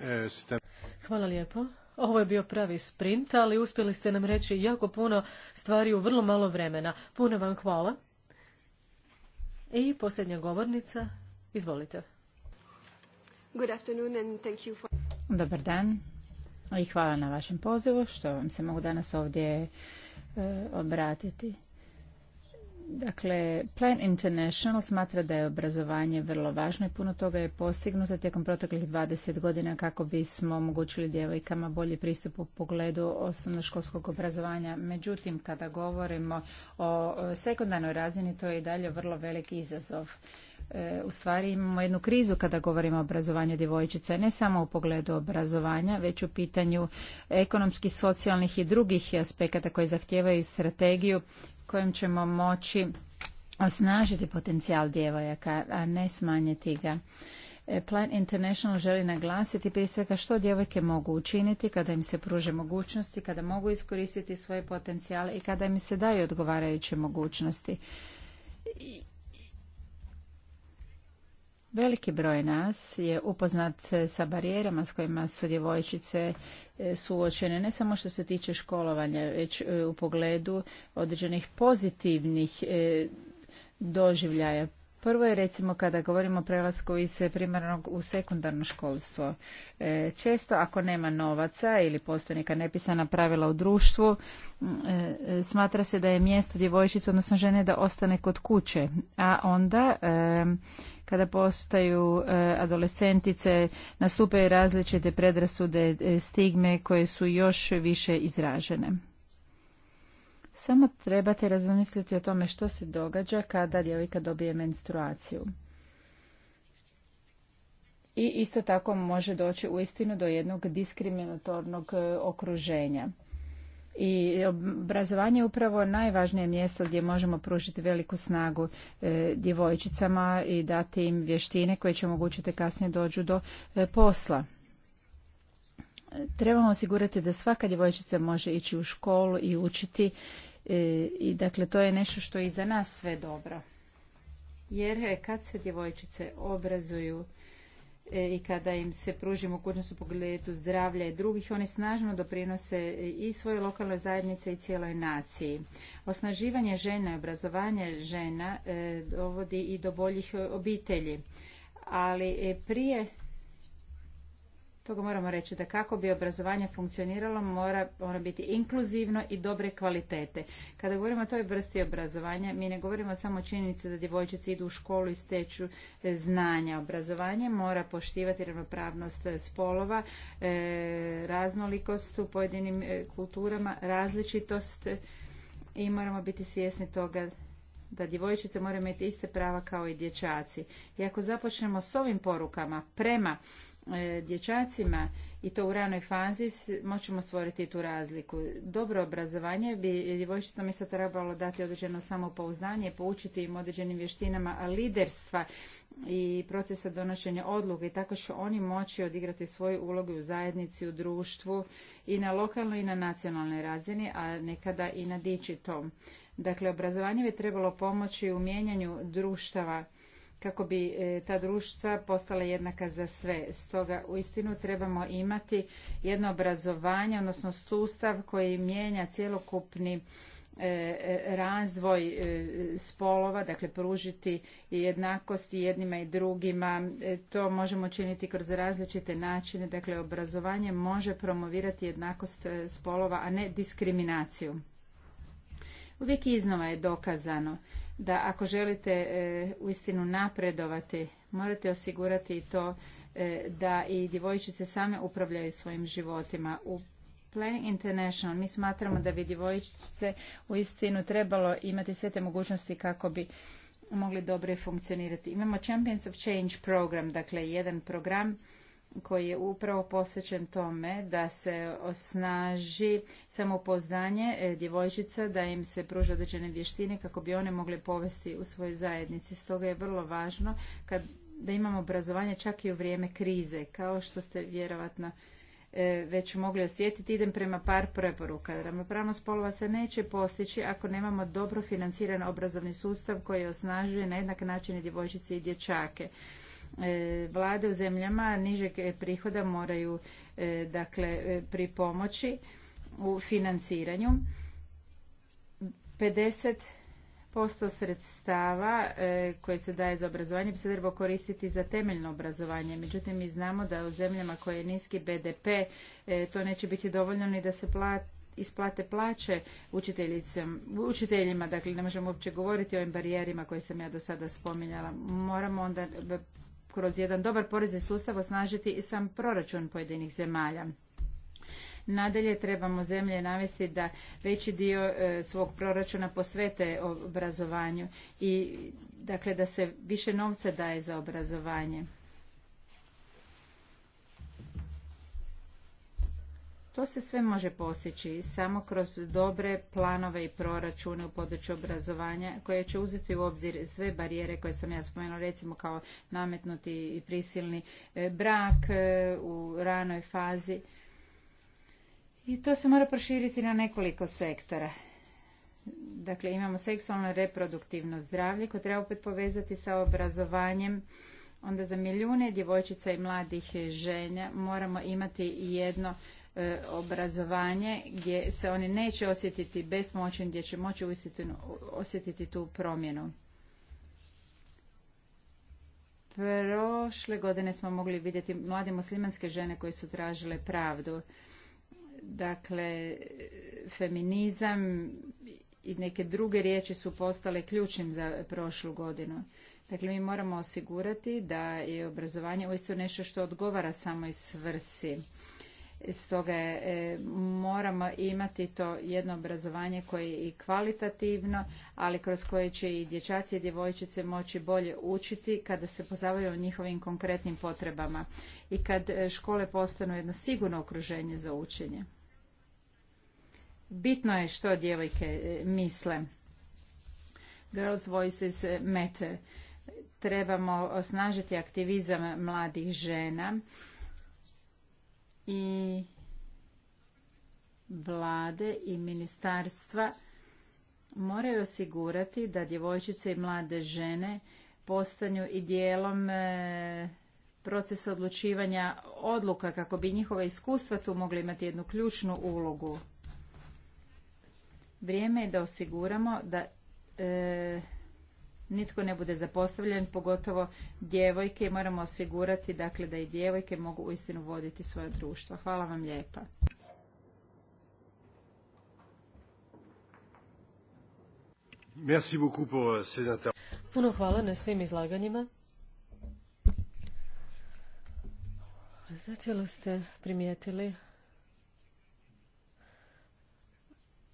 Eh, hvala lijepo. Ovo je bio pravi sprint, ali uspjeli ste nam reći jako puno stvari u vrlo malo vremena. Puno vam hvala. I posljednja govornica, izvolite. Good afternoon and Dobar dan i hvala na vašem pozivu što vam se mogu danas ovdje eh, obratiti. Dakle, Plan International smatra da je obrazovanje vrlo važno i puno toga je postignuto tijekom proteklih 20 godina kako bismo omogućili djevojkama bolji pristup u pogledu osnovnoškolskog obrazovanja. Međutim, kada govorimo o sekundarnoj razini, to je i dalje vrlo veliki izazov. E, u stvari imamo jednu krizu kada govorimo o obrazovanju djevojčica, ne samo u pogledu obrazovanja, već u pitanju ekonomskih, socijalnih i drugih aspekata koji zahtijevaju strategiju kojim ćemo moći osnažiti potencijal djevojaka, a ne smanjiti ga. E, Plan International želi naglasiti prije svega što djevojke mogu učiniti kada im se pruže mogućnosti, kada mogu iskoristiti svoje potencijale i kada im se daju odgovarajuće mogućnosti. Veliki broj nas je upoznat sa barijerama s kojima su djevojčice e, suočene, ne samo što se tiče školovanja, već e, u pogledu određenih pozitivnih e, doživljaja. Prvo je recimo kada govorimo o prelasku iz primarnog u sekundarno školstvo. Često ako nema novaca ili postoje neka nepisana pravila u društvu, smatra se da je mjesto djevojčice, odnosno žene, da ostane kod kuće. A onda kada postaju e, adolescentice nastupaju različite predrasude e, stigme koje su još više izražene. Samo trebate razmisliti o tome što se događa kada djevojka dobije menstruaciju. I isto tako može doći uistinu do jednog diskriminatornog e, okruženja i obrazovanje je upravo najvažnije mjesto gdje možemo pružiti veliku snagu e, djevojčicama i dati im vještine koje će omogućiti kasnije dođu do e, posla. E, trebamo osigurati da svaka djevojčica može ići u školu i učiti i dakle to je nešto što je i za nas sve dobro. Jer kad se djevojčice obrazuju E, i kada im se pruži mogućnost u pogledu zdravlja i drugih, oni snažno doprinose i svoje lokalne zajednice i cijeloj naciji. Osnaživanje žena i obrazovanje žena e, dovodi i do boljih obitelji ali e, prije moramo reći da kako bi obrazovanje funkcioniralo mora mora biti inkluzivno i dobre kvalitete. Kada govorimo o toj vrsti obrazovanja, mi ne govorimo samo o činjenici da djevojčice idu u školu i steču e, znanja. Obrazovanje mora poštivati ravnopravnost e, spolova, e, raznolikost u pojedinim kulturama, različitost i moramo biti svjesni toga da djevojčice moraju imati iste prava kao i dječaci. I ako započnemo s ovim porukama prema E, dječacima i to u ranoj fazi moćemo stvoriti tu razliku. Dobro obrazovanje bi djevojčicama isto trebalo dati određeno samopouzdanje, poučiti im određenim vještinama liderstva i procesa donošenja odluke i tako će oni moći odigrati svoju ulogu u zajednici, u društvu i na lokalnoj i na nacionalnoj razini, a nekada i na dičitom. Dakle, obrazovanje bi trebalo pomoći u mijenjanju društava kako bi e, ta društva postala jednaka za sve. Stoga uistinu trebamo imati jedno obrazovanje, odnosno sustav koji mijenja cjelokupni e, e, razvoj spolova, dakle pružiti jednakost i jednima i drugima. To možemo činiti kroz različite načine. Dakle, obrazovanje može promovirati jednakost spolova, a ne diskriminaciju. Uvijek iznova je dokazano da ako želite e, uistinu napredovati, morate osigurati i to e, da i djevojčice same upravljaju svojim životima. U Plan International mi smatramo da bi djevojčice uistinu trebalo imati sve te mogućnosti kako bi mogli dobro funkcionirati. Imamo Champions of Change program, dakle jedan program koji je upravo posvećen tome da se osnaži samopoznanje e, djevojčica, da im se pruža određene vještine kako bi one mogle povesti u svojoj zajednici. Stoga je vrlo važno kad, da imamo obrazovanje čak i u vrijeme krize, kao što ste vjerovatno e, već mogli osjetiti, idem prema par preporuka. Ravnopravnost spolova se neće postići ako nemamo dobro financiran obrazovni sustav koji osnažuje na jednak način i djevojčice i dječake. E, vlade u zemljama nižeg e, prihoda moraju e, dakle pripomoći u financiranju. 50% sredstava koje se daje za obrazovanje bi se trebalo koristiti za temeljno obrazovanje. Međutim, mi znamo da u zemljama koje je niski BDP to neće biti dovoljno ni da se plati isplate plaće učiteljima, dakle ne možemo uopće govoriti o ovim barijerima koje sam ja do sada spominjala. Moramo onda kroz jedan dobar porezni sustav osnažiti i sam proračun pojedinih zemalja. Nadalje trebamo zemlje navesti da veći dio e, svog proračuna posvete obrazovanju i dakle da se više novca daje za obrazovanje. To se sve može postići samo kroz dobre planove i proračune u području obrazovanja koje će uzeti u obzir sve barijere koje sam ja spomenula, recimo kao nametnuti i prisilni e, brak e, u ranoj fazi. I to se mora proširiti na nekoliko sektora. Dakle, imamo seksualno reproduktivno zdravlje koje treba opet povezati sa obrazovanjem. Onda za milijune djevojčica i mladih ženja moramo imati jedno E, obrazovanje gdje se oni neće osjetiti besmoćni, gdje će moći osjetiti tu promjenu. Prošle godine smo mogli vidjeti mlade muslimanske žene koje su tražile pravdu. Dakle, feminizam i neke druge riječi su postale ključnim za prošlu godinu. Dakle, mi moramo osigurati da je obrazovanje uistinu nešto što odgovara samoj svrsi. Stoga je, moramo imati to jedno obrazovanje koje je i kvalitativno, ali kroz koje će i dječaci i djevojčice moći bolje učiti kada se pozavaju o njihovim konkretnim potrebama i kad e, škole postanu jedno sigurno okruženje za učenje. Bitno je što djevojke e, misle. Girls Voices Matter. Trebamo osnažiti aktivizam mladih žena i vlade i ministarstva moraju osigurati da djevojčice i mlade žene postanju i dijelom e, proces odlučivanja odluka kako bi njihova iskustva tu mogla imati jednu ključnu ulogu. Vrijeme je da osiguramo da e, nitko ne bude zapostavljen, pogotovo djevojke i moramo osigurati dakle, da i djevojke mogu uistinu voditi svoje društvo. Hvala vam lijepa. Merci beaucoup pour euh, ces Puno hvala na svim izlaganjima. Zacijelo ste primijetili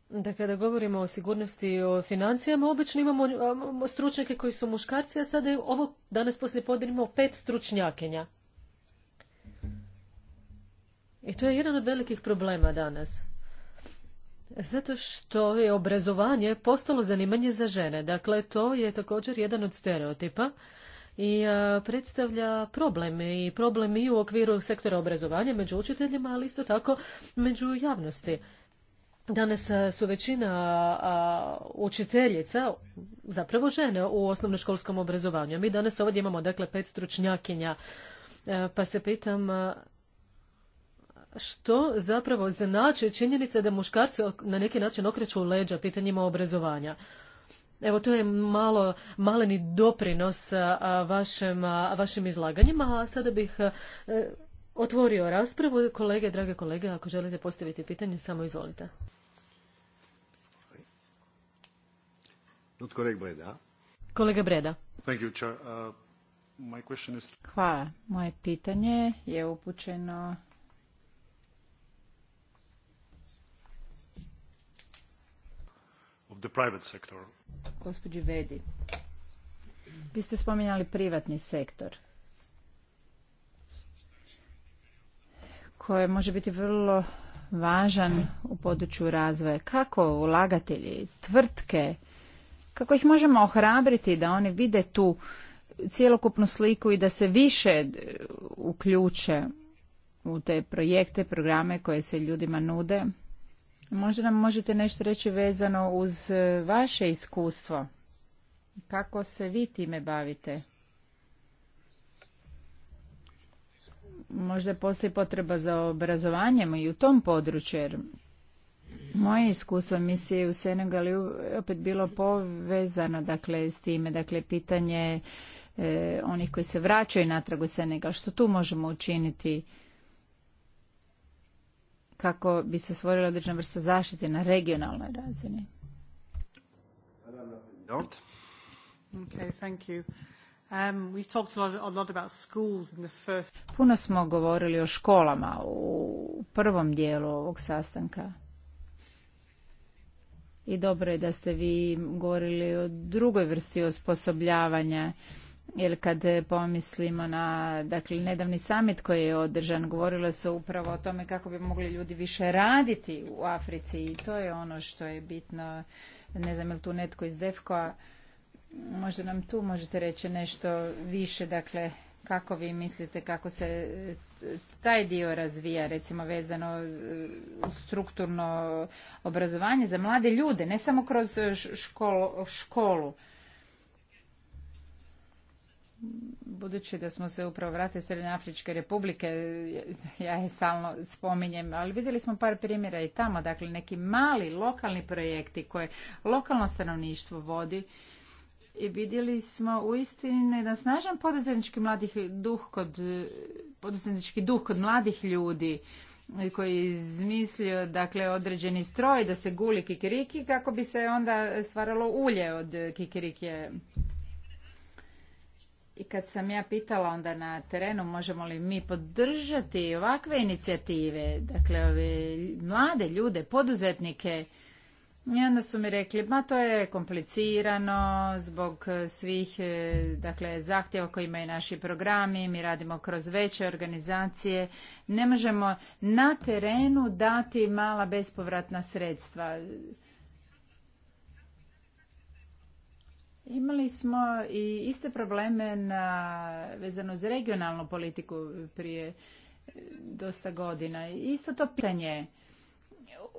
da kada govorimo o sigurnosti i o financijama, obično imamo stručnjake koji su muškarci, a sada ovo danas poslije podinimo, pet stručnjakenja. I to je jedan od velikih problema danas. Zato što je obrazovanje postalo zanimanje za žene. Dakle, to je također jedan od stereotipa i predstavlja problem i problem i u okviru sektora obrazovanja među učiteljima, ali isto tako među javnosti. Danas e, su većina učiteljica zapravo žene u osnovnoškolskom obrazovanju. Mi danas ovdje imamo dakle pet stručnjakinja, e, pa se pitam e, što zapravo znači činjenica da muškarci na neki način okreću leđa pitanjima obrazovanja. Evo, to je malo, maleni doprinos vašem, vašim izlaganjima, a sada bih otvorio raspravu. Kolege, drage kolege, ako želite postaviti pitanje, samo izvolite. Kolega Breda. Hvala. Moje pitanje je upućeno Gospođi Vedi, vi ste spominjali privatni sektor. koje može biti vrlo važan u području razvoja. Kako ulagatelji, tvrtke, kako ih možemo ohrabriti da oni vide tu cjelokupnu sliku i da se više uključe u te projekte, programe koje se ljudima nude. Možda nam možete nešto reći vezano uz vaše iskustvo. Kako se vi time bavite? možda postoji potreba za obrazovanjem i u tom području, jer moje iskustvo misije u Senegalu opet bilo povezano dakle, s time, dakle pitanje e, onih koji se vraćaju natrag u Senegal, što tu možemo učiniti kako bi se stvorila određena vrsta zaštite na regionalnoj razini. Okay, thank you. Puno smo govorili o školama u prvom dijelu ovog sastanka. I dobro je da ste vi govorili o drugoj vrsti osposobljavanja jer kad pomislimo na dakle, nedavni summit koji je održan, govorilo se upravo o tome kako bi mogli ljudi više raditi u Africi i to je ono što je bitno. Ne znam je li tu netko iz Defkoa Možda nam tu možete reći nešto više, dakle, kako vi mislite kako se e, taj dio razvija, recimo vezano e, strukturno obrazovanje za mlade ljude, ne samo kroz e, školu. školu. Budući da smo se upravo vratili Srednje Afričke republike, ja je stalno spominjem, ali vidjeli smo par primjera i tamo, dakle neki mali lokalni projekti koje lokalno stanovništvo vodi, i vidjeli smo uistinu jedan snažan poduzetnički mladih duh kod poduzetnički duh kod mladih ljudi koji je izmislio dakle određeni stroj da se guli kikiriki kako bi se onda stvaralo ulje od kikirike. I kad sam ja pitala onda na terenu možemo li mi podržati ovakve inicijative, dakle ove mlade ljude, poduzetnike, i onda su mi rekli, ma to je komplicirano zbog e, svih e, dakle, zahtjeva koji imaju naši programi, mi radimo kroz veće organizacije, ne možemo na terenu dati mala bespovratna sredstva. Imali smo i iste probleme na, vezano za regionalnu politiku prije e, dosta godina. Isto to pitanje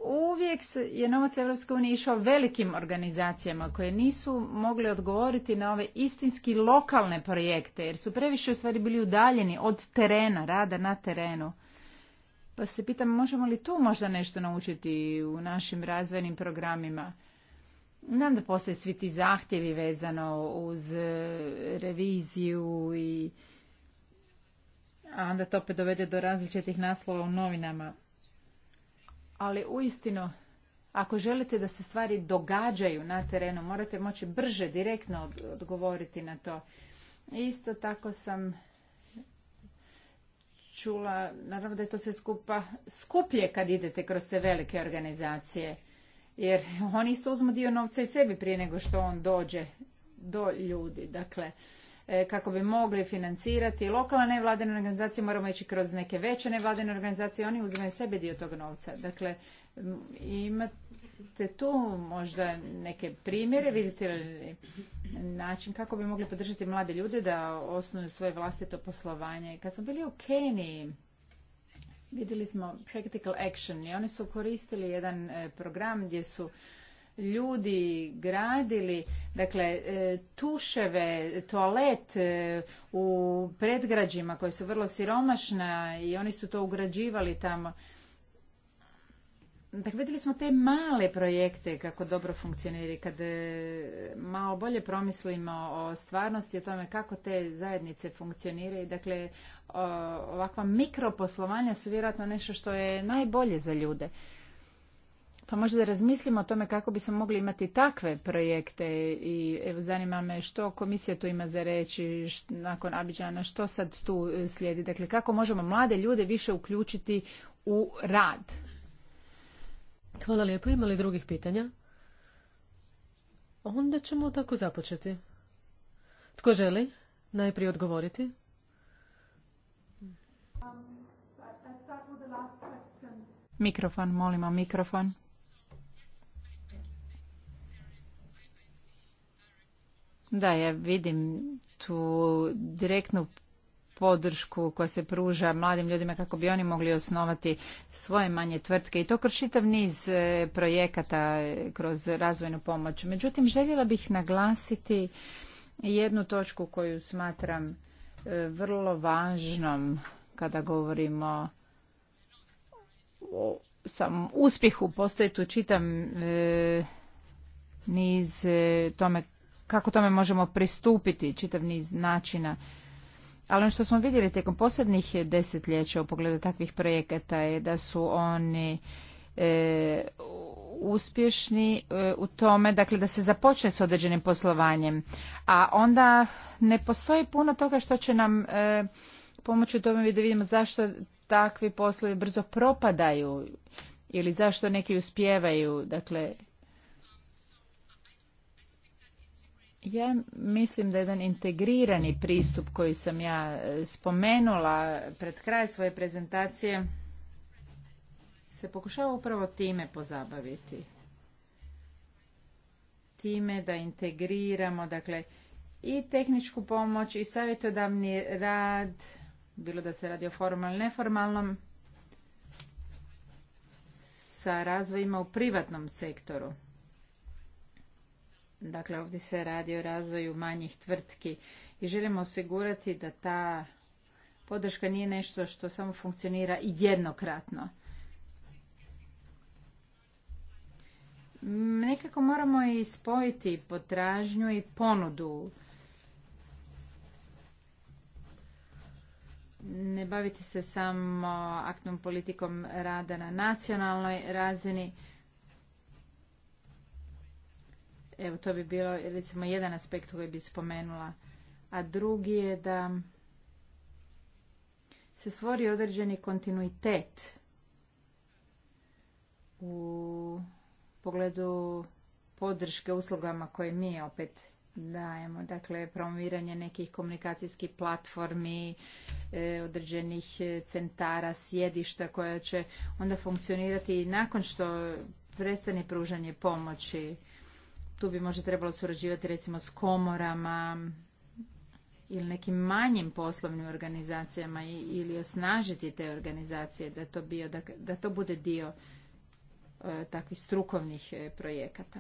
uvijek je novac Europske unije išao velikim organizacijama koje nisu mogle odgovoriti na ove istinski lokalne projekte jer su previše u stvari bili udaljeni od terena, rada na terenu. Pa se pitam možemo li tu možda nešto naučiti u našim razvojnim programima. Znam da postoje svi ti zahtjevi vezano uz e, reviziju i a onda to opet dovede do različitih naslova u novinama ali uistinu ako želite da se stvari događaju na terenu, morate moći brže, direktno odgovoriti na to. Isto tako sam čula, naravno da je to sve skupa skuplje kad idete kroz te velike organizacije, jer oni isto uzmu dio novca i sebi prije nego što on dođe do ljudi. Dakle, E, kako bi mogli financirati lokalne nevladine organizacije, moramo ići kroz neke veće nevladine organizacije, oni uzimaju sebi dio tog novca. Dakle, imate tu možda neke primjere, vidite li način kako bi mogli podržati mlade ljude da osnuju svoje vlastito poslovanje. Kad smo bili u Keniji, vidjeli smo Practical Action i oni su koristili jedan e, program gdje su ljudi gradili dakle e, tuševe, toalet e, u predgrađima koje su vrlo siromašna i oni su to ugrađivali tamo. Dakle, vidjeli smo te male projekte kako dobro funkcioniri. Kad e, malo bolje promislimo o stvarnosti, o tome kako te zajednice funkcioniraju, dakle, ovakva mikroposlovanja su vjerojatno nešto što je najbolje za ljude pa možda da razmislimo o tome kako bismo mogli imati takve projekte i evo, zanima me što komisija tu ima za reći nakon Abidžana, što sad tu e, slijedi, dakle kako možemo mlade ljude više uključiti u rad. Hvala lijepo, ima drugih pitanja? Onda ćemo tako započeti. Tko želi najprije odgovoriti? Mikrofon, molimo mikrofon. Da, ja vidim tu direktnu podršku koja se pruža mladim ljudima kako bi oni mogli osnovati svoje manje tvrtke i to kroz čitav niz e, projekata e, kroz razvojnu pomoć. Međutim, željela bih naglasiti jednu točku koju smatram e, vrlo važnom kada govorimo o sam uspjehu. Postoji tu čitam niz tome kako tome možemo pristupiti, čitav niz načina. Ali ono što smo vidjeli tijekom posljednjih desetljeća u pogledu takvih projekata je da su oni e, uspješni e, u tome, dakle da se započne s određenim poslovanjem, a onda ne postoji puno toga što će nam e, pomoći u tome da vidimo zašto takvi poslovi brzo propadaju ili zašto neki uspijevaju. Dakle, Ja mislim da jedan integrirani pristup koji sam ja e, spomenula pred kraj svoje prezentacije se pokušava upravo time pozabaviti. Time da integriramo, dakle, i tehničku pomoć i savjetodavni rad, bilo da se radi o formalnom, neformalnom, sa razvojima u privatnom sektoru. Dakle, ovdje se radi o razvoju manjih tvrtki i želimo osigurati da ta podrška nije nešto što samo funkcionira jednokratno. Nekako moramo i spojiti potražnju i ponudu. Ne baviti se samo aktnom politikom rada na nacionalnoj razini, Evo, to bi bilo, recimo, jedan aspekt koji bi spomenula. A drugi je da se stvori određeni kontinuitet u pogledu podrške uslugama koje mi opet dajemo. Dakle, promoviranje nekih komunikacijskih platformi, e, određenih e, centara, sjedišta koja će onda funkcionirati i nakon što prestane pružanje pomoći. Tu bi možda trebalo surađivati recimo s komorama ili nekim manjim poslovnim organizacijama ili osnažiti te organizacije da to, bio, da, to bude dio e, takvih strukovnih e, projekata.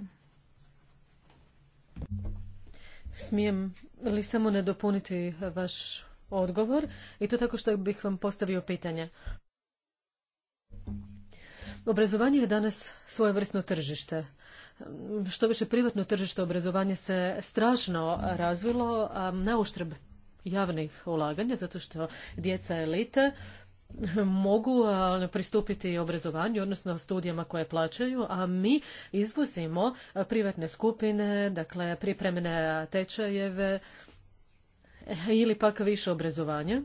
Smijem li samo nadopuniti e, vaš odgovor i to tako što bih vam postavio pitanje. Obrazovanje je danas svojevrsno tržište što više privatno tržište obrazovanja se strašno razvilo na uštrb javnih ulaganja, zato što djeca elite mogu pristupiti obrazovanju, odnosno studijama koje plaćaju, a mi izvozimo privatne skupine, dakle pripremene tečajeve e, ili pak više obrazovanja.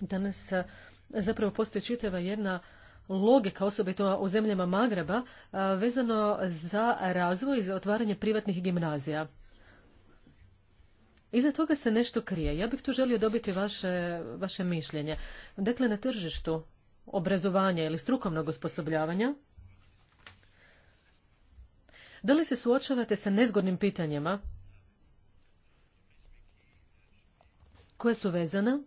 Danas zapravo postoji čitava jedna logika, osobito u zemljama Magreba, vezano za razvoj i za otvaranje privatnih gimnazija. Iza toga se nešto krije. Ja bih tu želio dobiti vaše, vaše mišljenje. Dakle, na tržištu obrazovanja ili strukovnog osposobljavanja, da li se suočavate sa nezgodnim pitanjima koja su vezana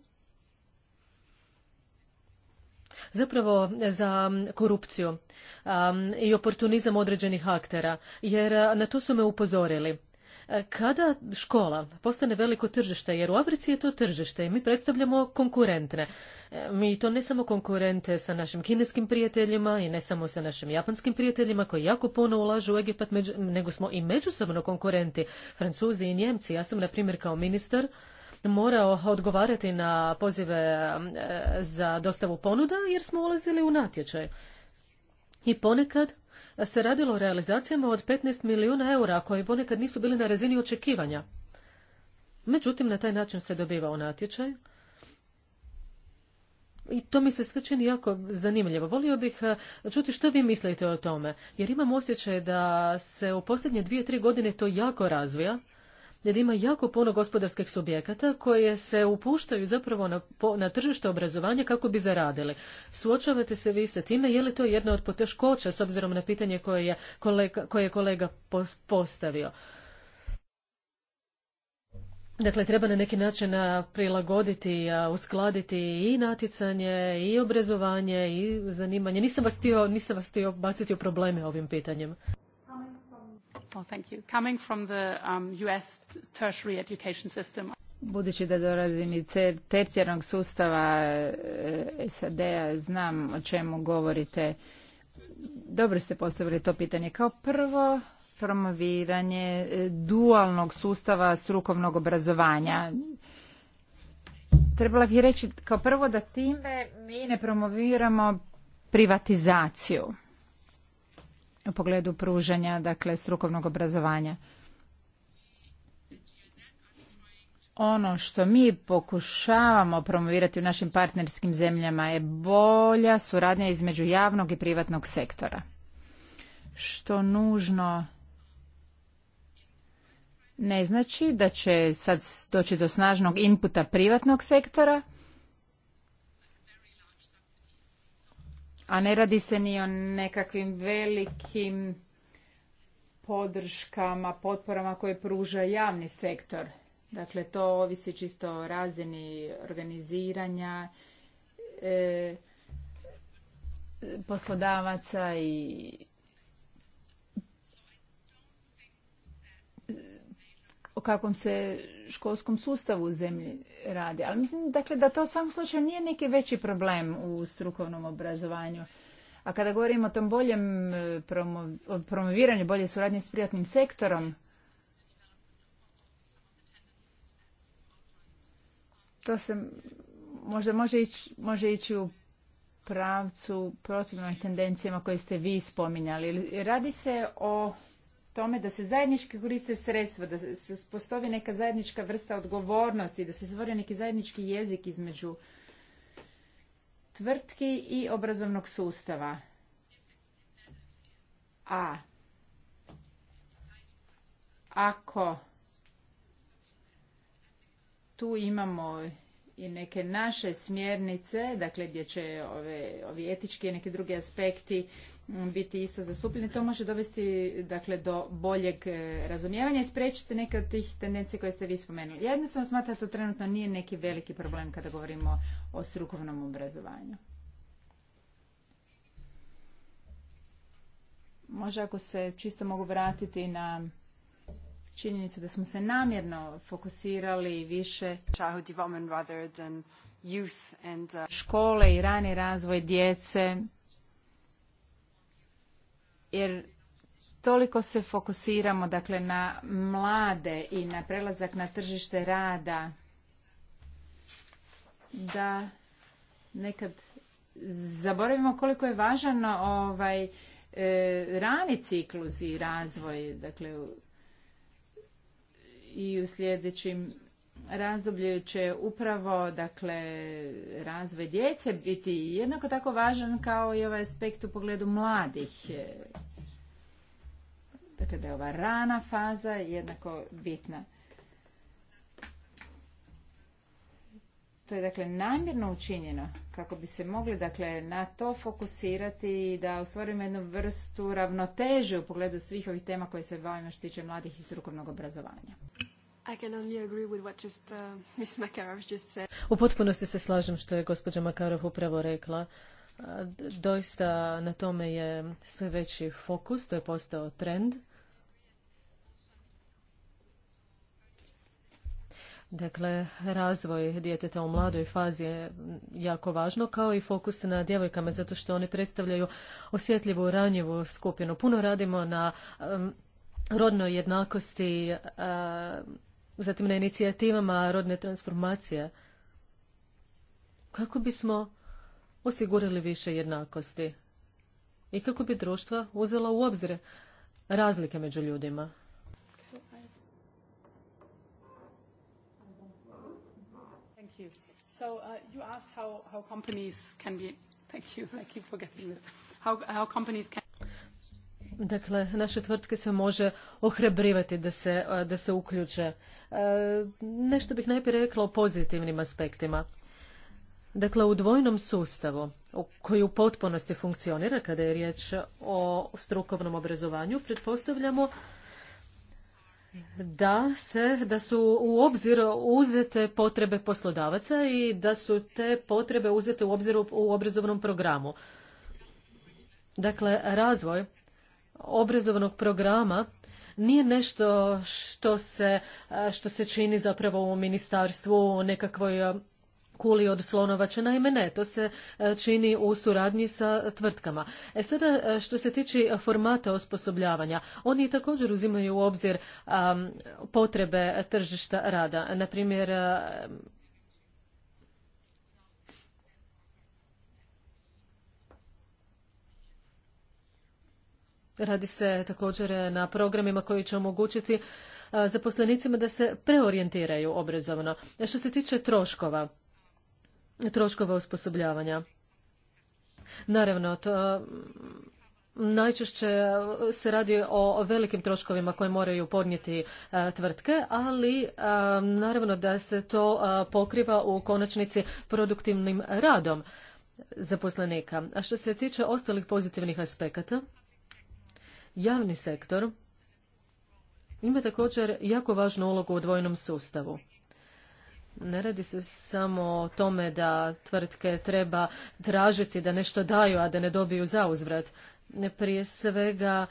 zapravo za korupciju um, i oportunizam određenih aktera, jer uh, na to su me upozorili. Uh, kada škola postane veliko tržište, jer u Africi je to tržište i mi predstavljamo konkurentne, uh, mi to ne samo konkurente sa našim kineskim prijateljima i ne samo sa našim japanskim prijateljima koji jako puno ulažu u Egipat, nego smo i međusobno konkurenti, Francuzi i Njemci. Ja sam, na primjer, kao ministar morao odgovarati na pozive e, za dostavu ponuda jer smo ulazili u natječaj. I ponekad se radilo o realizacijama od 15 milijuna eura koji ponekad nisu bili na razini očekivanja. Međutim, na taj način se dobivao natječaj. I to mi se sve čini jako zanimljivo. Volio bih e, čuti što vi mislite o tome, jer imam osjećaj da se u posljednje dvije, tri godine to jako razvija jer ima jako puno gospodarskih subjekata koje se upuštaju zapravo na, na tržište obrazovanja kako bi zaradili. Suočavate se vi sa time, je li to jedna od poteškoća s obzirom na pitanje koje je kolega, koje je kolega postavio? Dakle, treba na neki način prilagoditi, uskladiti i naticanje, i obrazovanje, i zanimanje. Nisam vas htio, nisam vas baciti u probleme ovim pitanjem thank um, Budući da dolazim iz tercijarnog sustava e, SAD-a, znam o čemu govorite. Dobro ste postavili to pitanje. Kao prvo, promoviranje e, dualnog sustava strukovnog obrazovanja. Trebala bih reći kao prvo da time mi ne promoviramo privatizaciju u pogledu pružanja dakle strukovnog obrazovanja. Ono što mi pokušavamo promovirati u našim partnerskim zemljama je bolja suradnja između javnog i privatnog sektora. Što nužno ne znači da će sad doći do snažnog inputa privatnog sektora, a ne radi se ni o nekakvim velikim podrškama, potporama koje pruža javni sektor. Dakle, to ovisi čisto o razini organiziranja e, poslodavaca i kakvom se školskom sustavu u zemlji radi. Ali mislim dakle, da to u svakom slučaju nije neki veći problem u strukovnom obrazovanju. A kada govorimo o tom boljem e, promoviranju, bolje suradnje s privatnim sektorom, to se možda može ići, može u pravcu protivnoj tendencijama koje ste vi spominjali. Radi se o tome da se zajednički koriste sredstva, da se postoji neka zajednička vrsta odgovornosti, da se stvori neki zajednički jezik između tvrtki i obrazovnog sustava. A ako tu imamo i neke naše smjernice, dakle gdje će ovi etički i neki drugi aspekti mm, biti isto zastupljeni, to može dovesti dakle, do boljeg e, razumijevanja i spriječiti neke od tih tendencija koje ste vi spomenuli. Ja jednostavno smatram da to trenutno nije neki veliki problem kada govorimo o strukovnom obrazovanju. Možda ako se čisto mogu vratiti na činjenicu da smo se namjerno fokusirali više uh, škole i rani razvoj djece jer toliko se fokusiramo dakle na mlade i na prelazak na tržište rada da nekad zaboravimo koliko je važan ovaj e, rani ciklus i razvoj dakle i u sljedećim razdoblju će upravo dakle, razvoj djece biti jednako tako važan kao i ovaj aspekt u pogledu mladih. Dakle, da je ova rana faza jednako bitna. to je dakle namjerno učinjeno kako bi se mogli dakle na to fokusirati i da ostvarimo jednu vrstu ravnoteže u pogledu svih ovih tema koje se bavimo što tiče mladih i strukovnog obrazovanja. I can only agree with what just, uh, U potpunosti se slažem što je gospođa Makarov upravo rekla. Doista na tome je sve veći fokus, to je postao trend. Dakle, razvoj djeteta u mladoj fazi je jako važno, kao i fokus na djevojkama, zato što oni predstavljaju osjetljivu, ranjivu skupinu. Puno radimo na rodnoj jednakosti, zatim na inicijativama rodne transformacije. Kako bismo osigurali više jednakosti i kako bi društva uzela u obzir razlike među ljudima? Uh, you asked how, companies can be... Thank you, I keep forgetting this. companies can... Dakle, naše tvrtke se može ohrabrivati da se, da se uključe. E, nešto bih najprije rekla o pozitivnim aspektima. Dakle, u dvojnom sustavu koji u potpunosti funkcionira kada je riječ o strukovnom obrazovanju, pretpostavljamo da se da su u obzir uzete potrebe poslodavaca i da su te potrebe uzete u obzir u obrazovnom programu. Dakle, razvoj obrazovnog programa nije nešto što se, što se čini zapravo u ministarstvu nekakvoj kuli od slonovače. Naime, ne, to se e, čini u suradnji sa tvrtkama. E sada, e, što se tiče formata osposobljavanja, oni također uzimaju u obzir potrebe tržišta rada. Naprimjer, e, Radi se također na programima koji će omogućiti zaposlenicima da se preorijentiraju obrazovno. Što se tiče troškova, troškova osposobljavanja. Naravno, to Najčešće se radi o velikim troškovima koje moraju podnijeti e, tvrtke, ali e, naravno da se to e, pokriva u konačnici produktivnim radom zaposlenika. A što se tiče ostalih pozitivnih aspekata, javni sektor ima također jako važnu ulogu u dvojnom sustavu. Ne radi se samo o tome da tvrtke treba tražiti da nešto daju, a da ne dobiju zauzvrat. Prije svega,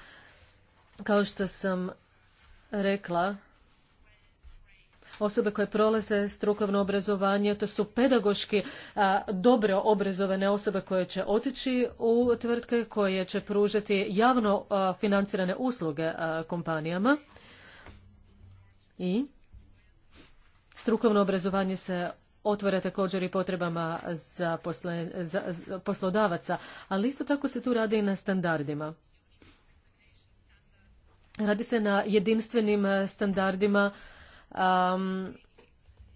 kao što sam rekla, osobe koje prolaze strukovno obrazovanje, to su pedagoški dobro obrazovane osobe koje će otići u tvrtke koje će pružati javno financirane usluge kompanijama. I Strukovno obrazovanje se otvara također i potrebama za, poslodavaca, ali isto tako se tu radi i na standardima. Radi se na jedinstvenim eh, standardima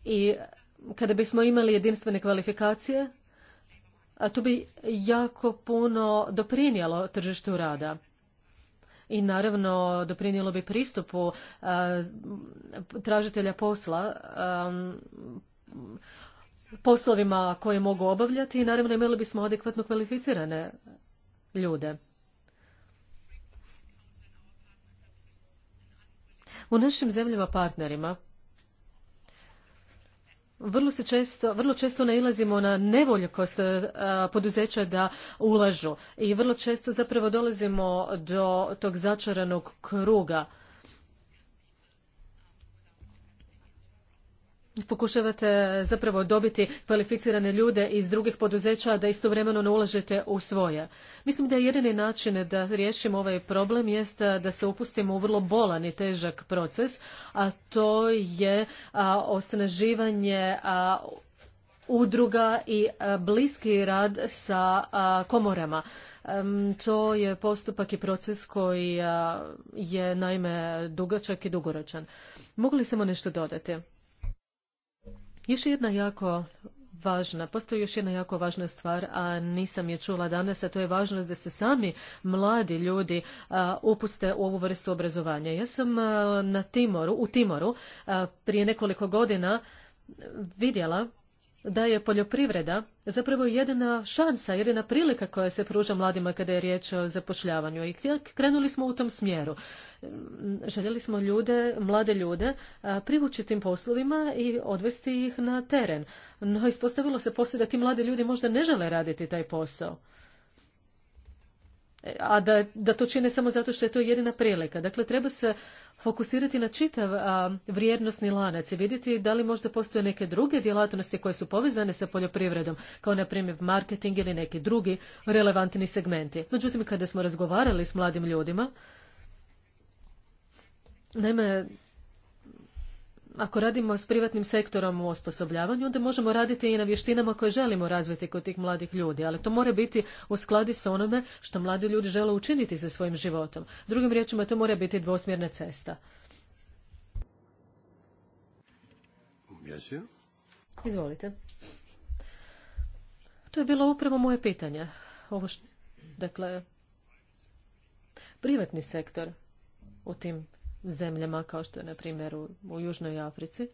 i kada bismo imali jedinstvene kvalifikacije, a to bi jako puno doprinijelo tržištu rada i naravno doprinijelo bi pristupu e, tražitelja posla e, poslovima koje mogu obavljati i naravno imali bismo adekvatno kvalificirane ljude. U našim zemljama partnerima vrlo se često, vrlo često nailazimo na nevoljkost e, poduzeća da ulažu i vrlo često zapravo dolazimo do tog začaranog kruga pokušavate zapravo dobiti kvalificirane ljude iz drugih poduzeća da istovremeno ne ulažete u svoje. Mislim da je jedini način da riješimo ovaj problem jest da se upustimo u vrlo bolan i težak proces, a to je osnaživanje udruga i bliski rad sa komorama. To je postupak i proces koji je naime dugačak i dugoročan. Mogu li samo nešto dodati? Još jedna jako važna, postoji još jedna jako važna stvar, a nisam je čula danas, a to je važnost da se sami mladi ljudi upuste u ovu vrstu obrazovanja. Ja sam na Timoru, u Timoru prije nekoliko godina vidjela da je poljoprivreda zapravo jedina šansa, jedina prilika koja se pruža mladima kada je riječ o zapošljavanju. I krenuli smo u tom smjeru. Mm, željeli smo ljude, mlade ljude, privući tim poslovima i odvesti ih na teren. No, ispostavilo se poslije da ti mladi ljudi možda ne žele raditi taj posao a da, da to čine samo zato što je to jedina prilika. Dakle, treba se fokusirati na čitav a, vrijednostni lanac i vidjeti da li možda postoje neke druge djelatnosti koje su povezane sa poljoprivredom, kao na primjer marketing ili neki drugi relevantni segmenti. Međutim, kada smo razgovarali s mladim ljudima, naime, ako radimo s privatnim sektorom u osposobljavanju, onda možemo raditi i na vještinama koje želimo razviti kod tih mladih ljudi, ali to mora biti u skladi s onome što mladi ljudi žele učiniti sa svojim životom. Drugim riječima, to mora biti dvosmjerna cesta. Izvolite. To je bilo upravo moje pitanje. Ovo što, dakle, privatni sektor u tim zemljama kao što je na primjer u, Južnoj Africi.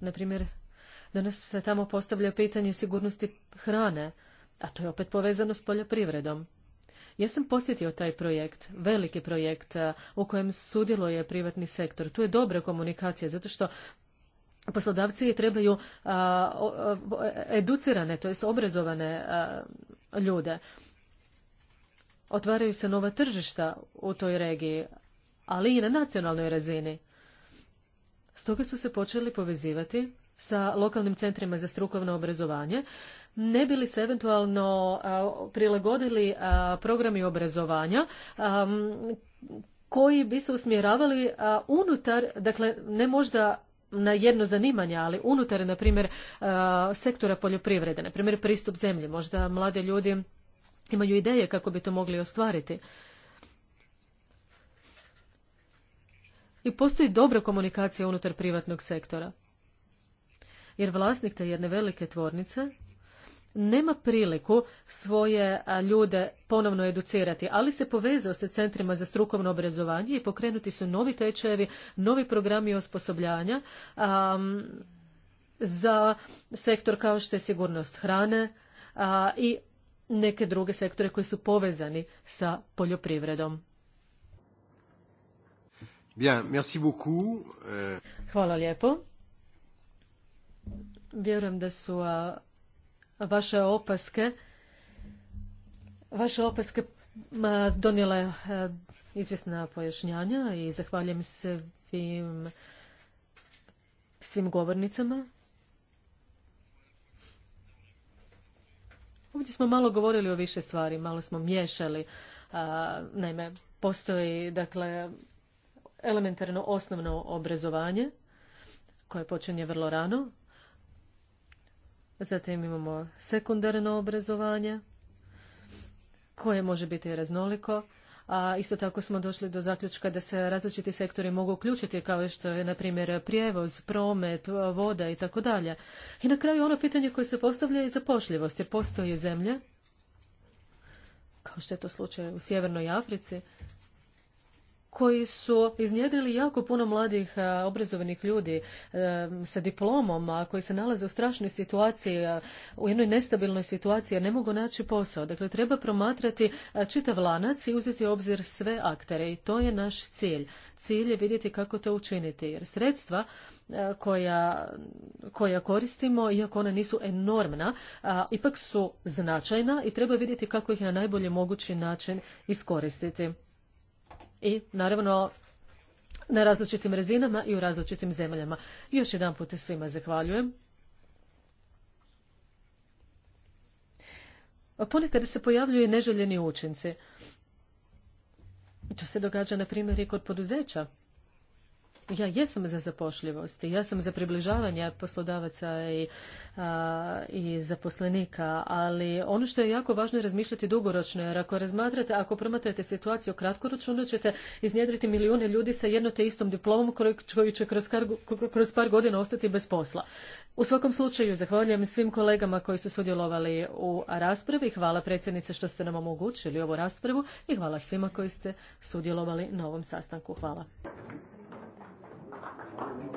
Na primjer, danas se tamo postavlja pitanje sigurnosti hrane, a to je opet povezano s poljoprivredom. Ja sam posjetio taj projekt, veliki projekt u kojem sudjeluje privatni sektor. Tu je dobra komunikacija, zato što poslodavci trebaju a, educirane, to jest obrazovane ljude otvaraju se nova tržišta u toj regiji, ali i na nacionalnoj razini. Stoga su se počeli povezivati sa lokalnim centrima za strukovno obrazovanje, ne bi li se eventualno prilagodili programi obrazovanja koji bi se usmjeravali unutar, dakle ne možda na jedno zanimanje, ali unutar, na primjer, sektora poljoprivrede, na primjer pristup zemlji. Možda mlade ljudi imaju ideje kako bi to mogli ostvariti. I postoji dobra komunikacija unutar privatnog sektora. Jer vlasnik te jedne velike tvornice nema priliku svoje ljude ponovno educirati, ali se povezao sa centrima za strukovno obrazovanje i pokrenuti su novi tečajevi, novi programi osposobljanja za sektor kao što je sigurnost hrane i neke druge sektore koji su povezani sa poljoprivredom. Bien, merci beaucoup. Euh, Hvala lijepo. Vjerujem da su vaše opaske vaše opaske ma, donijele izvjesna pojašnjanja i zahvaljujem se svim govornicama Ovdje smo malo govorili o više stvari, malo smo miješali. naime, postoji dakle elementarno osnovno obrazovanje koje počinje vrlo rano. Zatim imamo sekundarno obrazovanje koje može biti raznoliko a isto tako smo došli do zaključka da se različiti sektori mogu uključiti kao što je na primjer prijevoz, promet, voda i tako dalje. I na kraju ono pitanje koje se postavlja je zapošljivost jer postoje zemlje kao što je to slučaj u Sjevernoj Africi koji su iznjedrili jako puno mladih e, obrazovanih ljudi e, sa diplomom, a koji se nalaze u strašnoj situaciji, u jednoj nestabilnoj situaciji, a ne mogu naći posao. Dakle, treba promatrati e, čitav lanac i uzeti u obzir sve aktere i to je naš cilj. Cilj je vidjeti kako to učiniti, jer sredstva koja, koja koristimo, iako ona nisu enormna, ipak su značajna i treba vidjeti kako ih na najbolji mogući način iskoristiti i naravno na različitim razinama i u različitim zemljama. Još jedan put svima zahvaljujem. Ponekad se pojavljuju neželjeni učinci. To se događa, na primjer, i kod poduzeća. Ja jesam za zapošljivost i ja sam za približavanje poslodavaca i, i zaposlenika, ali ono što je jako važno je razmišljati dugoročno, jer ako razmatrate, ako promatrate situaciju kratkoročno, onda ćete iznjedriti milijune ljudi sa jedno te istom diplomom koji će kroz, kroz par godina ostati bez posla. U svakom slučaju, zahvaljujem svim kolegama koji su sudjelovali u raspravi. Hvala predsjednice što ste nam omogućili ovu raspravu i hvala svima koji ste sudjelovali na ovom sastanku. Hvala. I mean.